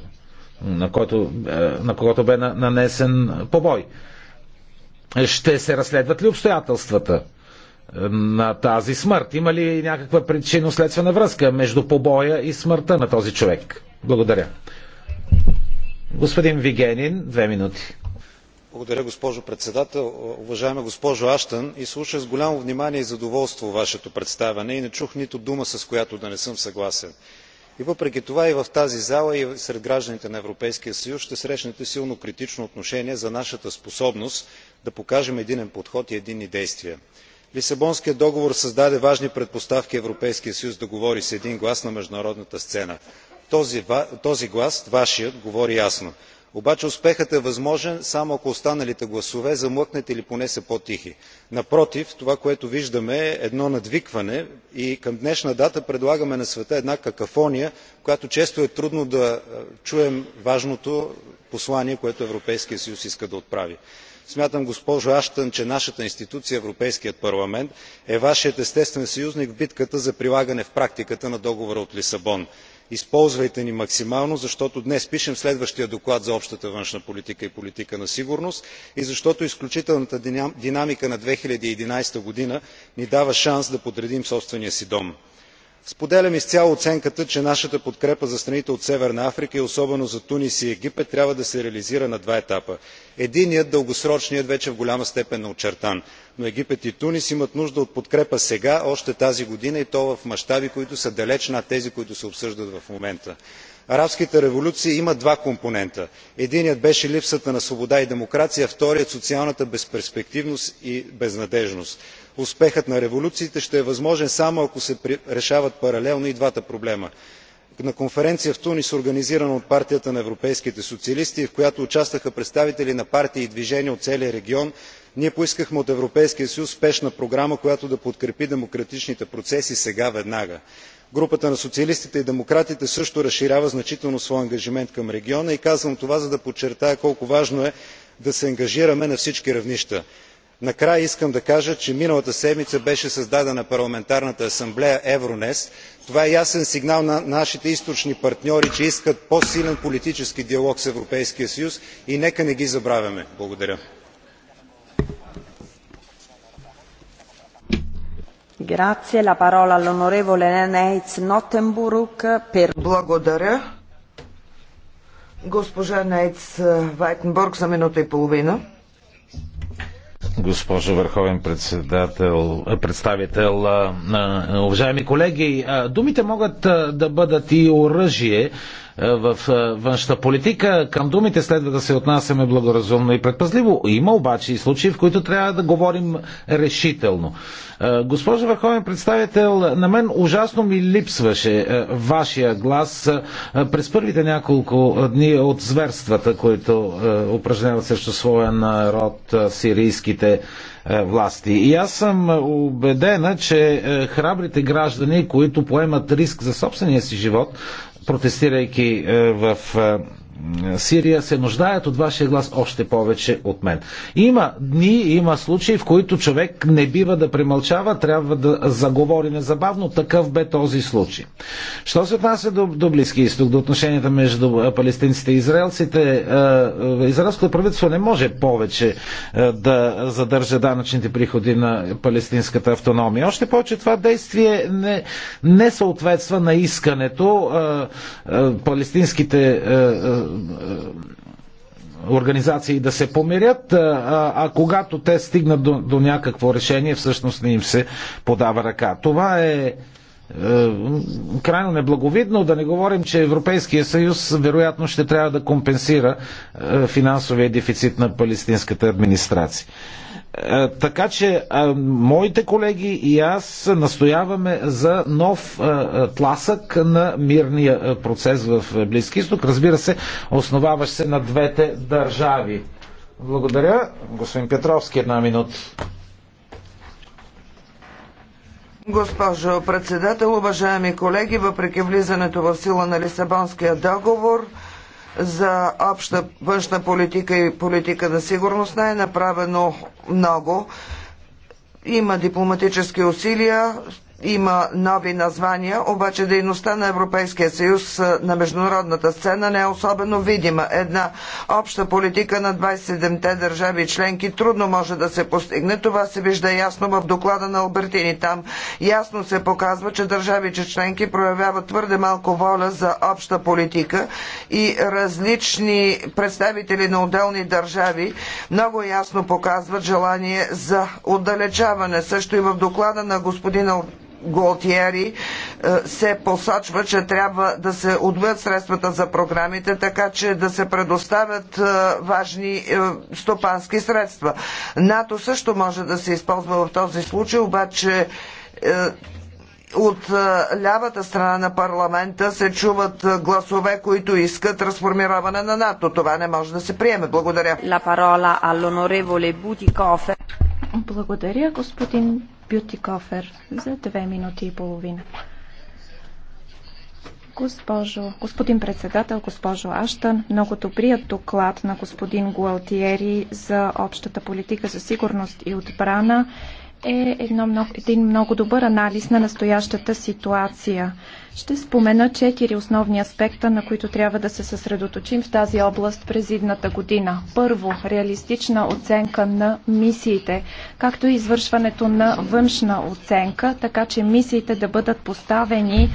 на който, е, на който бе нанесен побой. Ще се разследват ли обстоятелствата е, на тази смърт? Има ли някаква причинно-следствена връзка между побоя и смъртта на този човек? Благодаря. Господин Вигенин, две минути. Благодаря, госпожо председател. Уважаема госпожо Аштън, слушах с голямо внимание и задоволство вашето представяне и не чух нито дума, с която да не съм съгласен и въпреки това и в тази зала и сред гражданите на европейския съюз ще срещнете силно критично отношение за нашата способност да покажем единен подход и единни действия. лисабонският договор създаде важни предпоставки европейският съюз да говори с един глас на международната сцена. този глас вашият говори ясно обаче успехът е възможен само ако останалите гласове замлъкнат или поне са по тихи. напротив това което виждаме е едно надвикване и към днешна дата предлагаме на света една какафония в която често е трудно да е, чуем важното послание което европейският съюз иска да отправи. смятам госпожо аштън че нашата институция европейският парламент е вашият естествен съюзник в битката за прилагане в практиката на договора от лисабон използвайте ни максимално защото днес пишем следващия доклад за общата външна политика и политика на сигурност и защото изключителната динамика на две хиляди и единадесета година ни дава шанс да подредим собствения си дом споделям изцяло оценката че нашата подкрепа за страните от северна африка и особено за тунис и египет трябва да се реализира на два етапа. единият дългосрочният вече в голяма степен е очертан но египет и тунис имат нужда от подкрепа сега още тази година и то в мащаби които са далеч над тези които се обсъждат в момента. арабските революции имат два компонента. единият беше липсата на свобода и демокрация вторият социалната безперспективност и безнадеждност успехът на революциите ще е възможен само ако се решават паралелно и двата проблема. на конференция в тунис организирана от партията на европейските социалисти и в която участваха представители на партии и движения от целия регион ние поискахме от европейския съюз спешна програма която да подкрепи демократичните процеси сега веднага. групата на социалистите и демократите също разширява значително своя ангажимент към региона и казвам това за да подчертая колко важно е да се ангажираме на всички равнища накрая искам да кажа че миналата седмица беше създадена парламентарната асамблея евронест. това е ясен сигнал на нашите източни партньори че искат по силен политически диалог с европейския съюз и нека не ги забравяме. благодаря. Благодаря. Госпожа Нейтс Вайтенбург за минута и половина госпожо Върховен председател, представител. Уважаеми колеги, думите могат да бъдат и оръжие, е, в е, външната политика. Към думите следва да се отнасяме благоразумно и предпазливо. Има обаче и случаи, в които трябва да говорим решително. Е, госпожо Върховен представител, на мен ужасно ми липсваше вашия глас през първите няколко дни от зверствата, които упражняват срещу своя народ сирийските власти. И аз съм убедена, че храбрите граждани, които поемат риск за собствения си живот, протестирайки е, в е, Сирия се нуждаят от вашия глас още повече от мен. Има дни, има случаи, в които човек не бива да премълчава, трябва да заговори незабавно. Такъв бе този случай. Що се отнася до, до Близки изток, до отношенията между палестинците и израелците, израелското правителство не може повече да задържа данъчните приходи на палестинската автономия. Още повече това действие не, не съответства на искането палестинските е, е, организации да се помирят, а, а когато те стигнат до, до някакво решение, всъщност не им се подава ръка. Това е, е крайно неблаговидно, да не говорим, че Европейския съюз вероятно ще трябва да компенсира финансовия дефицит на палестинската администрация. Е, така че е, моите колеги и аз настояваме за нов е, тласък на мирния процес в Близки изток, разбира се, основаващ се на двете държави. Благодаря. Господин Петровски, една минута. Госпожо председател, уважаеми колеги, въпреки влизането в сила на Лисабонския договор, за обща външна политика и политика на сигурност не е направено много. Има дипломатически усилия, има нови названия, обаче дейността на Европейския съюз на международната сцена не е особено видима. Една обща политика на 27-те държави и членки трудно може да се постигне. Това се вижда ясно в доклада на Албертини. Там ясно се показва, че държавите членки проявяват твърде малко воля за обща политика и различни представители на отделни държави много ясно показват желание за отдалечаване. Също и в доклада на господина Голтиери е, се посочва, че трябва да се отвият средствата за програмите, така че да се предоставят е, важни е, стопански средства. НАТО също може да се използва в този случай, обаче от лявата страна на парламента се чуват гласове, които искат разформироване на НАТО. Това не може да се приеме. Благодаря. Благодаря, господин Бютикофер за две минути и половина. Госпожо, господин председател, госпожо Аштън, много добрият доклад на господин Гуалтиери за общата политика за сигурност и отбрана е едно много, един много добър анализ на настоящата ситуация. Ще спомена четири основни аспекта, на които трябва да се съсредоточим в тази област през идната година. Първо, реалистична оценка на мисиите, както и извършването на външна оценка, така че мисиите да бъдат поставени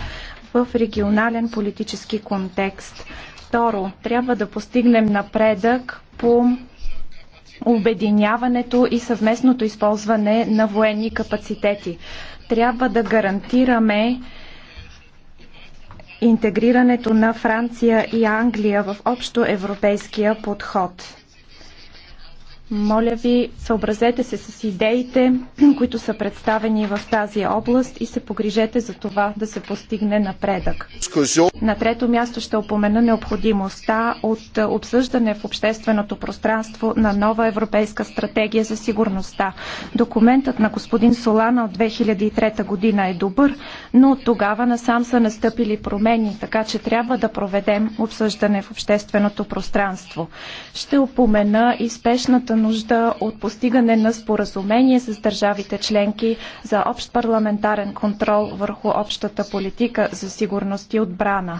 в регионален политически контекст. Второ, трябва да постигнем напредък по обединяването и съвместното използване на военни капацитети. Трябва да гарантираме интегрирането на Франция и Англия в общо европейския подход. Моля ви, съобразете се с идеите, които са представени в тази област и се погрижете за това да се постигне напредък. На трето място ще опомена необходимостта от е, обсъждане в общественото пространство на нова европейска стратегия за сигурността. Документът на господин Солана от 2003 година е добър, но от тогава насам са настъпили промени, така че трябва да проведем обсъждане в общественото пространство. Ще опомена и спешната нужда от постигане на споразумение с държавите членки за общ парламентарен контрол върху общата политика за сигурност и отбрана.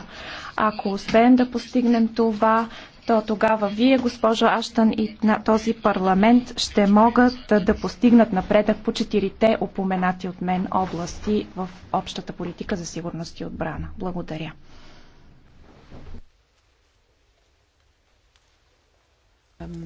Ако успеем да постигнем това, то тогава вие, госпожо Аштан и на този парламент ще могат да постигнат напредък по четирите упоменати от мен области в общата политика за сигурност и отбрана. Благодаря. Um...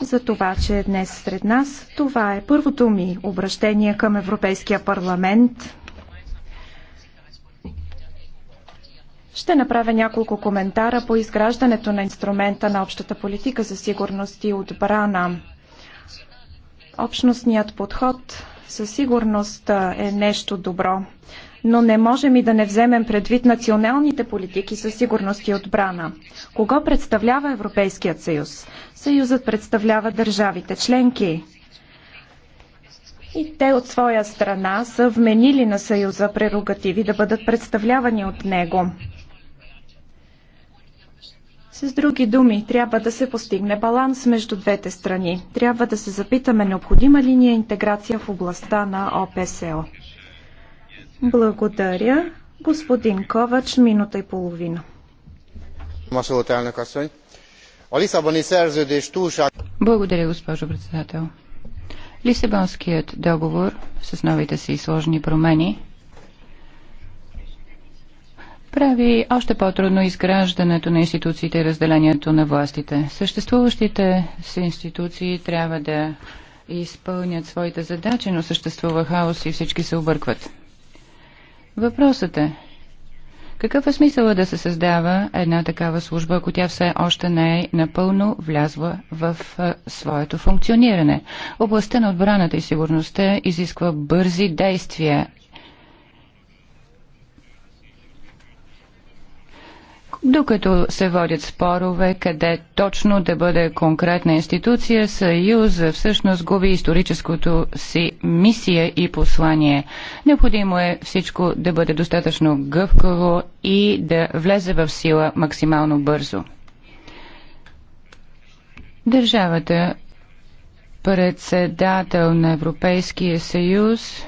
за това, че е днес сред нас. Това е първото ми обращение към Европейския парламент. Ще направя няколко коментара по изграждането на инструмента на общата политика за сигурност и отбрана. Общностният подход със сигурност е нещо добро но не можем и да не вземем предвид националните политики за сигурност и отбрана. Кого представлява Европейският съюз? Съюзът представлява държавите членки. И те от своя страна са вменили на Съюза прерогативи да бъдат представлявани от него. С други думи, трябва да се постигне баланс между двете страни. Трябва да се запитаме необходима ли ни е интеграция в областта на ОПСО. Благодаря. Господин Ковач, минута и половина. Благодаря, госпожо председател. Лисабонският договор с новите си сложни промени прави още по-трудно изграждането на институциите и разделението на властите. Съществуващите си институции трябва да изпълнят своите задачи, но съществува хаос и всички се объркват. Въпросът е, какъв е смисълът да се създава една такава служба, ако тя все още не е напълно влязла в своето функциониране? Областта на отбраната и сигурността изисква бързи действия докато се водят спорове къде точно да бъде конкретна институция, Съюз всъщност губи историческото си мисия и послание. Необходимо е всичко да бъде достатъчно гъвкаво и да влезе в сила максимално бързо. Държавата председател на Европейския съюз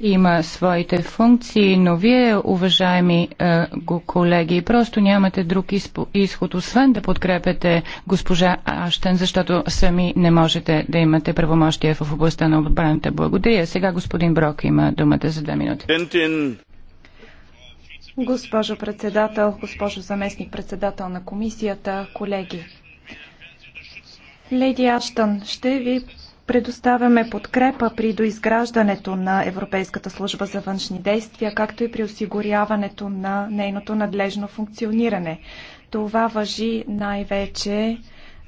има своите функции, но вие, уважаеми е, го колеги, просто нямате друг изход, освен да подкрепете госпожа Аштен, защото сами не можете да имате правомощия в областта на отбраната. Благодаря. Сега господин Брок има думата за две минути. Госпожо председател, госпожо заместник председател на комисията, колеги. Леди Аштън, ще ви Предоставяме подкрепа при доизграждането на Европейската служба за външни действия, както и при осигуряването на нейното надлежно функциониране. Това въжи най-вече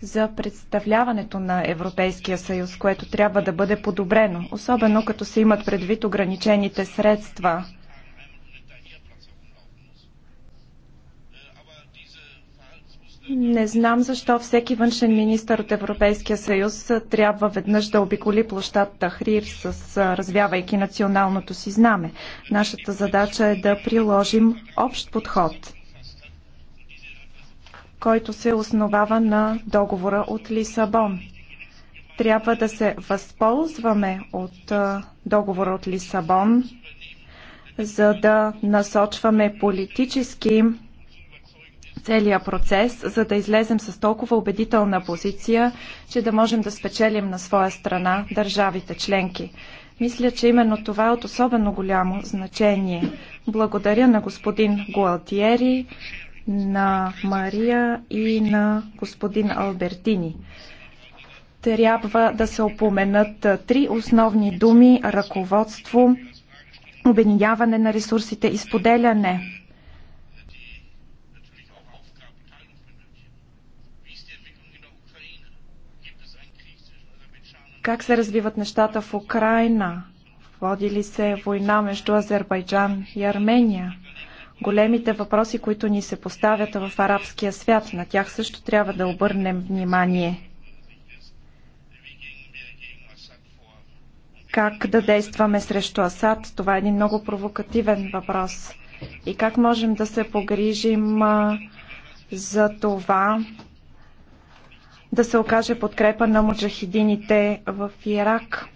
за представляването на Европейския съюз, което трябва да бъде подобрено, особено като се имат предвид ограничените средства Не знам защо всеки външен министр от Европейския съюз трябва веднъж да обиколи площад Тахрир, с, развявайки националното си знаме. Нашата задача е да приложим общ подход, който се основава на договора от Лисабон. Трябва да се възползваме от договора от Лисабон, за да насочваме политически целия процес, за да излезем с толкова убедителна позиция, че да можем да спечелим на своя страна държавите членки. Мисля, че именно това е от особено голямо значение. Благодаря на господин Гуалтиери, на Мария и на господин Албертини. Трябва да се опоменат три основни думи – ръководство, обединяване на ресурсите и споделяне Как се развиват нещата в Украина? Води ли се война между Азербайджан и Армения? Големите въпроси, които ни се поставят в арабския свят, на тях също трябва да обърнем внимание. Как да действаме срещу Асад? Това е един много провокативен въпрос. И как можем да се погрижим за това да се окаже подкрепа на муджахидините в Ирак.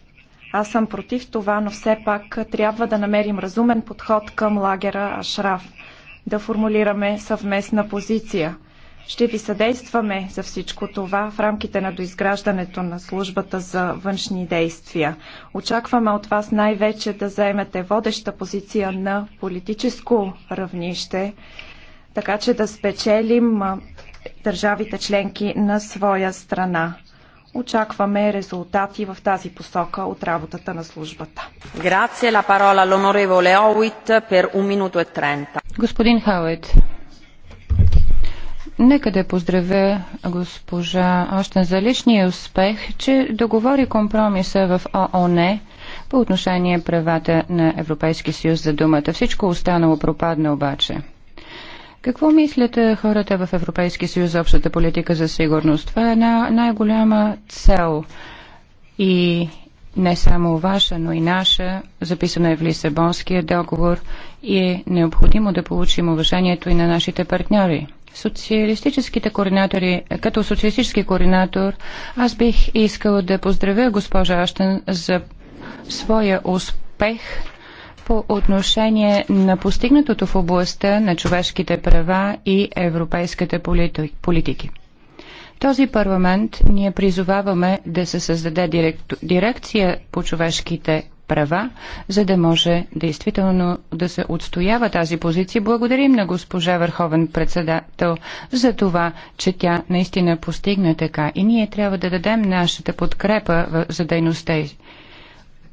Аз съм против това, но все пак трябва да намерим разумен подход към лагера Ашраф, да формулираме съвместна позиция. Ще ви съдействаме за всичко това в рамките на доизграждането на службата за външни действия. Очакваме от вас най-вече да заемете водеща позиция на политическо равнище, така че да спечелим държавите членки на своя страна. Очакваме резултати в тази посока от работата на службата. E Господин Хауит, нека да поздравя госпожа Оштен за личния успех, че договори компромиса в ООН по отношение правата на Европейски съюз за думата. Всичко останало пропадна обаче. Какво мислят е, хората в Европейския съюз за общата политика за сигурност? Това е една най-голяма цел и не само ваша, но и наша, записана е в Лисабонския договор и е необходимо да получим уважението и на нашите партньори. Социалистическите координатори, като социалистически координатор, аз бих искал да поздравя госпожа Аштен за своя успех – по отношение на постигнатото в областта на човешките права и европейските политики. Този парламент ние призоваваме да се създаде директ, дирекция по човешките права, за да може действително да се отстоява тази позиция. Благодарим на госпожа Върховен председател за това, че тя наистина постигна така и ние трябва да дадем нашата подкрепа за дейността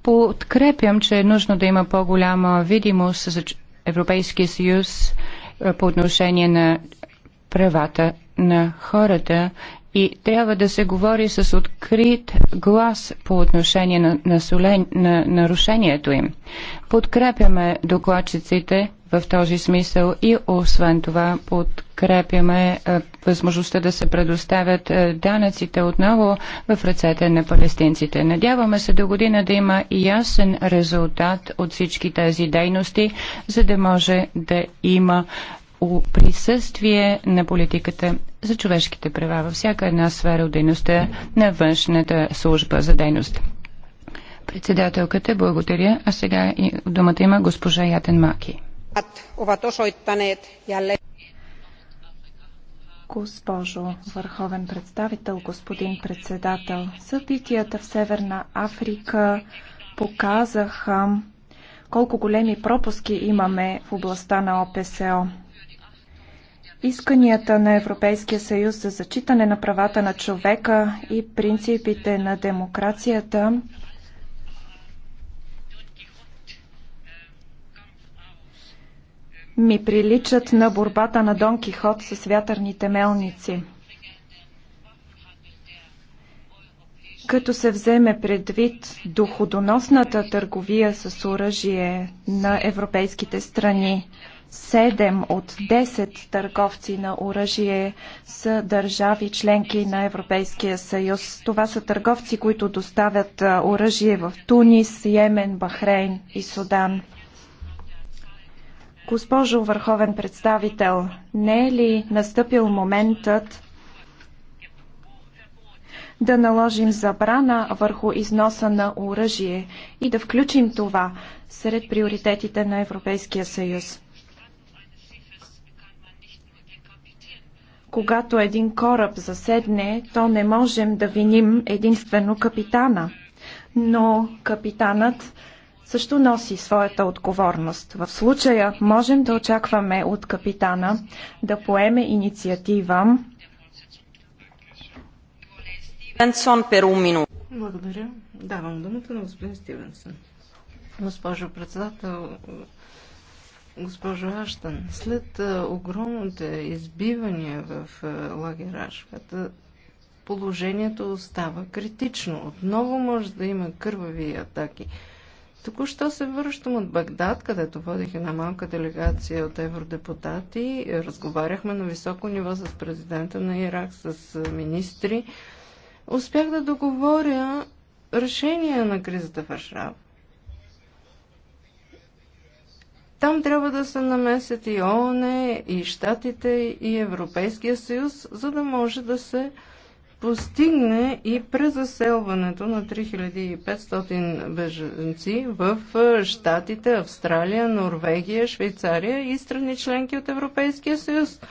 подкрепям, че е нужно да има по-голяма видимост за Европейския съюз по отношение на правата на хората и трябва да се говори с открит глас по отношение на, на, солен, на нарушението им. Подкрепяме докладчиците в този смисъл и освен това подкрепяме е, възможността да се предоставят е, данъците отново в ръцете на палестинците. Надяваме се до година да има ясен резултат от всички тези дейности, за да може да има присъствие на политиката за човешките права във всяка една сфера от дейността на външната служба за дейност. Председателката, благодаря. А сега думата има госпожа Ятен Маки ovat osoittaneet jälleen Госпожо върховен представител, господин председател, събитията в Северна Африка показаха колко големи пропуски имаме в областта на ОПСО. Исканията на Европейския съюз за зачитане на правата на човека и принципите на демокрацията ми приличат на борбата на Дон Кихот с вятърните мелници. Като се вземе предвид доходоносната търговия с оръжие на европейските страни, 7 от 10 търговци на оръжие са държави членки на Европейския съюз. Това са търговци, които доставят оръжие в Тунис, Йемен, Бахрейн и Судан. Госпожо върховен представител, не е ли настъпил моментът да наложим забрана върху износа на оръжие и да включим това сред приоритетите на Европейския съюз? Когато един кораб заседне, то не можем да виним единствено капитана, но капитанът също носи своята отговорност. В случая можем да очакваме от капитана да поеме инициатива. Благодаря. Давам думата на господин Стивенсон. Госпожо председател, госпожо Аштан, след огромните избивания в лагер Ашката, положението остава критично. Отново може да има кървави атаки. Току-що се връщам от Багдад, където водих една малка делегация от евродепутати. Разговаряхме на високо ниво с президента на Ирак, с министри. Успях да договоря решение на кризата в Ашраф. Там трябва да се намесят и ООН, и Штатите, и Европейския съюз, за да може да се постигне и презаселването на 3500 беженци в Штатите, Австралия, Норвегия, Швейцария и страни членки от Европейския съюз.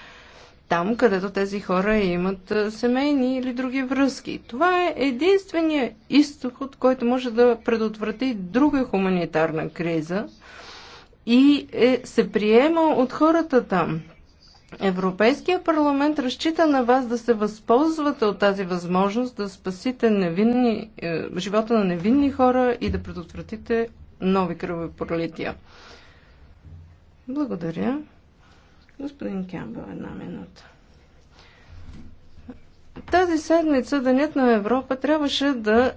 Там, където тези хора имат семейни или други връзки. Това е единствения изток, който може да предотврати друга хуманитарна криза и е, се приема от хората там. Европейския парламент разчита на вас да се възползвате от тази възможност да спасите невинни, е, живота на невинни хора и да предотвратите нови кръвопролития. Благодаря. Господин Кембъл, една минута. Тази седмица Денят на Европа трябваше да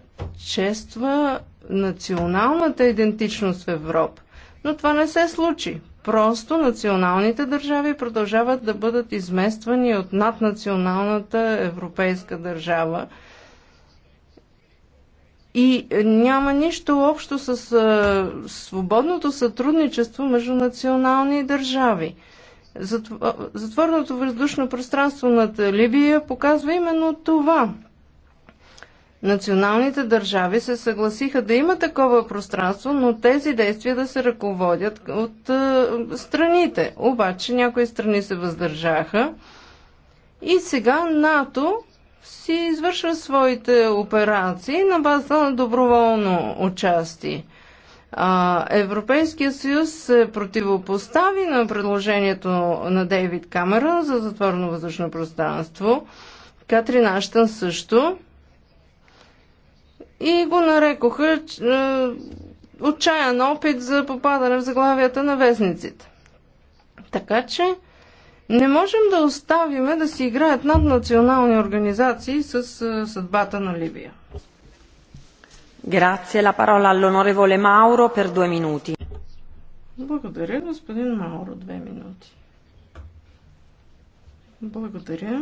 чества националната идентичност в Европа. Но това не се случи. Просто националните държави продължават да бъдат измествани от наднационалната европейска държава. И няма нищо общо с а, свободното сътрудничество между национални държави. затворното въздушно пространство над Либия показва именно това. Националните държави се съгласиха да има такова пространство, но тези действия да се ръководят от е, страните. Обаче някои страни се въздържаха и сега НАТО си извършва своите операции на база на доброволно участие. Европейския съюз се противопостави на предложението на Дейвид Камера за затворно въздушно пространство. Катрин Аштън също и го нарекоха е, отчаян опит за попадане в заглавията на вестниците. Така че не можем да оставиме да си играят наднационални организации с е, съдбата на Либия. Grazie, la parola all'onorevole Mauro per due minuti. Благодаря, господин Мауро, две минути. Благодаря.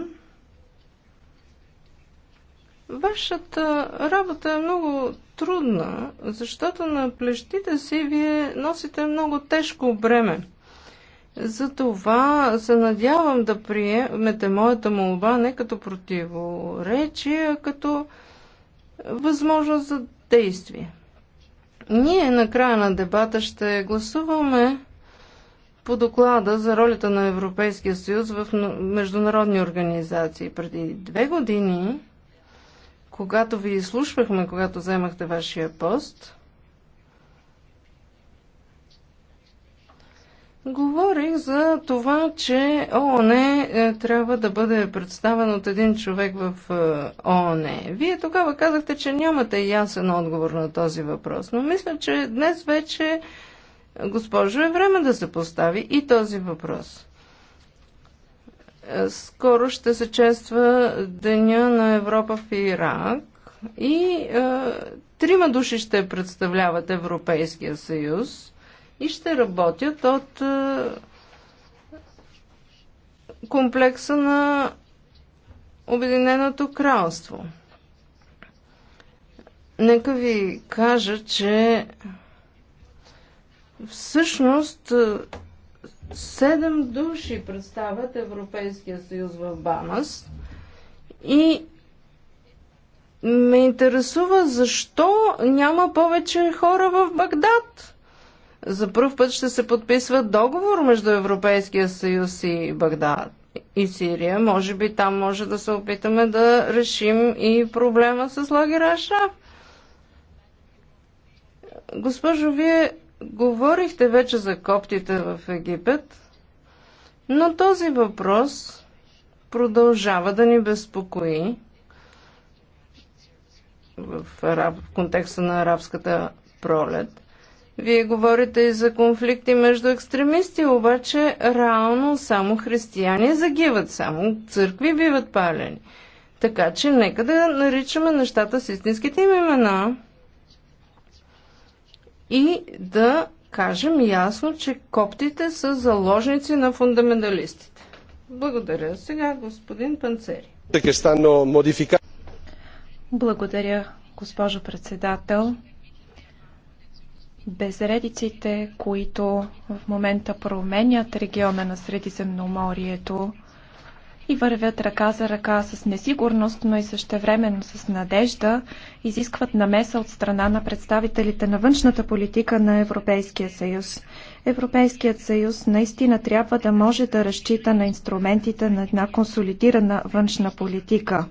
Вашата работа е много трудна, защото на плещите си вие носите много тежко бреме. Затова се надявам да приемете моята молба не като противоречие, а като възможност за действие. Ние на края на дебата ще гласуваме по доклада за ролята на Европейския съюз в международни организации. Преди две години когато ви изслушвахме, когато вземахте вашия пост, Говорих за това, че ООН е, трябва да бъде представен от един човек в е, ООН. Вие тогава казахте, че нямате ясен отговор на този въпрос, но мисля, че днес вече, госпожо, е време да се постави и този въпрос. Скоро ще се чества Деня на Европа в Ирак и трима души ще представляват Европейския съюз и ще работят от комплекса на Обединеното кралство. Нека ви кажа, че всъщност Седем души представят Европейския съюз в БАНАС и ме интересува защо няма повече хора в Багдад. За първ път ще се подписва договор между Европейския съюз и Багдад и Сирия. Може би там може да се опитаме да решим и проблема с лагера Ашраф. Госпожо, вие Говорихте вече за коптите в Египет, но този въпрос продължава да ни безпокои в, араб, в контекста на арабската пролет. Вие говорите и за конфликти между екстремисти, обаче реално само християни загиват, само църкви биват палени. Така че нека да наричаме нещата с истинските им имена и да кажем ясно, че коптите са заложници на фундаменталистите. Благодаря. Сега господин Панцери. Благодаря, госпожо председател. Безредиците, които в момента променят региона на Средиземноморието, и вървят ръка за ръка с несигурност, но и същевременно с надежда, изискват намеса от страна на представителите на външната политика на Европейския съюз. Европейският съюз наистина трябва да може да разчита на инструментите на една консолидирана външна политика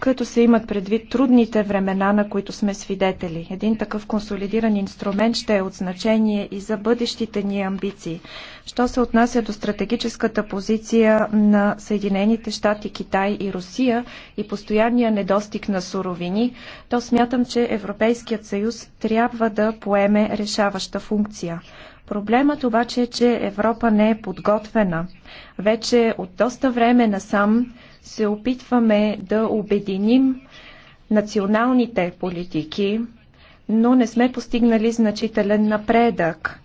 като се имат предвид трудните времена, на които сме свидетели. Един такъв консолидиран инструмент ще е от значение и за бъдещите ни амбиции. Що се отнася до стратегическата позиция на Съединените щати, Китай и Русия и постоянния недостиг на суровини, то смятам, че Европейският съюз трябва да поеме решаваща функция. Проблемът обаче е, че Европа не е подготвена. Вече от доста време насам се опитваме да обединим националните политики, но не сме постигнали значителен напредък.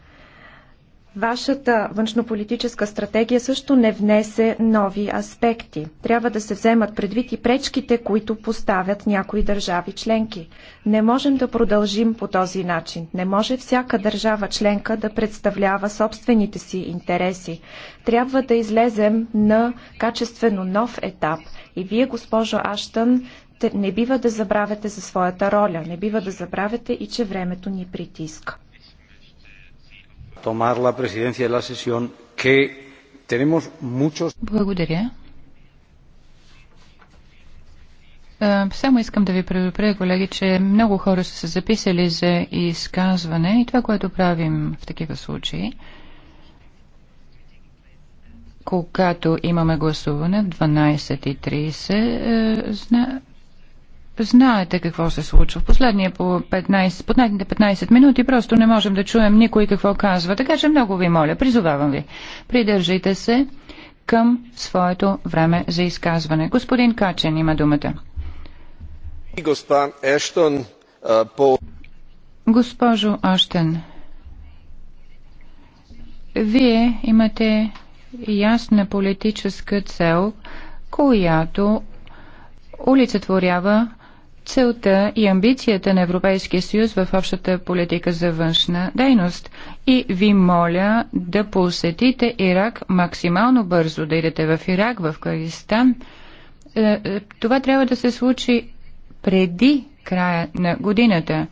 Вашата външнополитическа стратегия също не внесе нови аспекти. Трябва да се вземат предвид и пречките, които поставят някои държави членки. Не можем да продължим по този начин. Не може всяка държава членка да представлява собствените си интереси. Трябва да излезем на качествено нов етап. И вие, госпожо Аштън, не бива да забравяте за своята роля. Не бива да забравяте и че времето ни притиска tomar la presidencia de la sesión que tenemos muchos. Благодаря. Е, само искам да ви предупредя, колеги, че много хора са се записали за изказване и това, което правим в такива случаи, когато имаме гласуване в 12.30, Знаете какво се случва. В последния по 15, последните 15 минути просто не можем да чуем никой какво казва. Така че много ви моля, призовавам ви. Придържайте се към своето време за изказване. Господин Качен има думата. Госпожо Аштен, вие имате ясна политическа цел, която олицетворява целта и амбицията на Европейския съюз в общата политика за външна дейност. И ви моля да посетите Ирак максимално бързо, да идете в Ирак, в Кыргызстан. Е, е, това трябва да се случи преди края на годината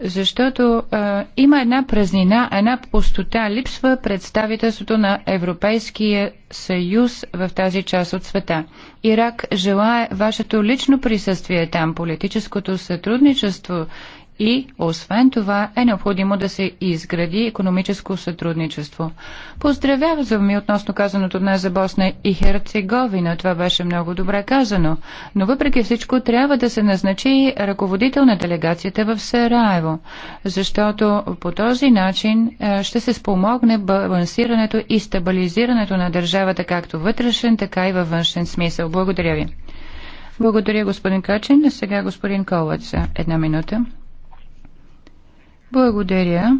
защото а, има една празнина, една пустота. Липсва представителството на Европейския съюз в тази част от света. Ирак желая вашето лично присъствие там, политическото сътрудничество и, освен това, е необходимо да се изгради економическо сътрудничество. Поздравявам ми относно казаното днес за Босна и Херцеговина. Това беше много добре казано. Но въпреки всичко трябва да се назначи ръководител на делегацията в Сараево, защото по този начин е, ще се спомогне балансирането и стабилизирането на държавата както вътрешен, така и във външен смисъл. Благодаря ви. Благодаря, господин Качин. Сега господин Колец. Една минута. Благодаря.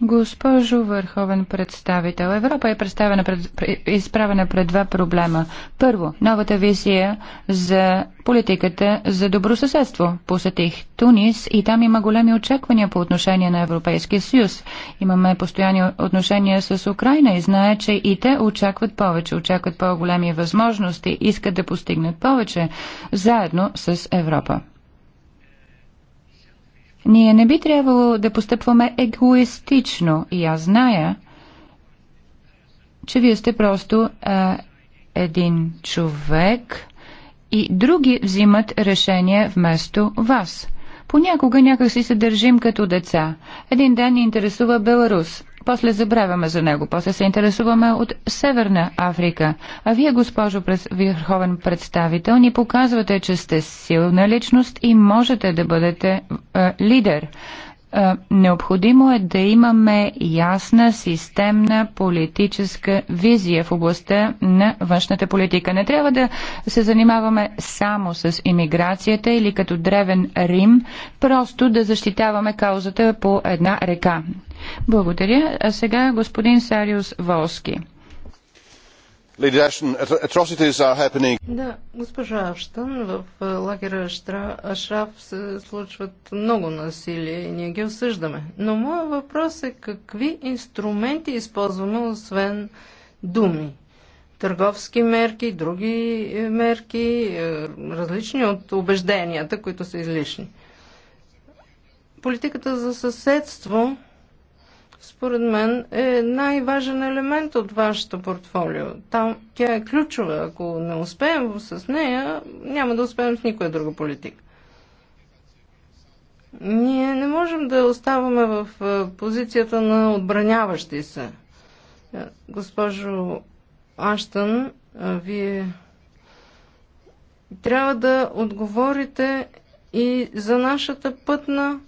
Госпожо Върховен представител, Европа е представена пред, изправена пред два проблема. Първо, новата визия за политиката за добросъседство. Посетих Тунис и там има големи очаквания по отношение на Европейския съюз. Имаме постоянни отношения с Украина и знае, че и те очакват повече, очакват по-големи възможности, искат да постигнат повече заедно с Европа. Ние не би трябвало да постъпваме егоистично и аз зная, че вие сте просто а, един човек и други взимат решение вместо вас. Понякога някакси се държим като деца. Един ден ни интересува Беларус, после забравяме за него, после се интересуваме от Северна Африка. А вие, госпожо Върховен представител, ни показвате, че сте силна личност и можете да бъдете е, лидер. Е, необходимо е да имаме ясна системна политическа визия в областта на външната политика. Не трябва да се занимаваме само с иммиграцията или като древен Рим, просто да защитаваме каузата по една река. Благодаря. А сега господин Сариус Волски. Да, госпожа Аштън, в е, лагера Ашраф се случват много насилие и ние ги осъждаме. Но моят въпрос е какви инструменти използваме, освен думи? Търговски мерки, други е, мерки, е, различни от убежденията, които са излишни. Политиката за съседство според мен е най-важен елемент от вашето портфолио. Там тя е ключова. Ако не успеем с нея, няма да успеем с никоя друга политика. Ние не можем да оставаме в позицията на отбраняващи се. Госпожо Аштън, вие трябва да отговорите и за нашата пътна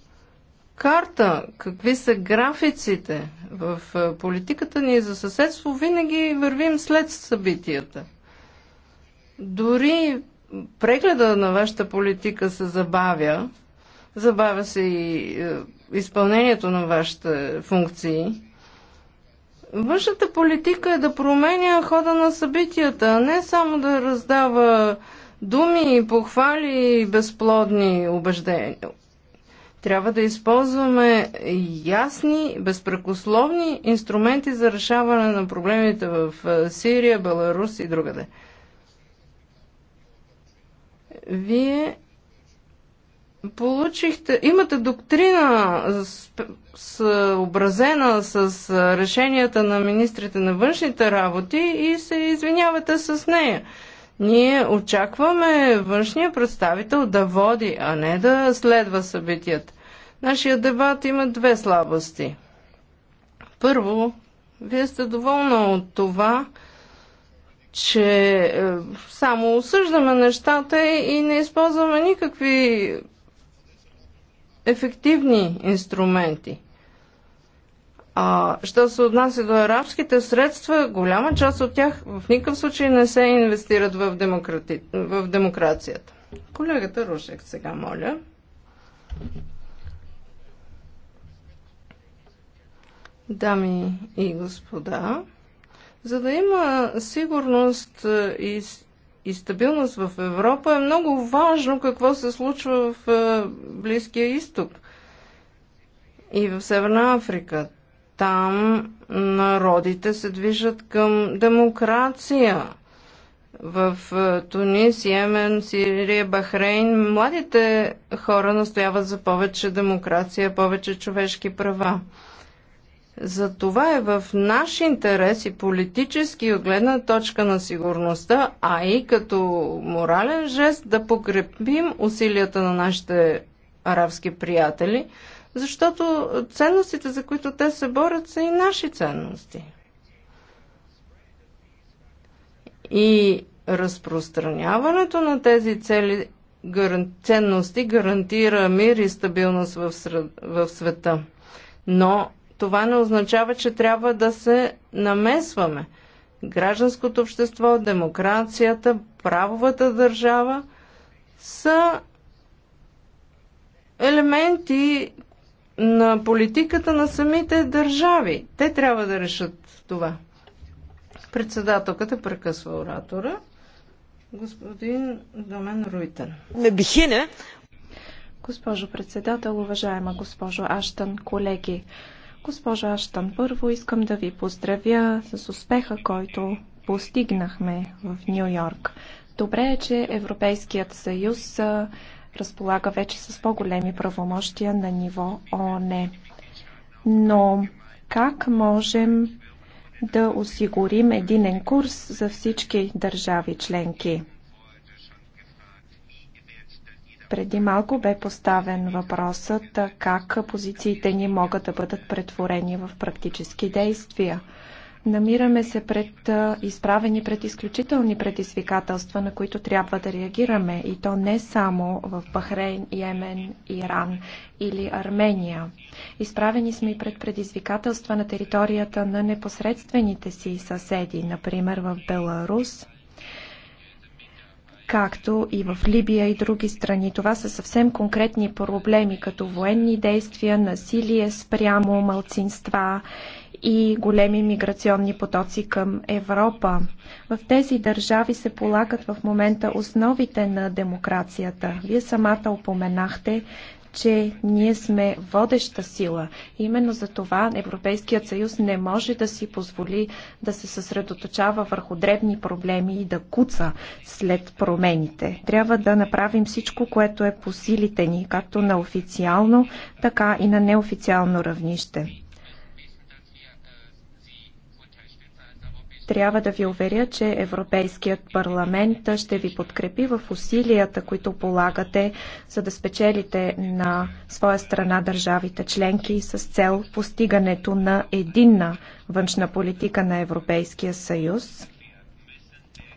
карта, какви са графиците в е, политиката ни за съседство, винаги вървим след събитията. Дори прегледа на вашата политика се забавя, забавя се и е, изпълнението на вашите функции. Външната политика е да променя хода на събитията, а не само да раздава думи, похвали и безплодни убеждения трябва да използваме ясни, безпрекословни инструменти за решаване на проблемите в е, Сирия, Беларус и другаде. Вие получихте, имате доктрина съобразена с е, решенията на министрите на външните работи и се извинявате с нея. Ние очакваме външния представител да води, а не да следва събитията. Нашия дебат има две слабости. Първо, вие сте доволна от това, че е, само осъждаме нещата и не използваме никакви ефективни инструменти. А, що се отнася до арабските средства, голяма част от тях в никакъв случай не се инвестират в, демократи... в демокрацията. Колегата Рушек сега, моля. Дами и господа, за да има сигурност е, и, и стабилност в Европа, е много важно какво се случва в е, Близкия изток и в Северна Африка. Там народите се движат към демокрация. В е, Тунис, Йемен, Сирия, Бахрейн младите хора настояват за повече демокрация, повече човешки права. За това е в наш интерес и политически от гледна точка на сигурността, а и като морален жест да покрепим усилията на нашите арабски приятели – защото ценностите, за които те се борят, са и наши ценности. И разпространяването на тези цели ценности гарантира мир и стабилност в, сред, в света. Но това не означава, че трябва да се намесваме. Гражданското общество, демокрацията, правовата държава са елементи на политиката на самите държави. Те трябва да решат това. Председателката прекъсва оратора. Господин Домен Руйтен. Не бихине. Госпожо председател, уважаема госпожо Аштан, колеги. Госпожо Аштан, първо искам да ви поздравя с успеха, който постигнахме в Нью Йорк. Добре е, че Европейският съюз разполага вече с по-големи правомощия на ниво ООН. Но как можем да осигурим единен курс за всички държави членки? Преди малко бе поставен въпросът как позициите ни могат да бъдат претворени в практически действия – Намираме се пред изправени пред изключителни предизвикателства, на които трябва да реагираме и то не само в Бахрейн, Йемен, Иран или Армения. Изправени сме и пред предизвикателства на територията на непосредствените си съседи, например в Беларус, както и в Либия и други страни. Това са съвсем конкретни проблеми, като военни действия, насилие спрямо малцинства и големи миграционни потоци към Европа. В тези държави се полагат в момента основите на демокрацията. Вие самата упоменахте, че ние сме водеща сила. Именно за това Европейският съюз не може да си позволи да се съсредоточава върху дребни проблеми и да куца след промените. Трябва да направим всичко, което е по силите ни, както на официално, така и на неофициално равнище. Трябва да ви уверя, че Европейският парламент ще ви подкрепи в усилията, които полагате, за да спечелите на своя страна държавите членки с цел постигането на единна външна политика на Европейския съюз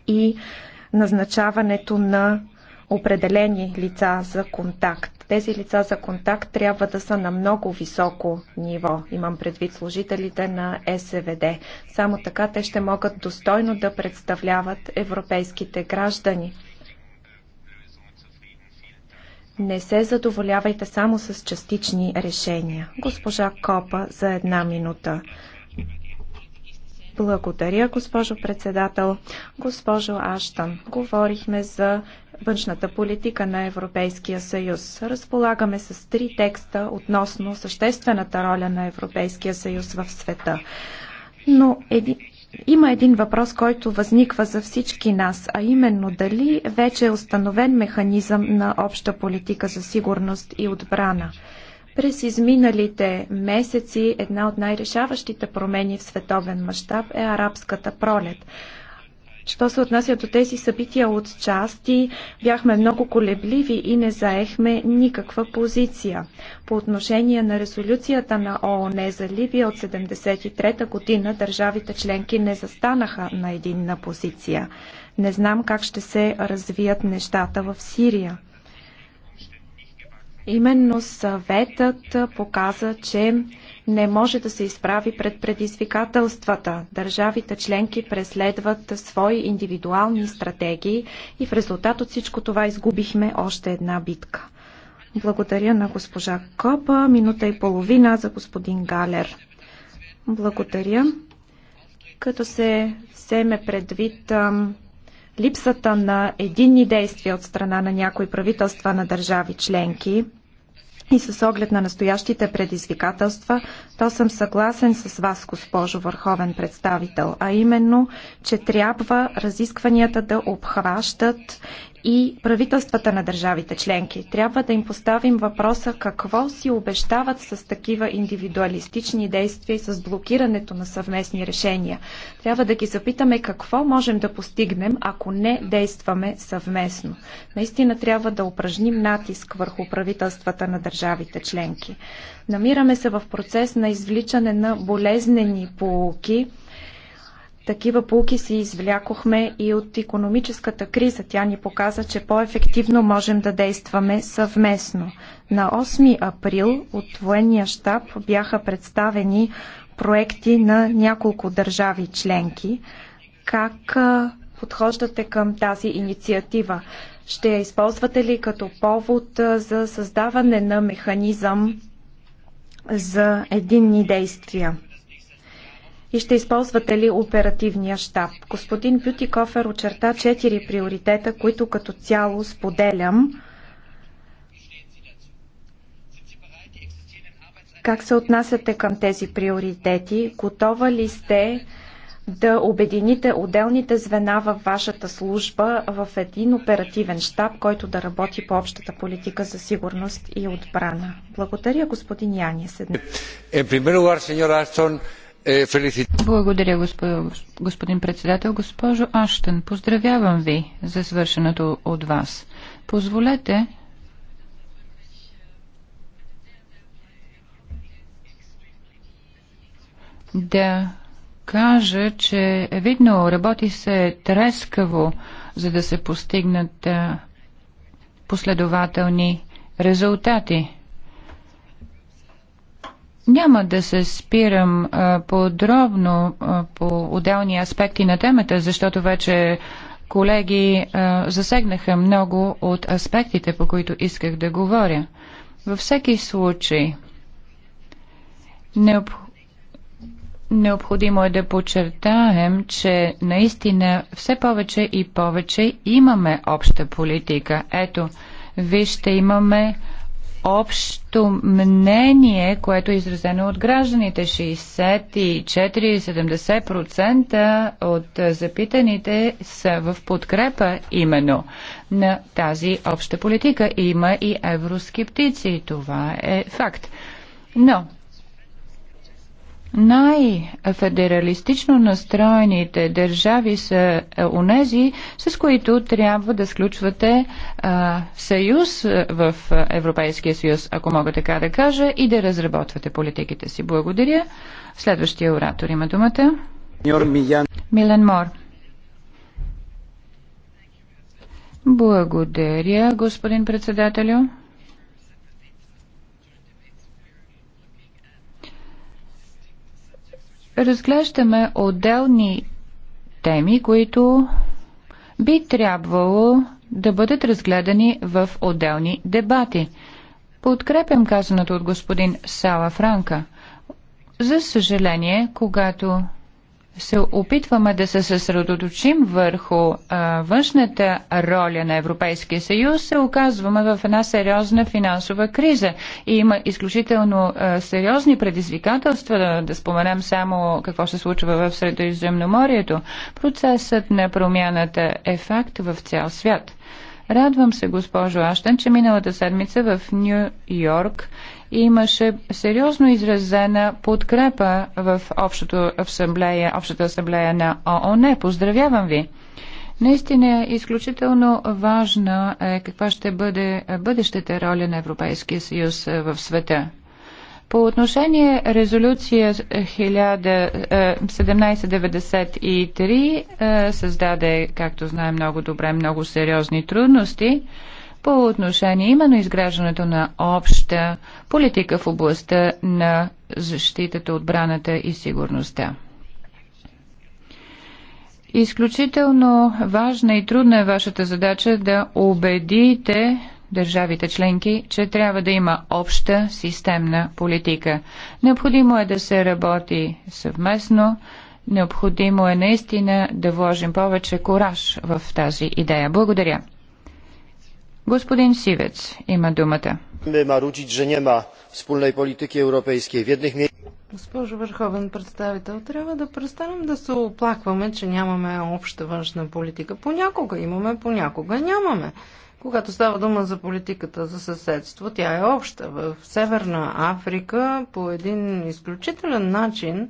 и назначаването на определени лица за контакт. Тези лица за контакт трябва да са на много високо ниво. Имам предвид служителите на СВД. Само така те ще могат достойно да представляват европейските граждани. Не се задоволявайте само с частични решения. Госпожа Копа за една минута. Благодаря, госпожо председател. Госпожо Аштан, говорихме за външната политика на Европейския съюз. Разполагаме с три текста относно съществената роля на Европейския съюз в света. Но един, има един въпрос, който възниква за всички нас, а именно дали вече е установен механизъм на обща политика за сигурност и отбрана. През изминалите месеци една от най-решаващите промени в световен мащаб е арабската пролет. Що се отнася до тези събития от части, бяхме много колебливи и не заехме никаква позиция. По отношение на резолюцията на ООН за Либия от 1973 година, държавите членки не застанаха на единна позиция. Не знам как ще се развият нещата в Сирия. Именно съветът показа, че не може да се изправи пред предизвикателствата. Държавите членки преследват свои индивидуални стратегии и в резултат от всичко това изгубихме още една битка. Благодаря на госпожа Копа. Минута и половина за господин Галер. Благодаря. Като се вземе предвид Липсата на единни действия от страна на някои правителства на държави членки и с оглед на настоящите предизвикателства, то съм съгласен с вас, госпожо Върховен представител, а именно, че трябва разискванията да обхващат и правителствата на държавите членки. Трябва да им поставим въпроса какво си обещават с такива индивидуалистични действия и с блокирането на съвместни решения. Трябва да ги запитаме какво можем да постигнем, ако не действаме съвместно. Наистина трябва да упражним натиск върху правителствата на държавите членки. Намираме се в процес на извличане на болезнени полуки – такива полки си извлякохме и от економическата криза. Тя ни показа, че по-ефективно можем да действаме съвместно. На 8 април от военния щаб бяха представени проекти на няколко държави членки. Как подхождате към тази инициатива? Ще я използвате ли като повод за създаване на механизъм за единни действия? и ще използвате ли оперативния щаб? Господин Бютикофер очерта четири приоритета, които като цяло споделям. Как се отнасяте към тези приоритети? Готова ли сте да обедините отделните звена във вашата служба в един оперативен щаб, който да работи по общата политика за сигурност и отбрана? Благодаря, господин Яни. Е, е, Седна. Е, Благодаря, господин, председател. Госпожо Аштън, поздравявам ви за свършеното от вас. Позволете да кажа, че видно работи се трескаво, за да се постигнат последователни резултати. Няма да се спирам а, подробно а, по отделни аспекти на темата, защото вече колеги а, засегнаха много от аспектите, по които исках да говоря. Във всеки случай, необ... необходимо е да подчертаем, че наистина все повече и повече имаме обща политика. Ето, вижте, имаме общо мнение, което е изразено от гражданите. 64-70% от запитаните са в подкрепа именно на тази обща политика. Има и евроскептици. Това е факт. Но най-федералистично настроените държави са е, унези, с които трябва да сключвате а, е, съюз е, в Европейския съюз, ако мога така да кажа, и да разработвате политиките си. Благодаря. Следващия оратор има думата. Милен Мор. Благодаря, господин председателю. разглеждаме отделни теми, които би трябвало да бъдат разгледани в отделни дебати. Подкрепям казаното от господин Сала Франка. За съжаление, когато се опитваме да се съсредоточим върху а, външната роля на Европейския съюз, се оказваме в една сериозна финансова криза. И има изключително а, сериозни предизвикателства, да, да споменем само какво се случва в Средиземноморието. Процесът на промяната е факт в цял свят. Радвам се, госпожо Аштен, че миналата седмица в Нью Йорк имаше сериозно изразена подкрепа в общото асамблея, общата асамблея на ООН. Поздравявам ви! Наистина изключително важна е каква ще бъде бъдещата роля на Европейския съюз в света. По отношение резолюция 1793 е, е, създаде, както знаем много добре, много сериозни трудности по отношение именно изграждането на обща политика в областта на защитата, отбраната и сигурността. Изключително важна и трудна е вашата задача да убедите държавите членки, че трябва да има обща системна политика. Необходимо е да се работи съвместно, необходимо е наистина да вложим повече кораж в тази идея. Благодаря. Господин Сивец има думата. Госпожо Върховен представител, трябва да престанем да се оплакваме, че нямаме обща външна политика. Понякога имаме, понякога нямаме. Когато става дума за политиката за съседство, тя е обща. В Северна Африка по един изключителен начин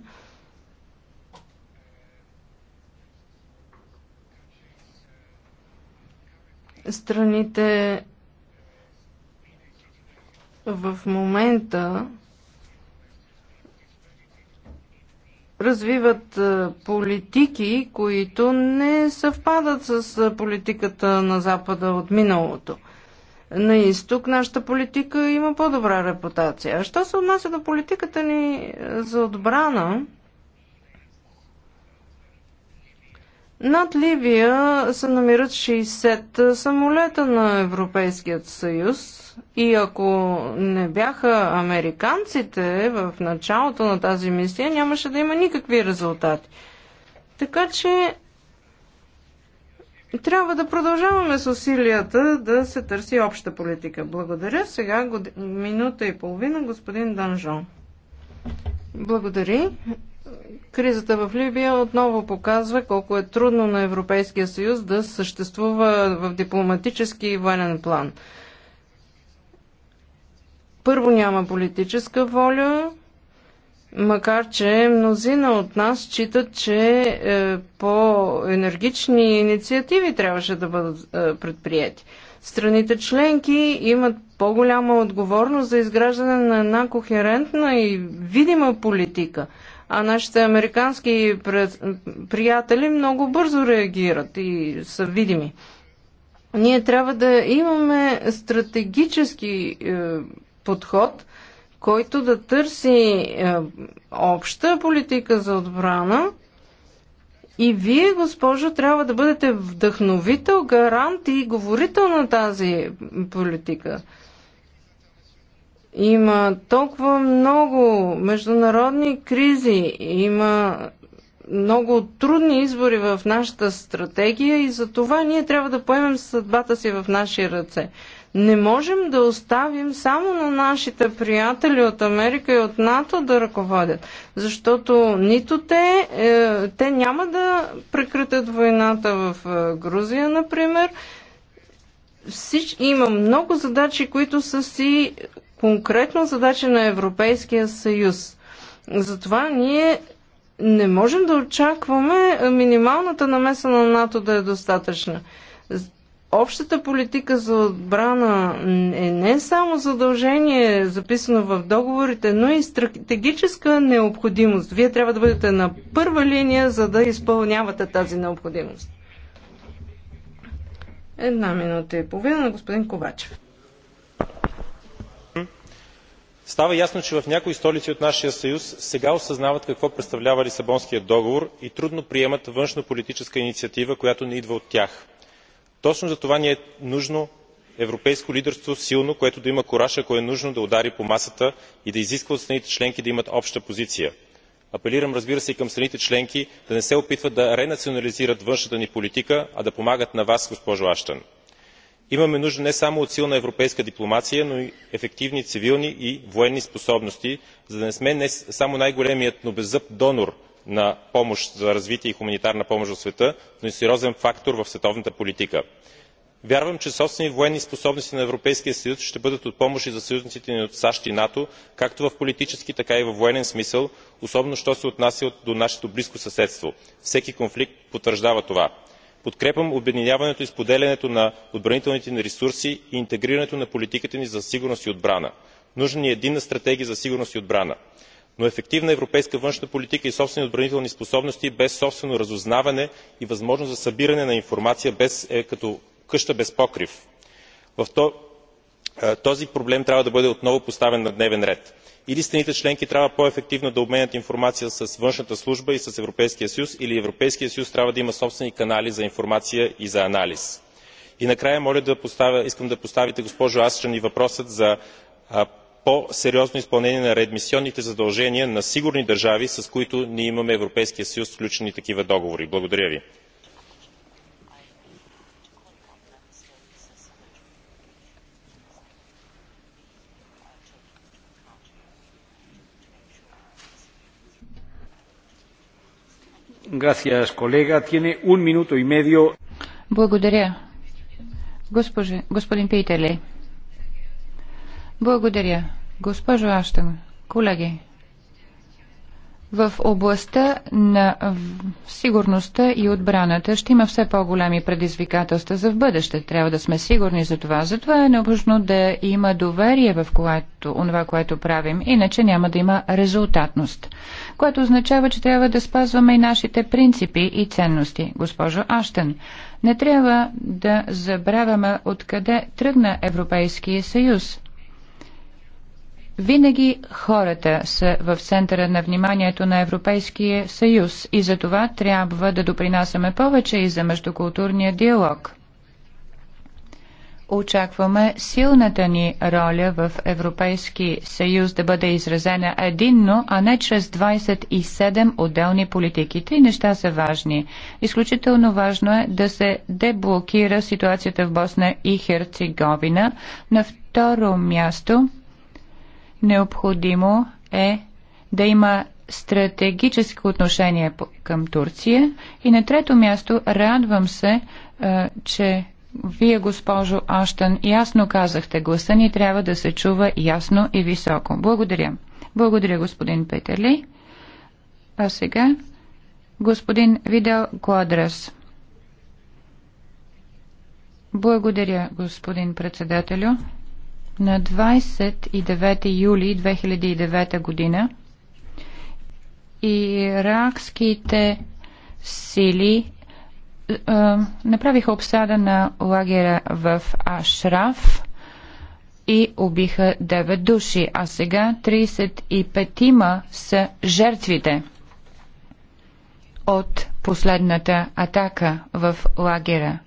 Страните в момента развиват е, политики, които не съвпадат с е, политиката на Запада от миналото. На изток нашата политика има по-добра репутация. А що се отнася до политиката ни е, за отбрана, Над Ливия се намират 60 самолета на Европейският съюз и ако не бяха американците в началото на тази мисия, нямаше да има никакви резултати. Така че трябва да продължаваме с усилията да се търси обща политика. Благодаря. Сега минута и половина господин Данжон. Благодаря. Кризата в Либия отново показва колко е трудно на Европейския съюз да съществува в дипломатически и военен план. Първо няма политическа воля, макар че мнозина от нас считат, че е, по-енергични инициативи трябваше да бъдат е, предприяти. Страните членки имат по-голяма отговорност за изграждане на една кохерентна и видима политика – а нашите американски приятели много бързо реагират и са видими. Ние трябва да имаме стратегически е, подход, който да търси е, обща политика за отбрана. И вие, госпожо, трябва да бъдете вдъхновител, гарант и говорител на тази политика. Има толкова много международни кризи, има много трудни избори в нашата стратегия и за това ние трябва да поемем съдбата си в наши ръце. Не можем да оставим само на нашите приятели от Америка и от НАТО да ръководят, защото нито те, е, те няма да прекратят войната в е, Грузия, например. Всич... Има много задачи, които са си конкретна задача на Европейския съюз. Затова ние не можем да очакваме минималната намеса на НАТО да е достатъчна. Общата политика за отбрана е не само задължение, записано в договорите, но и стратегическа необходимост. Вие трябва да бъдете на първа линия, за да изпълнявате тази необходимост. Една минута и половина на господин Ковачев. става ясно че в някои столици от нашия съюз сега осъзнават какво представлява лисабонският договор и трудно приемат външнополитическа инициатива която не идва от тях. точно затова ни е нужно европейско лидерство силно което да има кураж ако е нужно да удари по масата и да изисква от страните членки да имат обща позиция. апелирам разбира се и към страните членки да не се опитват да ренационализират външната ни политика а да помагат на вас госпожо аштън имаме нужда не само от силна европейска дипломация но и ефективни цивилни и военни способности за да не сме не само най големият но беззъб донор на помощ за развитие и хуманитарна помощ в света но и сериозен фактор в световната политика. вярвам че собствени военни способности на европейския съюз ще бъдат от помощ и за съюзниците ни от сащ и нато както в политически така и във военен смисъл особено що се отнася до нашето близко съседство. всеки конфликт потвърждава това подкрепям обединяването и споделянето на отбранителните ни ресурси и интегрирането на политиката ни за сигурност и отбрана. нужна ни е единна стратегия за сигурност и отбрана. но ефективна европейска външна политика и собствени отбранителни способности без собствено разузнаване и възможност за събиране на информация е като къща без покрив. Е, този проблем трябва да бъде отново поставен на дневен ред или страните членки трябва по ефективно да обменят информация с външната служба и с европейския съюз или европейският съюз трябва да има собствени канали за информация и за анализ. и накрая искам да поставите госпожо ashton и въпроса за по сериозно изпълнение на реадмисионните задължения на сигурни държави с които ние имаме съюз сключени такива договори. благодаря ви. Gracias, колега. Благодаря. Госпожи, господин Питерли. Благодаря. Госпожо Аштен, колеги, в областта на сигурността и отбраната ще има все по-големи предизвикателства за в бъдеще. Трябва да сме сигурни за това. Затова е необходимо да има доверие в което, това, което правим, иначе няма да има резултатност. Което означава, че трябва да спазваме и нашите принципи и ценности, госпожо Аштен. Не трябва да забравяме откъде тръгна Европейския съюз винаги хората са в центъра на вниманието на Европейския съюз и за това трябва да допринасяме повече и за междукултурния диалог. Очакваме силната ни роля в Европейски съюз да бъде изразена единно, а не чрез 27 отделни политики. Три неща са важни. Изключително важно е да се деблокира ситуацията в Босна и Херцеговина. На второ място – Необходимо е да има стратегическо отношение към Турция. И на трето място радвам се, е, че вие, госпожо Аштън, ясно казахте, гласа ни трябва да се чува ясно и високо. Благодаря. Благодаря, господин Петели. А сега господин Видел Квадрас. Благодаря, господин председателю. На 29 юли 2009 година иракските сили е, направиха обсада на лагера в Ашраф и убиха 9 души, а сега 35-ма са жертвите от последната атака в лагера.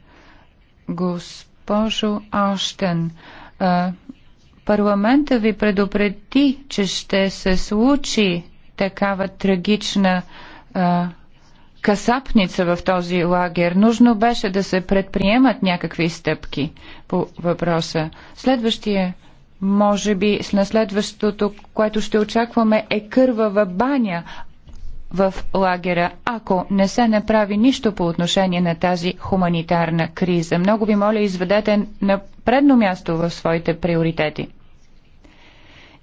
Госпожо Аштен, Парламента ви предупреди, че ще се случи такава трагична а, касапница в този лагер. Нужно беше да се предприемат някакви стъпки по въпроса. Следващия, може би, на следващото, което ще очакваме е кървава баня в лагера, ако не се направи нищо по отношение на тази хуманитарна криза. Много ви моля, изведете на предно място в своите приоритети.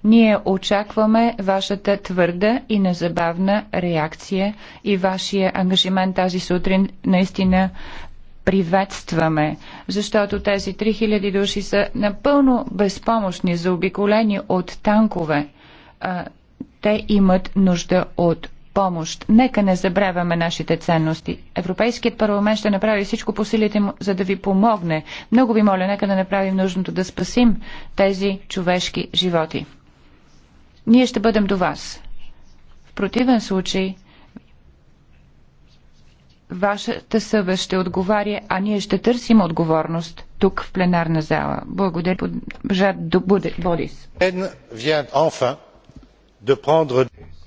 Ние очакваме вашата твърда и незабавна реакция и вашия ангажимент тази сутрин наистина приветстваме, защото тези 3000 души са напълно безпомощни, заобиколени от танкове. Те имат нужда от помощ. Нека не забравяме нашите ценности. Европейският парламент ще направи всичко по силите му, за да ви помогне. Много ви моля, нека да направим нужното да спасим тези човешки животи. Ние ще бъдем до вас. В противен случай, вашата съвест ще отговаря, а ние ще търсим отговорност тук в пленарна зала. Благодаря, Жад Бодис.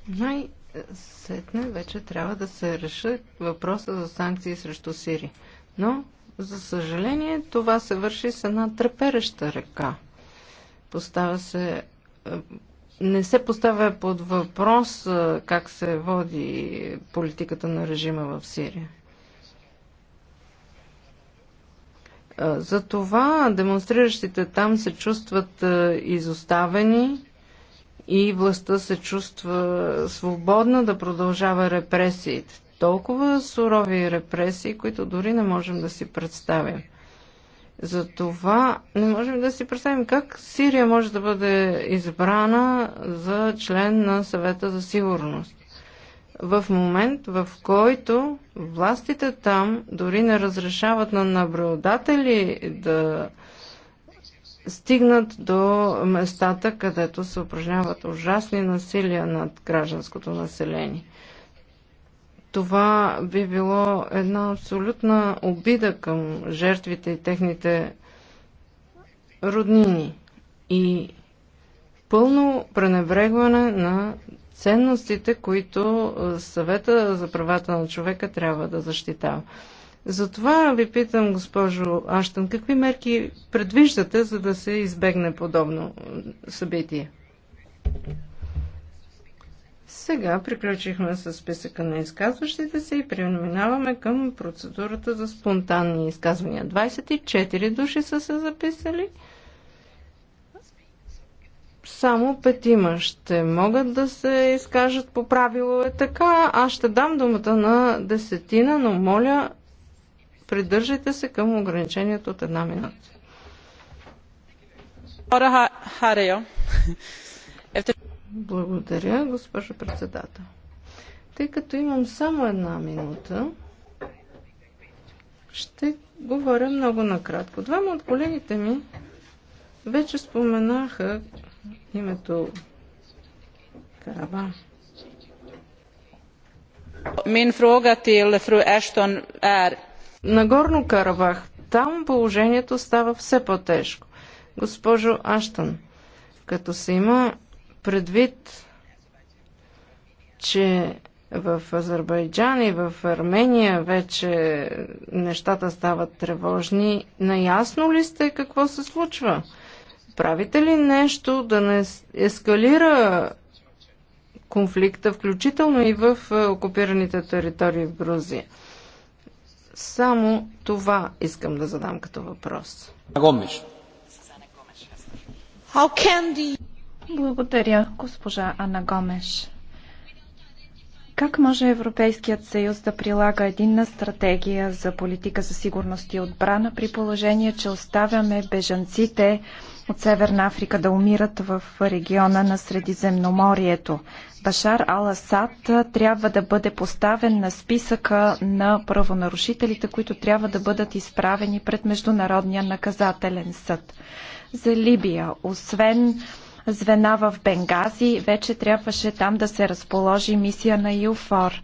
Най-сетне вече трябва да се реши въпроса за санкции срещу Сири. Но, за съжаление, това се върши с една трепереща ръка. Поставя се е, не се поставя под въпрос как се води политиката на режима в Сирия. Затова демонстриращите там се чувстват изоставени и властта се чувства свободна да продължава репресиите. Толкова сурови репресии, които дори не можем да си представим. За това не можем да си представим как Сирия може да бъде избрана за член на съвета за сигурност. В момент, в който властите там дори не разрешават на наблюдатели да стигнат до местата, където се упражняват ужасни насилия над гражданското население. Това би било една абсолютна обида към жертвите и техните роднини и пълно пренебрегване на ценностите, които съвета за правата на човека трябва да защитава. Затова ви питам, госпожо Аштън, какви мерки предвиждате, за да се избегне подобно събитие? Сега приключихме с списъка на изказващите се и преминаваме към процедурата за спонтанни изказвания. 24 души са се записали. Само петима ще могат да се изкажат по правило е така. Аз ще дам думата на десетина, но моля, придържайте се към ограничението от една минута. Благодаря, госпожо председател. Тъй като имам само една минута, ще говоря много накратко. Двама от колегите ми вече споменаха името Караба. Мин фрога тил фру Ештон ер. Нагорно Карабах. Там положението става все по-тежко. Госпожо Аштън, като се има предвид, че в Азербайджан и в Армения вече нещата стават тревожни, наясно ли сте какво се случва? Правите ли нещо да не ескалира конфликта, включително и в е, окупираните територии в Грузия? Само това искам да задам като въпрос. How can the... Благодаря, госпожа Ана Гомеш. Как може Европейският съюз да прилага единна стратегия за политика за сигурност и отбрана при положение, че оставяме бежанците от Северна Африка да умират в региона на Средиземноморието? Башар Ал-Асад трябва да бъде поставен на списъка на правонарушителите, които трябва да бъдат изправени пред Международния наказателен съд. За Либия, освен звена в Бенгази. Вече трябваше там да се разположи мисия на ЮФОР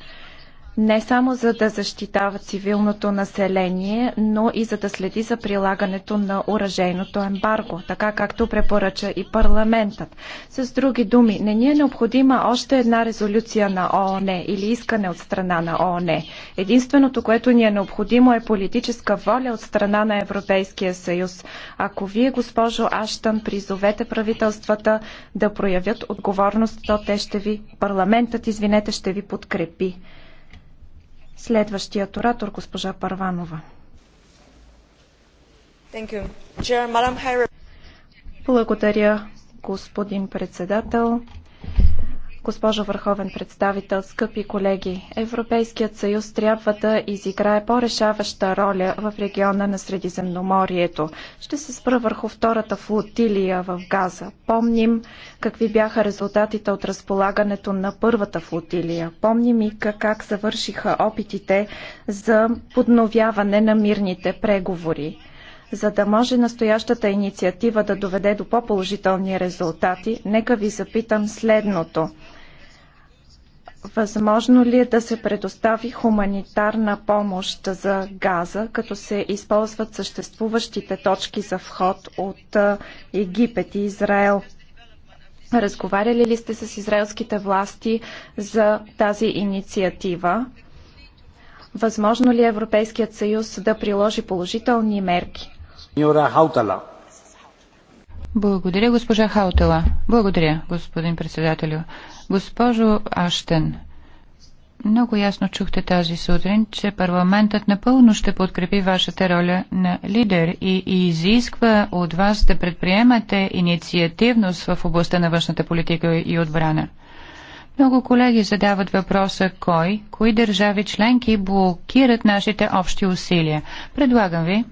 не само за да защитава цивилното население, но и за да следи за прилагането на оръжейното ембарго, така както препоръча и парламентът. С други думи, не ни е необходима още една резолюция на ООН или искане от страна на ООН. Единственото, което ни е необходимо е политическа воля от страна на Европейския съюз. Ако вие, госпожо Аштън, призовете правителствата да проявят отговорност, то те ще ви, парламентът, извинете, ще ви подкрепи. Следващият оратор, госпожа Парванова. Благодаря, господин председател. Госпожо Върховен представител, скъпи колеги, Европейският съюз трябва да изиграе по-решаваща роля в региона на Средиземноморието. Ще се спра върху втората флотилия в Газа. Помним какви бяха резултатите от разполагането на първата флотилия. Помним и как, завършиха опитите за подновяване на мирните преговори. За да може настоящата инициатива да доведе до по-положителни резултати, нека ви запитам следното. Възможно ли е да се предостави хуманитарна помощ за газа, като се използват съществуващите точки за вход от Египет и Израел? Разговаряли ли сте с израелските власти за тази инициатива? Възможно ли Европейският съюз да приложи положителни мерки благодаря, госпожа Хаутела. Благодаря, господин председателю. Госпожо Аштен, много ясно чухте тази сутрин, че парламентът напълно ще подкрепи вашата роля на лидер и, и изисква от вас да предприемате инициативност в областта на външната политика и отбрана. Много колеги задават въпроса кой, кои държави членки блокират нашите общи усилия. Предлагам ви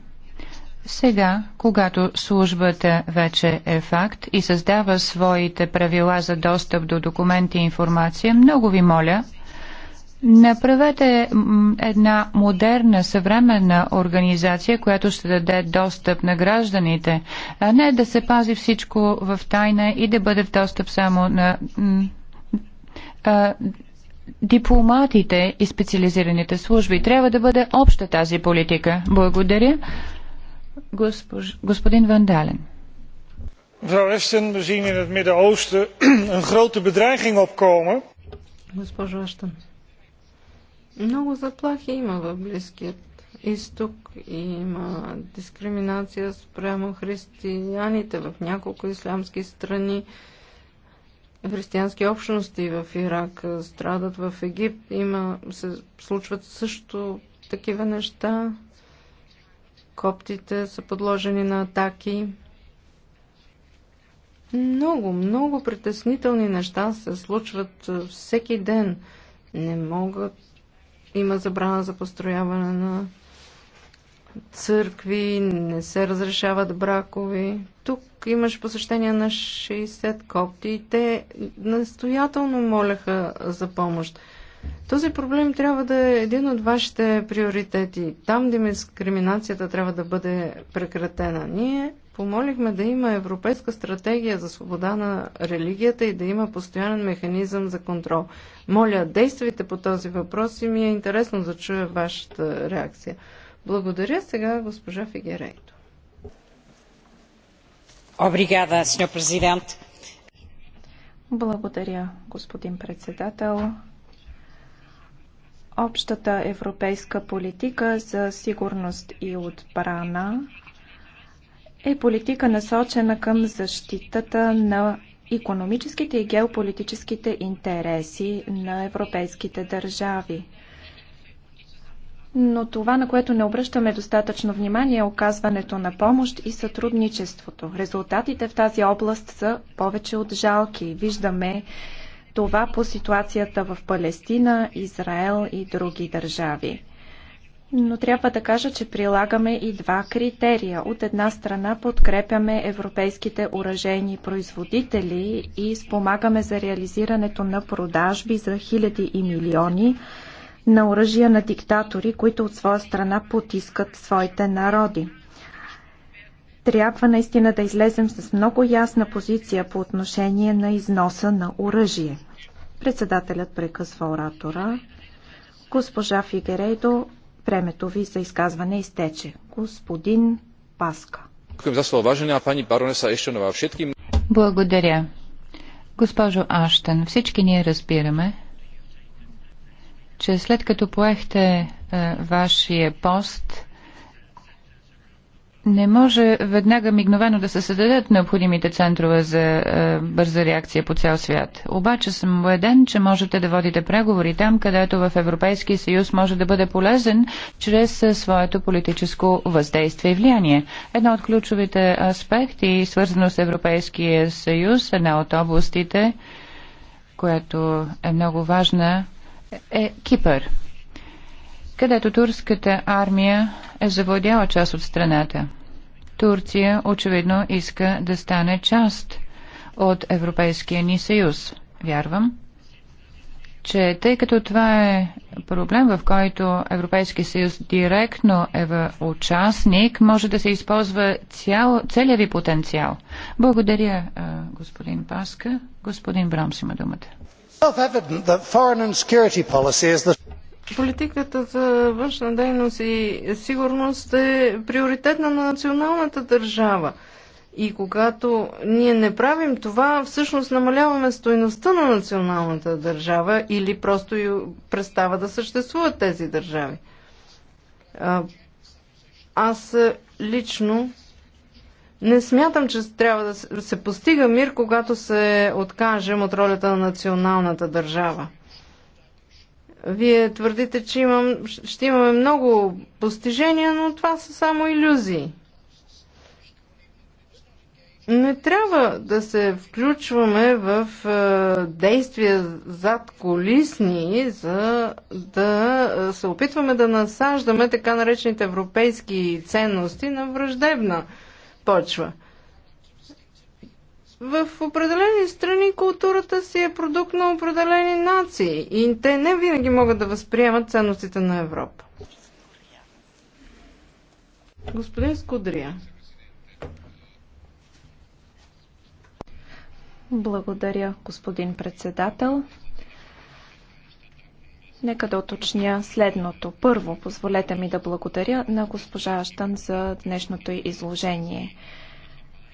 сега, когато службата вече е факт и създава своите правила за достъп до документи и информация, много ви моля, направете една модерна, съвременна организация, която ще даде достъп на гражданите, а не да се пази всичко в тайна и да бъде в достъп само на а, дипломатите и специализираните служби. Трябва да бъде обща тази политика. Благодаря. Госпож... Господин Вандален. Mevrouw Ashton, we zien in het Midden-Oosten een grote bedreiging opkomen. Госпожо Аштън, много заплахи има в Близкият изток и има дискриминация спрямо християните в няколко ислямски страни. Християнски общности в Ирак страдат в Египт. Има, се случват също такива неща. Коптите са подложени на атаки. Много, много притеснителни неща се случват всеки ден. Не могат. Има забрана за построяване на църкви, не се разрешават бракови. Тук имаш посещение на 60 копти и те настоятелно моляха за помощ. Този проблем трябва да е един от вашите приоритети. Там дискриминацията трябва да бъде прекратена. Ние помолихме да има европейска стратегия за свобода на религията и да има постоянен механизъм за контрол. Моля, действайте по този въпрос и ми е интересно да чуя вашата реакция. Благодаря сега госпожа Фигерейто. Обригада, сеньор президент. Благодаря, господин председател. Общата европейска политика за сигурност и отбрана е политика насочена към защитата на економическите и геополитическите интереси на европейските държави. Но това, на което не обръщаме достатъчно внимание, е оказването на помощ и сътрудничеството. Резултатите в тази област са повече от жалки. Виждаме това по ситуацията в Палестина, Израел и други държави. Но трябва да кажа, че прилагаме и два критерия. От една страна подкрепяме европейските уражени производители и спомагаме за реализирането на продажби за хиляди и милиони на оръжия на диктатори, които от своя страна потискат своите народи. Трябва наистина да излезем с много ясна позиция по отношение на износа на оръжие. Председателят прекъсва оратора. Госпожа Фигерейдо, времето ви за изказване изтече. Господин Паска. Благодаря. Госпожо Аштен, всички ние разбираме, че след като поехте е, вашия пост, не може веднага мигновено да се създадат необходимите центрове за е, бърза реакция по цял свят. Обаче съм убеден, че можете да водите преговори там, където в Европейския съюз може да бъде полезен чрез е, своето политическо въздействие и влияние. Едно от ключовите аспекти, свързано с Европейския съюз, една от областите, която е много важна, е Кипър където турската армия е завладяла част от страната. Турция очевидно иска да стане част от Европейския ни съюз. Вярвам, че тъй като това е проблем, в който Европейския съюз директно е в участник, може да се използва цял, целият ви потенциал. Благодаря, господин Паска. Господин Брамс има думата. Политиката за външна дейност и сигурност е приоритетна на националната държава. И когато ние не правим това, всъщност намаляваме стойността на националната държава или просто ю представа да съществуват тези държави. Аз лично не смятам, че трябва да се постига мир, когато се откажем от ролята на националната държава. Вие твърдите, че имам, ще имаме много постижения, но това са само иллюзии. Не трябва да се включваме в е, действия зад колисни, за да се опитваме да насаждаме така наречените европейски ценности на враждебна почва. В определени страни културата си е продукт на определени нации и те не винаги могат да възприемат ценностите на Европа. Господин Скудрия. Благодаря, господин председател. Нека да уточня следното. Първо, позволете ми да благодаря на госпожа Аштан за днешното изложение.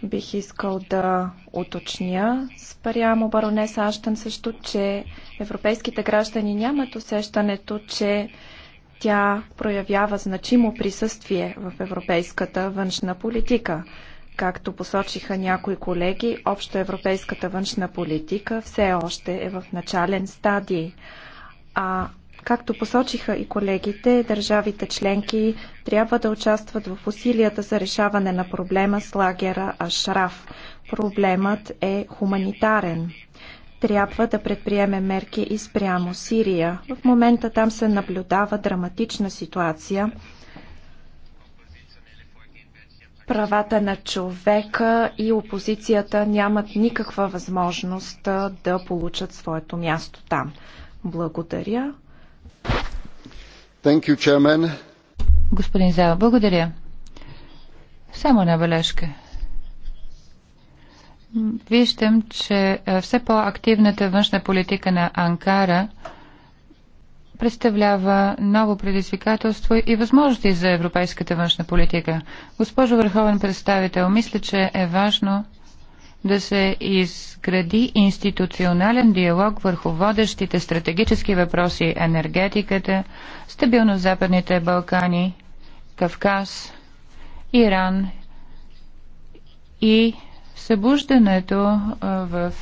Бих искал да уточня с Париамо баронеса Аштън също, че европейските граждани нямат усещането, че тя проявява значимо присъствие в европейската външна политика. Както посочиха някои колеги, общо европейската външна политика все още е в начален стадий, а Както посочиха и колегите, държавите членки трябва да участват в усилията за решаване на проблема с лагера Ашраф. Проблемът е хуманитарен трябва да предприеме мерки и спрямо Сирия. В момента там се наблюдава драматична ситуация. Правата на човека и опозицията нямат никаква възможност да получат своето място там. Благодаря. You, Господин Зава, благодаря. Само една бележка. Виждам, че е, все по-активната външна политика на Анкара представлява ново предизвикателство и възможности за европейската външна политика. Госпожо Върховен представител, мисля, че е важно да се изгради институционален диалог върху водещите стратегически въпроси енергетиката, стабилност Западните Балкани, Кавказ, Иран и събуждането в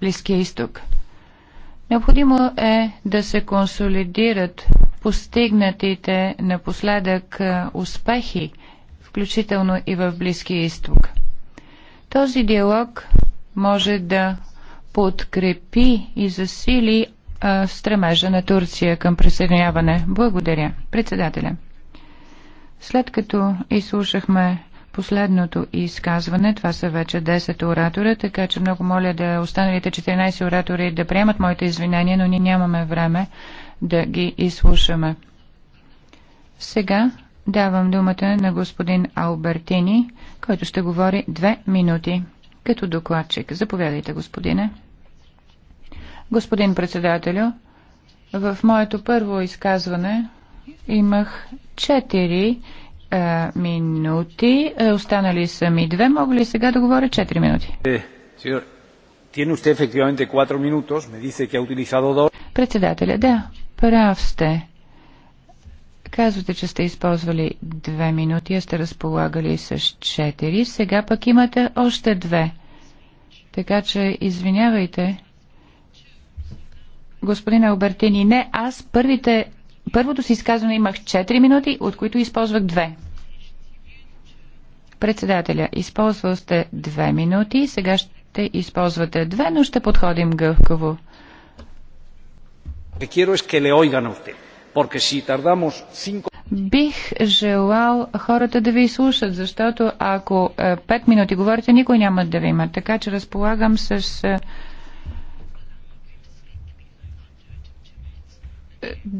Близкия изток. Необходимо е да се консолидират постигнатите напоследък успехи, включително и в Близкия изток. Този диалог може да подкрепи и засили стремежа на Турция към присъединяване. Благодаря. Председателя. След като изслушахме последното изказване, това са вече 10 оратора, така че много моля да останалите 14 оратори да приемат моите извинения, но ние нямаме време да ги изслушаме. Сега Давам думата на господин Албертини, който ще говори две минути като докладчик. Заповядайте, господине. Господин председателю, в моето първо изказване имах четири е, минути. Е, останали са ми две. Мога ли сега да говоря четири минути? Е, Председателя, да, прав сте. Казвате, че сте използвали две минути, а сте разполагали с четири. Сега пък имате още две. Така че, извинявайте. Господин Албертини, не, аз първите, първото си изказване имах четири минути, от които използвах две. Председателя, използвал сте две минути, сега ще използвате две, но ще подходим гъвкаво. Quiero es que le oigan a usted. Бих желал хората да ви слушат, защото ако е, пет минути говорите, никой няма да ви има. Така че разполагам с е,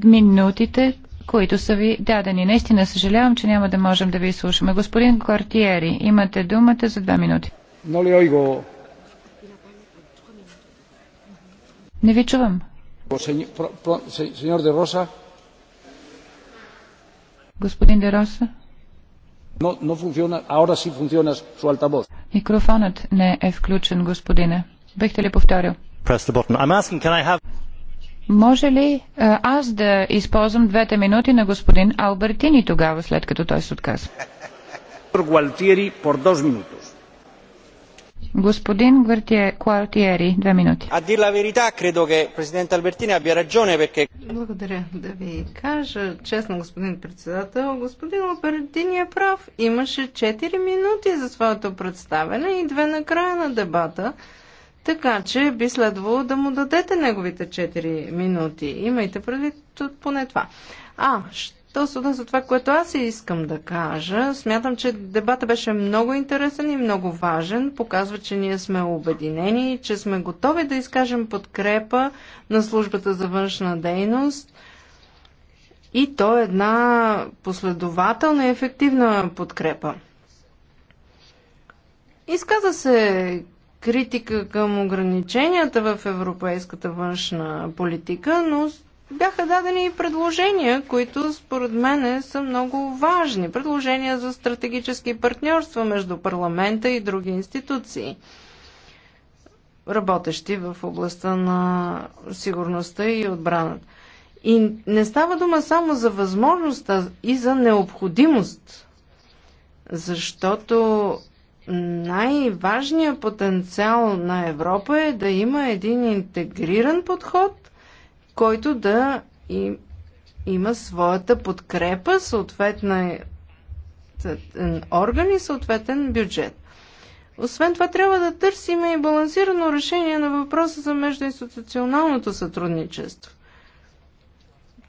минутите, които са ви дадени. Наистина съжалявам, че няма да можем да ви слушаме. Господин Квартиери, имате думата за два минути. Не ви чувам. Сеньор Де Роса, Господин No, no funciona, ahora sí funciona su altavoz. Микрофонът не е включен, господине. Бихте ли повторил? Press the button. I'm asking, can I have... Може ли а, е, аз да използвам двете минути на господин Албертини тогава, след като той се отказва? Гуалтири, по dos минути. Господин Гвартиери, две минути. кредо президент ке. Благодаря да ви кажа. Честно, господин председател, господин Албертини е прав. Имаше 4 минути за своето представене и две на края на дебата. Така че би следвало да му дадете неговите 4 минути. Имайте предвид поне това. А, ще то се за това, което аз искам да кажа. Смятам, че дебата беше много интересен и много важен. Показва, че ние сме обединени, че сме готови да изкажем подкрепа на службата за външна дейност. И то е една последователна и ефективна подкрепа. Изказа се критика към ограниченията в европейската външна политика, но бяха дадени и предложения, които според мен са много важни. Предложения за стратегически партньорства между парламента и други институции, работещи в областта на сигурността и отбраната. И не става дума само за възможността и за необходимост, защото най-важният потенциал на Европа е да има един интегриран подход който да им, има своята подкрепа, съответна е, орган и съответен бюджет. Освен това, трябва да търсим и балансирано решение на въпроса за междуинституционалното сътрудничество.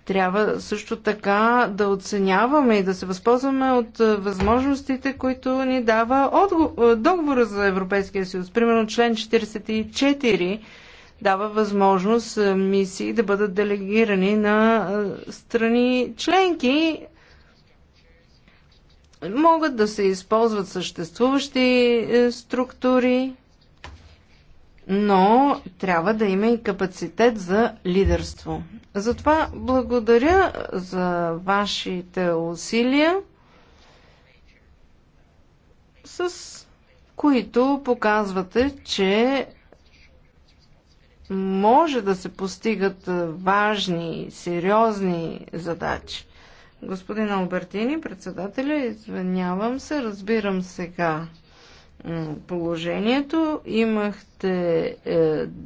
Трябва също така да оценяваме и да се възползваме от е, възможностите, които ни дава е, договора за Европейския съюз. Примерно член 44 дава възможност мисии да бъдат делегирани на страни членки. Могат да се използват съществуващи е, структури, но трябва да има и капацитет за лидерство. Затова благодаря за вашите усилия, с които показвате, че може да се постигат важни, сериозни задачи. Господин Албертини, председателя, извинявам се, разбирам сега положението. Имахте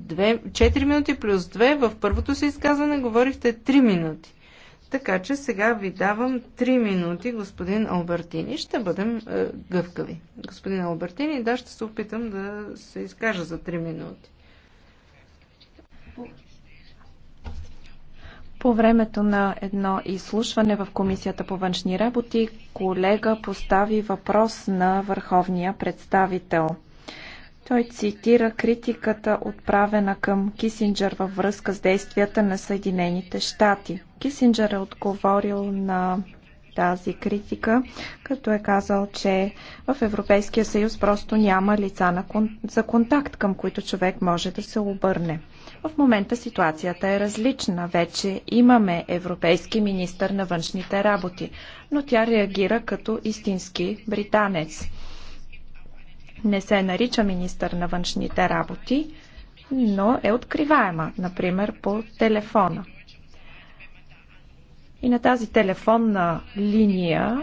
2, е, 4 минути плюс 2. В първото си изказване говорихте 3 минути. Така че сега ви давам 3 минути, господин Албертини. Ще бъдем е, гъвкави. Господин Албертини, да, ще се опитам да се изкажа за 3 минути. По времето на едно изслушване в Комисията по външни работи, колега постави въпрос на върховния представител. Той цитира критиката, отправена към Кисинджер във връзка с действията на Съединените щати. Кисинджер е отговорил на тази критика, като е казал, че в Европейския съюз просто няма лица на кон... за контакт, към които човек може да се обърне. В момента ситуацията е различна. Вече имаме европейски министр на външните работи, но тя реагира като истински британец. Не се нарича министър на външните работи, но е откриваема, например по телефона. И на тази телефонна линия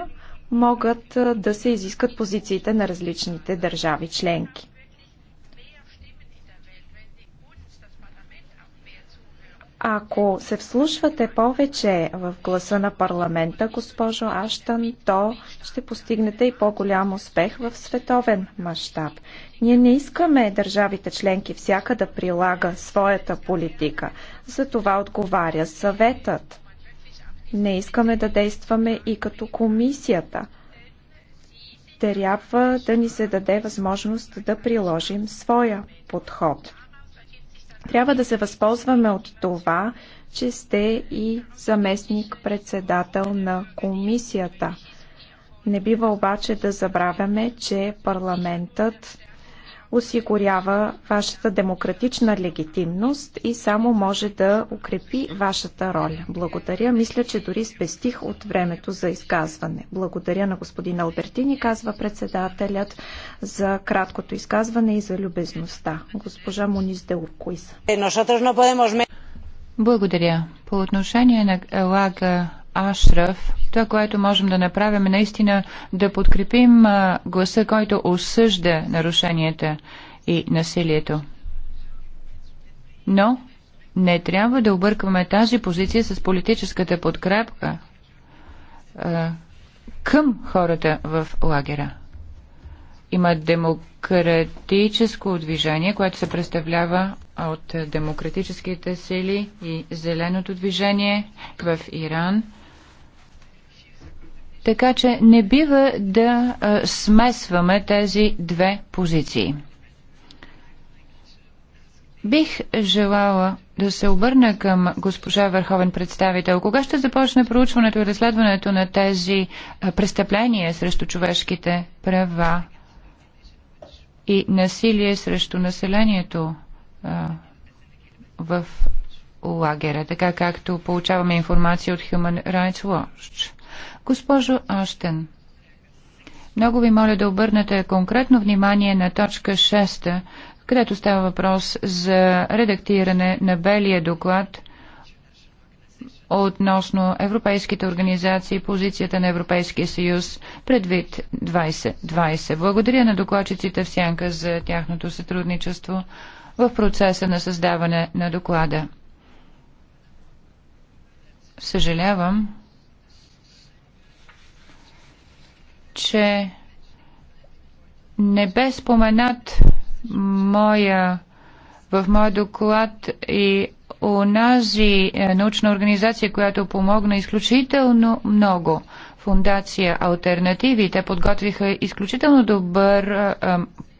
могат да се изискат позициите на различните държави членки. Ако се вслушвате повече в гласа на парламента, госпожо Аштан, то ще постигнете и по-голям успех в световен мащаб. Ние не искаме държавите членки всяка да прилага своята политика. За това отговаря съветът. Не искаме да действаме и като комисията. Трябва да ни се даде възможност да приложим своя подход. Трябва да се възползваме от това, че сте и заместник-председател на комисията. Не бива обаче да забравяме, че парламентът осигурява вашата демократична легитимност и само може да укрепи вашата роля. Благодаря. Мисля, че дори спестих от времето за изказване. Благодаря на господин Албертини, казва председателят, за краткото изказване и за любезността. Госпожа Монис Деуркуис. Благодаря. По отношение на лага Ашраф, това, което можем да направим е наистина да подкрепим гласа, който осъжда нарушенията и насилието. Но не трябва да объркваме тази позиция с политическата подкрепка към хората в лагера. Има демократическо движение, което се представлява от демократическите сили и зеленото движение в Иран – така че не бива да смесваме тези две позиции. Бих желала да се обърна към госпожа Върховен представител. Кога ще започне проучването и разследването на тези престъпления срещу човешките права и насилие срещу населението а, в лагера, така както получаваме информация от Human Rights Watch? Госпожо Аштен, много ви моля да обърнете конкретно внимание на точка 6, където става въпрос за редактиране на белия доклад относно европейските организации и позицията на Европейския съюз предвид 2020. Благодаря на докладчиците в Сянка за тяхното сътрудничество в процеса на създаване на доклада. Съжалявам, че не бе споменат моя, в моя доклад и онази е, научна организация, която помогна изключително много. Фундация Альтернативи. Те подготвиха изключително добър е,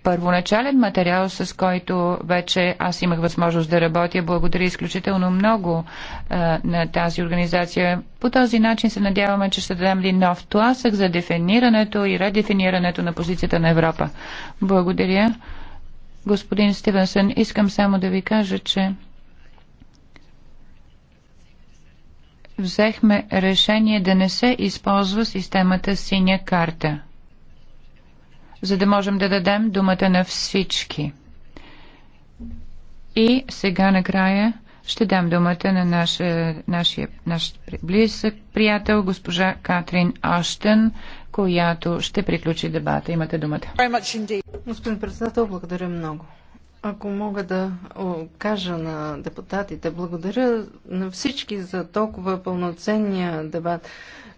първоначален материал, с който вече аз имах възможност да работя. Благодаря изключително много а, е, на тази организация. По този начин се надяваме, че ще дадем ли нов тласък за дефинирането и редефинирането на позицията на Европа. Благодаря. Господин Стивенсън, искам само да ви кажа, че взехме решение да не се използва системата синя карта – за да можем да дадем думата на всички. И сега накрая ще дам думата на наша, нашия, наш близък приятел, госпожа Катрин Аштен, която ще приключи дебата. Имате думата. Господин председател, благодаря много. Ако мога да кажа на депутатите, благодаря на всички за толкова пълноценния дебат.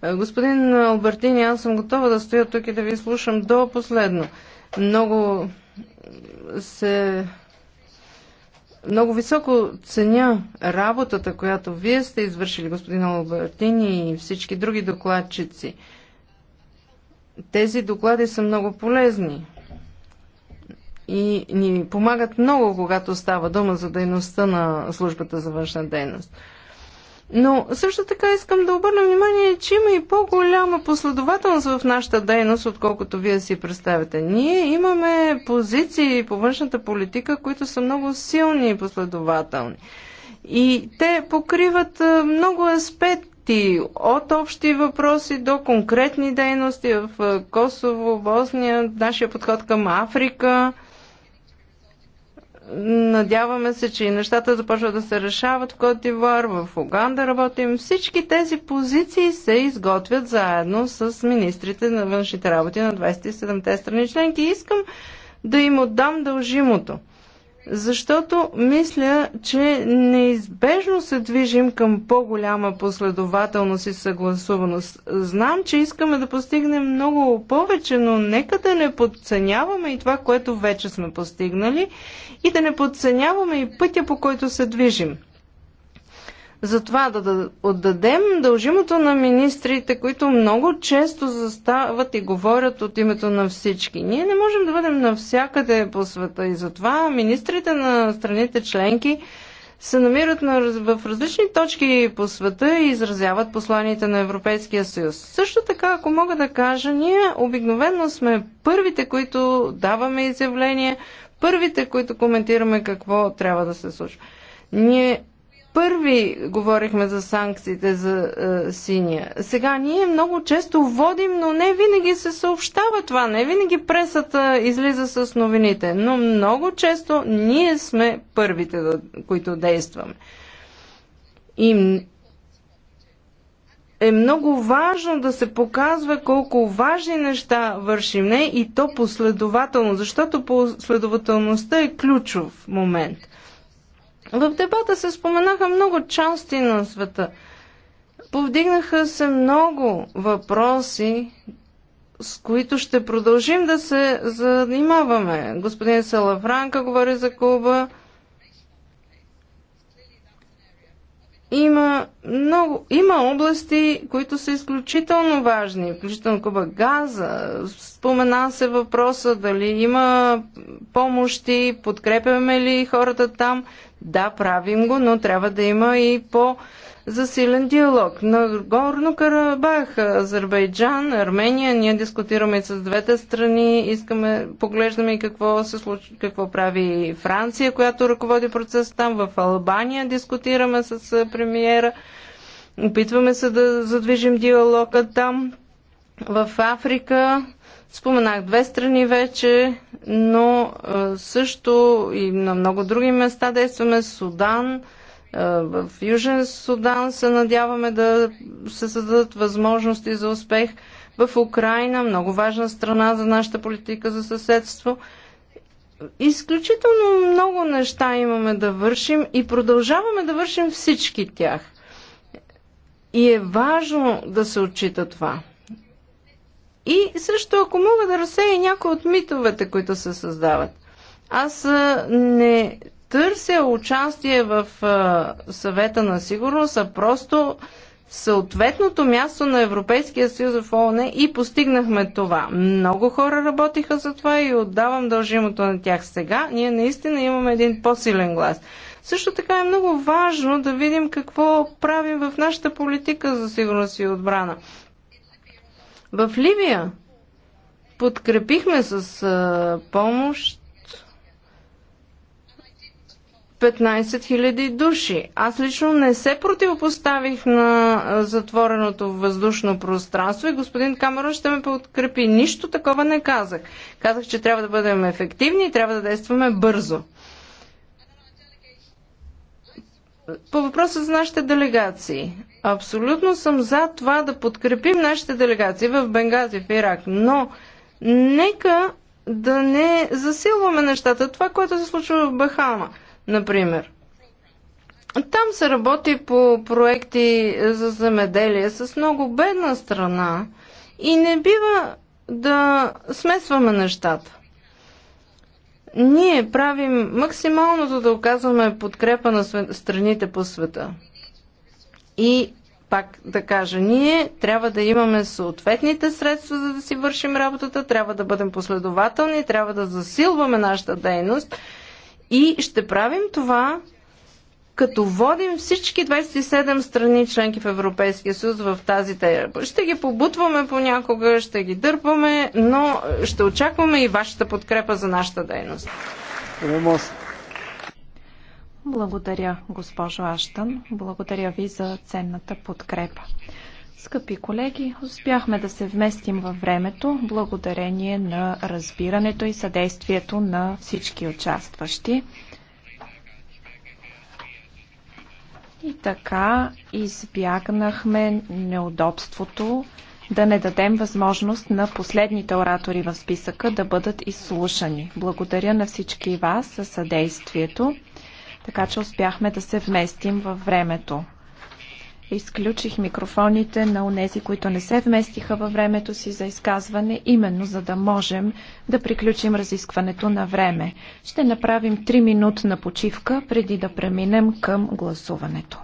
Е, господин Албертини, аз съм готова да стоя тук и да ви слушам до последно. Много се... Много високо ценя работата, която вие сте извършили, господин Албертини и всички други докладчици. Тези доклади са много полезни и ни помагат много, когато става дума за дейността на службата за външна дейност. Но също така искам да обърна внимание, че има и по-голяма последователност в нашата дейност, отколкото вие си представяте. Ние имаме позиции по външната политика, които са много силни и последователни. И те покриват много аспекти, от общи въпроси до конкретни дейности в Косово, Босния, нашия подход към Африка – Надяваме се, че и нещата започват да се решават в Котивар, в Уганда работим. Всички тези позиции се изготвят заедно с министрите на външните работи на 27-те страни членки. Искам да им отдам дължимото защото мисля, че неизбежно се движим към по-голяма последователност и съгласуваност. Знам, че искаме да постигнем много повече, но нека да не подценяваме и това, което вече сме постигнали и да не подценяваме и пътя, по който се движим. Затова да отдадем дължимото на министрите, които много често застават и говорят от името на всички. Ние не можем да бъдем навсякъде по света и затова министрите на страните членки се намират на, в различни точки по света и изразяват посланите на Европейския съюз. Също така, ако мога да кажа, ние обикновено сме първите, които даваме изявления, първите, които коментираме какво трябва да се случва. Ние първи говорихме за санкциите за е, синия. Сега ние много често водим, но не винаги се съобщава това. Не винаги пресата излиза с новините. Но много често ние сме първите, които действаме. И е много важно да се показва колко важни неща вършим не и то последователно, защото последователността е ключов момент – в дебата се споменаха много части на света. Повдигнаха се много въпроси, с които ще продължим да се занимаваме. Господин Салафранка говори за Куба, Има, много, има области, които са изключително важни, включително Куба Газа. Спомена се въпроса дали има помощи, подкрепяме ли хората там. Да, правим го, но трябва да има и по- за силен диалог. На Горно Карабах, Азербайджан, Армения, ние дискутираме с двете страни, искаме, поглеждаме и какво, се случи, какво прави Франция, която ръководи процес там, в Албания дискутираме с премиера, опитваме се да задвижим диалога там, в Африка, Споменах две страни вече, но също и на много други места действаме. Судан, е, в Южен Судан се надяваме да се създадат възможности за успех. В Украина, много важна страна за нашата политика за съседство. Изключително много неща имаме да вършим и продължаваме да вършим всички тях. И е важно да се отчита това. И също, ако мога да разсея някои от митовете, които се създават. Аз е, не търся участие в съвета на сигурност, а просто съответното място на Европейския съюз в ООН и постигнахме това. Много хора работиха за това и отдавам дължимото на тях сега. Ние наистина имаме един по-силен глас. Също така е много важно да видим какво правим в нашата политика за сигурност и отбрана. В Ливия подкрепихме с помощ 15 000 души. Аз лично не се противопоставих на затвореното въздушно пространство и господин Камерон ще ме подкрепи. Нищо такова не казах. Казах, че трябва да бъдем ефективни и трябва да действаме бързо. По въпроса за нашите делегации. Абсолютно съм за това да подкрепим нашите делегации в Бенгази, в Ирак, но нека да не засилваме нещата. Това, което се случва в Бахама – например. Там се работи по проекти за земеделие с много бедна страна и не бива да смесваме нещата. Ние правим максималното да оказваме подкрепа на страните по света. И пак да кажа, ние трябва да имаме съответните средства, за да си вършим работата, трябва да бъдем последователни, трябва да засилваме нашата дейност – и ще правим това, като водим всички 27 страни членки в Европейския съюз в тази тема. Ще ги побутваме понякога, ще ги дърпаме, но ще очакваме и вашата подкрепа за нашата дейност. Благодаря, госпожо Аштан. Благодаря ви за ценната подкрепа. Скъпи колеги, успяхме да се вместим във времето, благодарение на разбирането и съдействието на всички участващи. И така избягнахме неудобството да не дадем възможност на последните оратори в списъка да бъдат изслушани. Благодаря на всички вас за съдействието, така че успяхме да се вместим във времето изключих микрофоните на онези, които не се вместиха във времето си за изказване, именно за да можем да приключим разискването на време. Ще направим 3 минутна почивка преди да преминем към гласуването.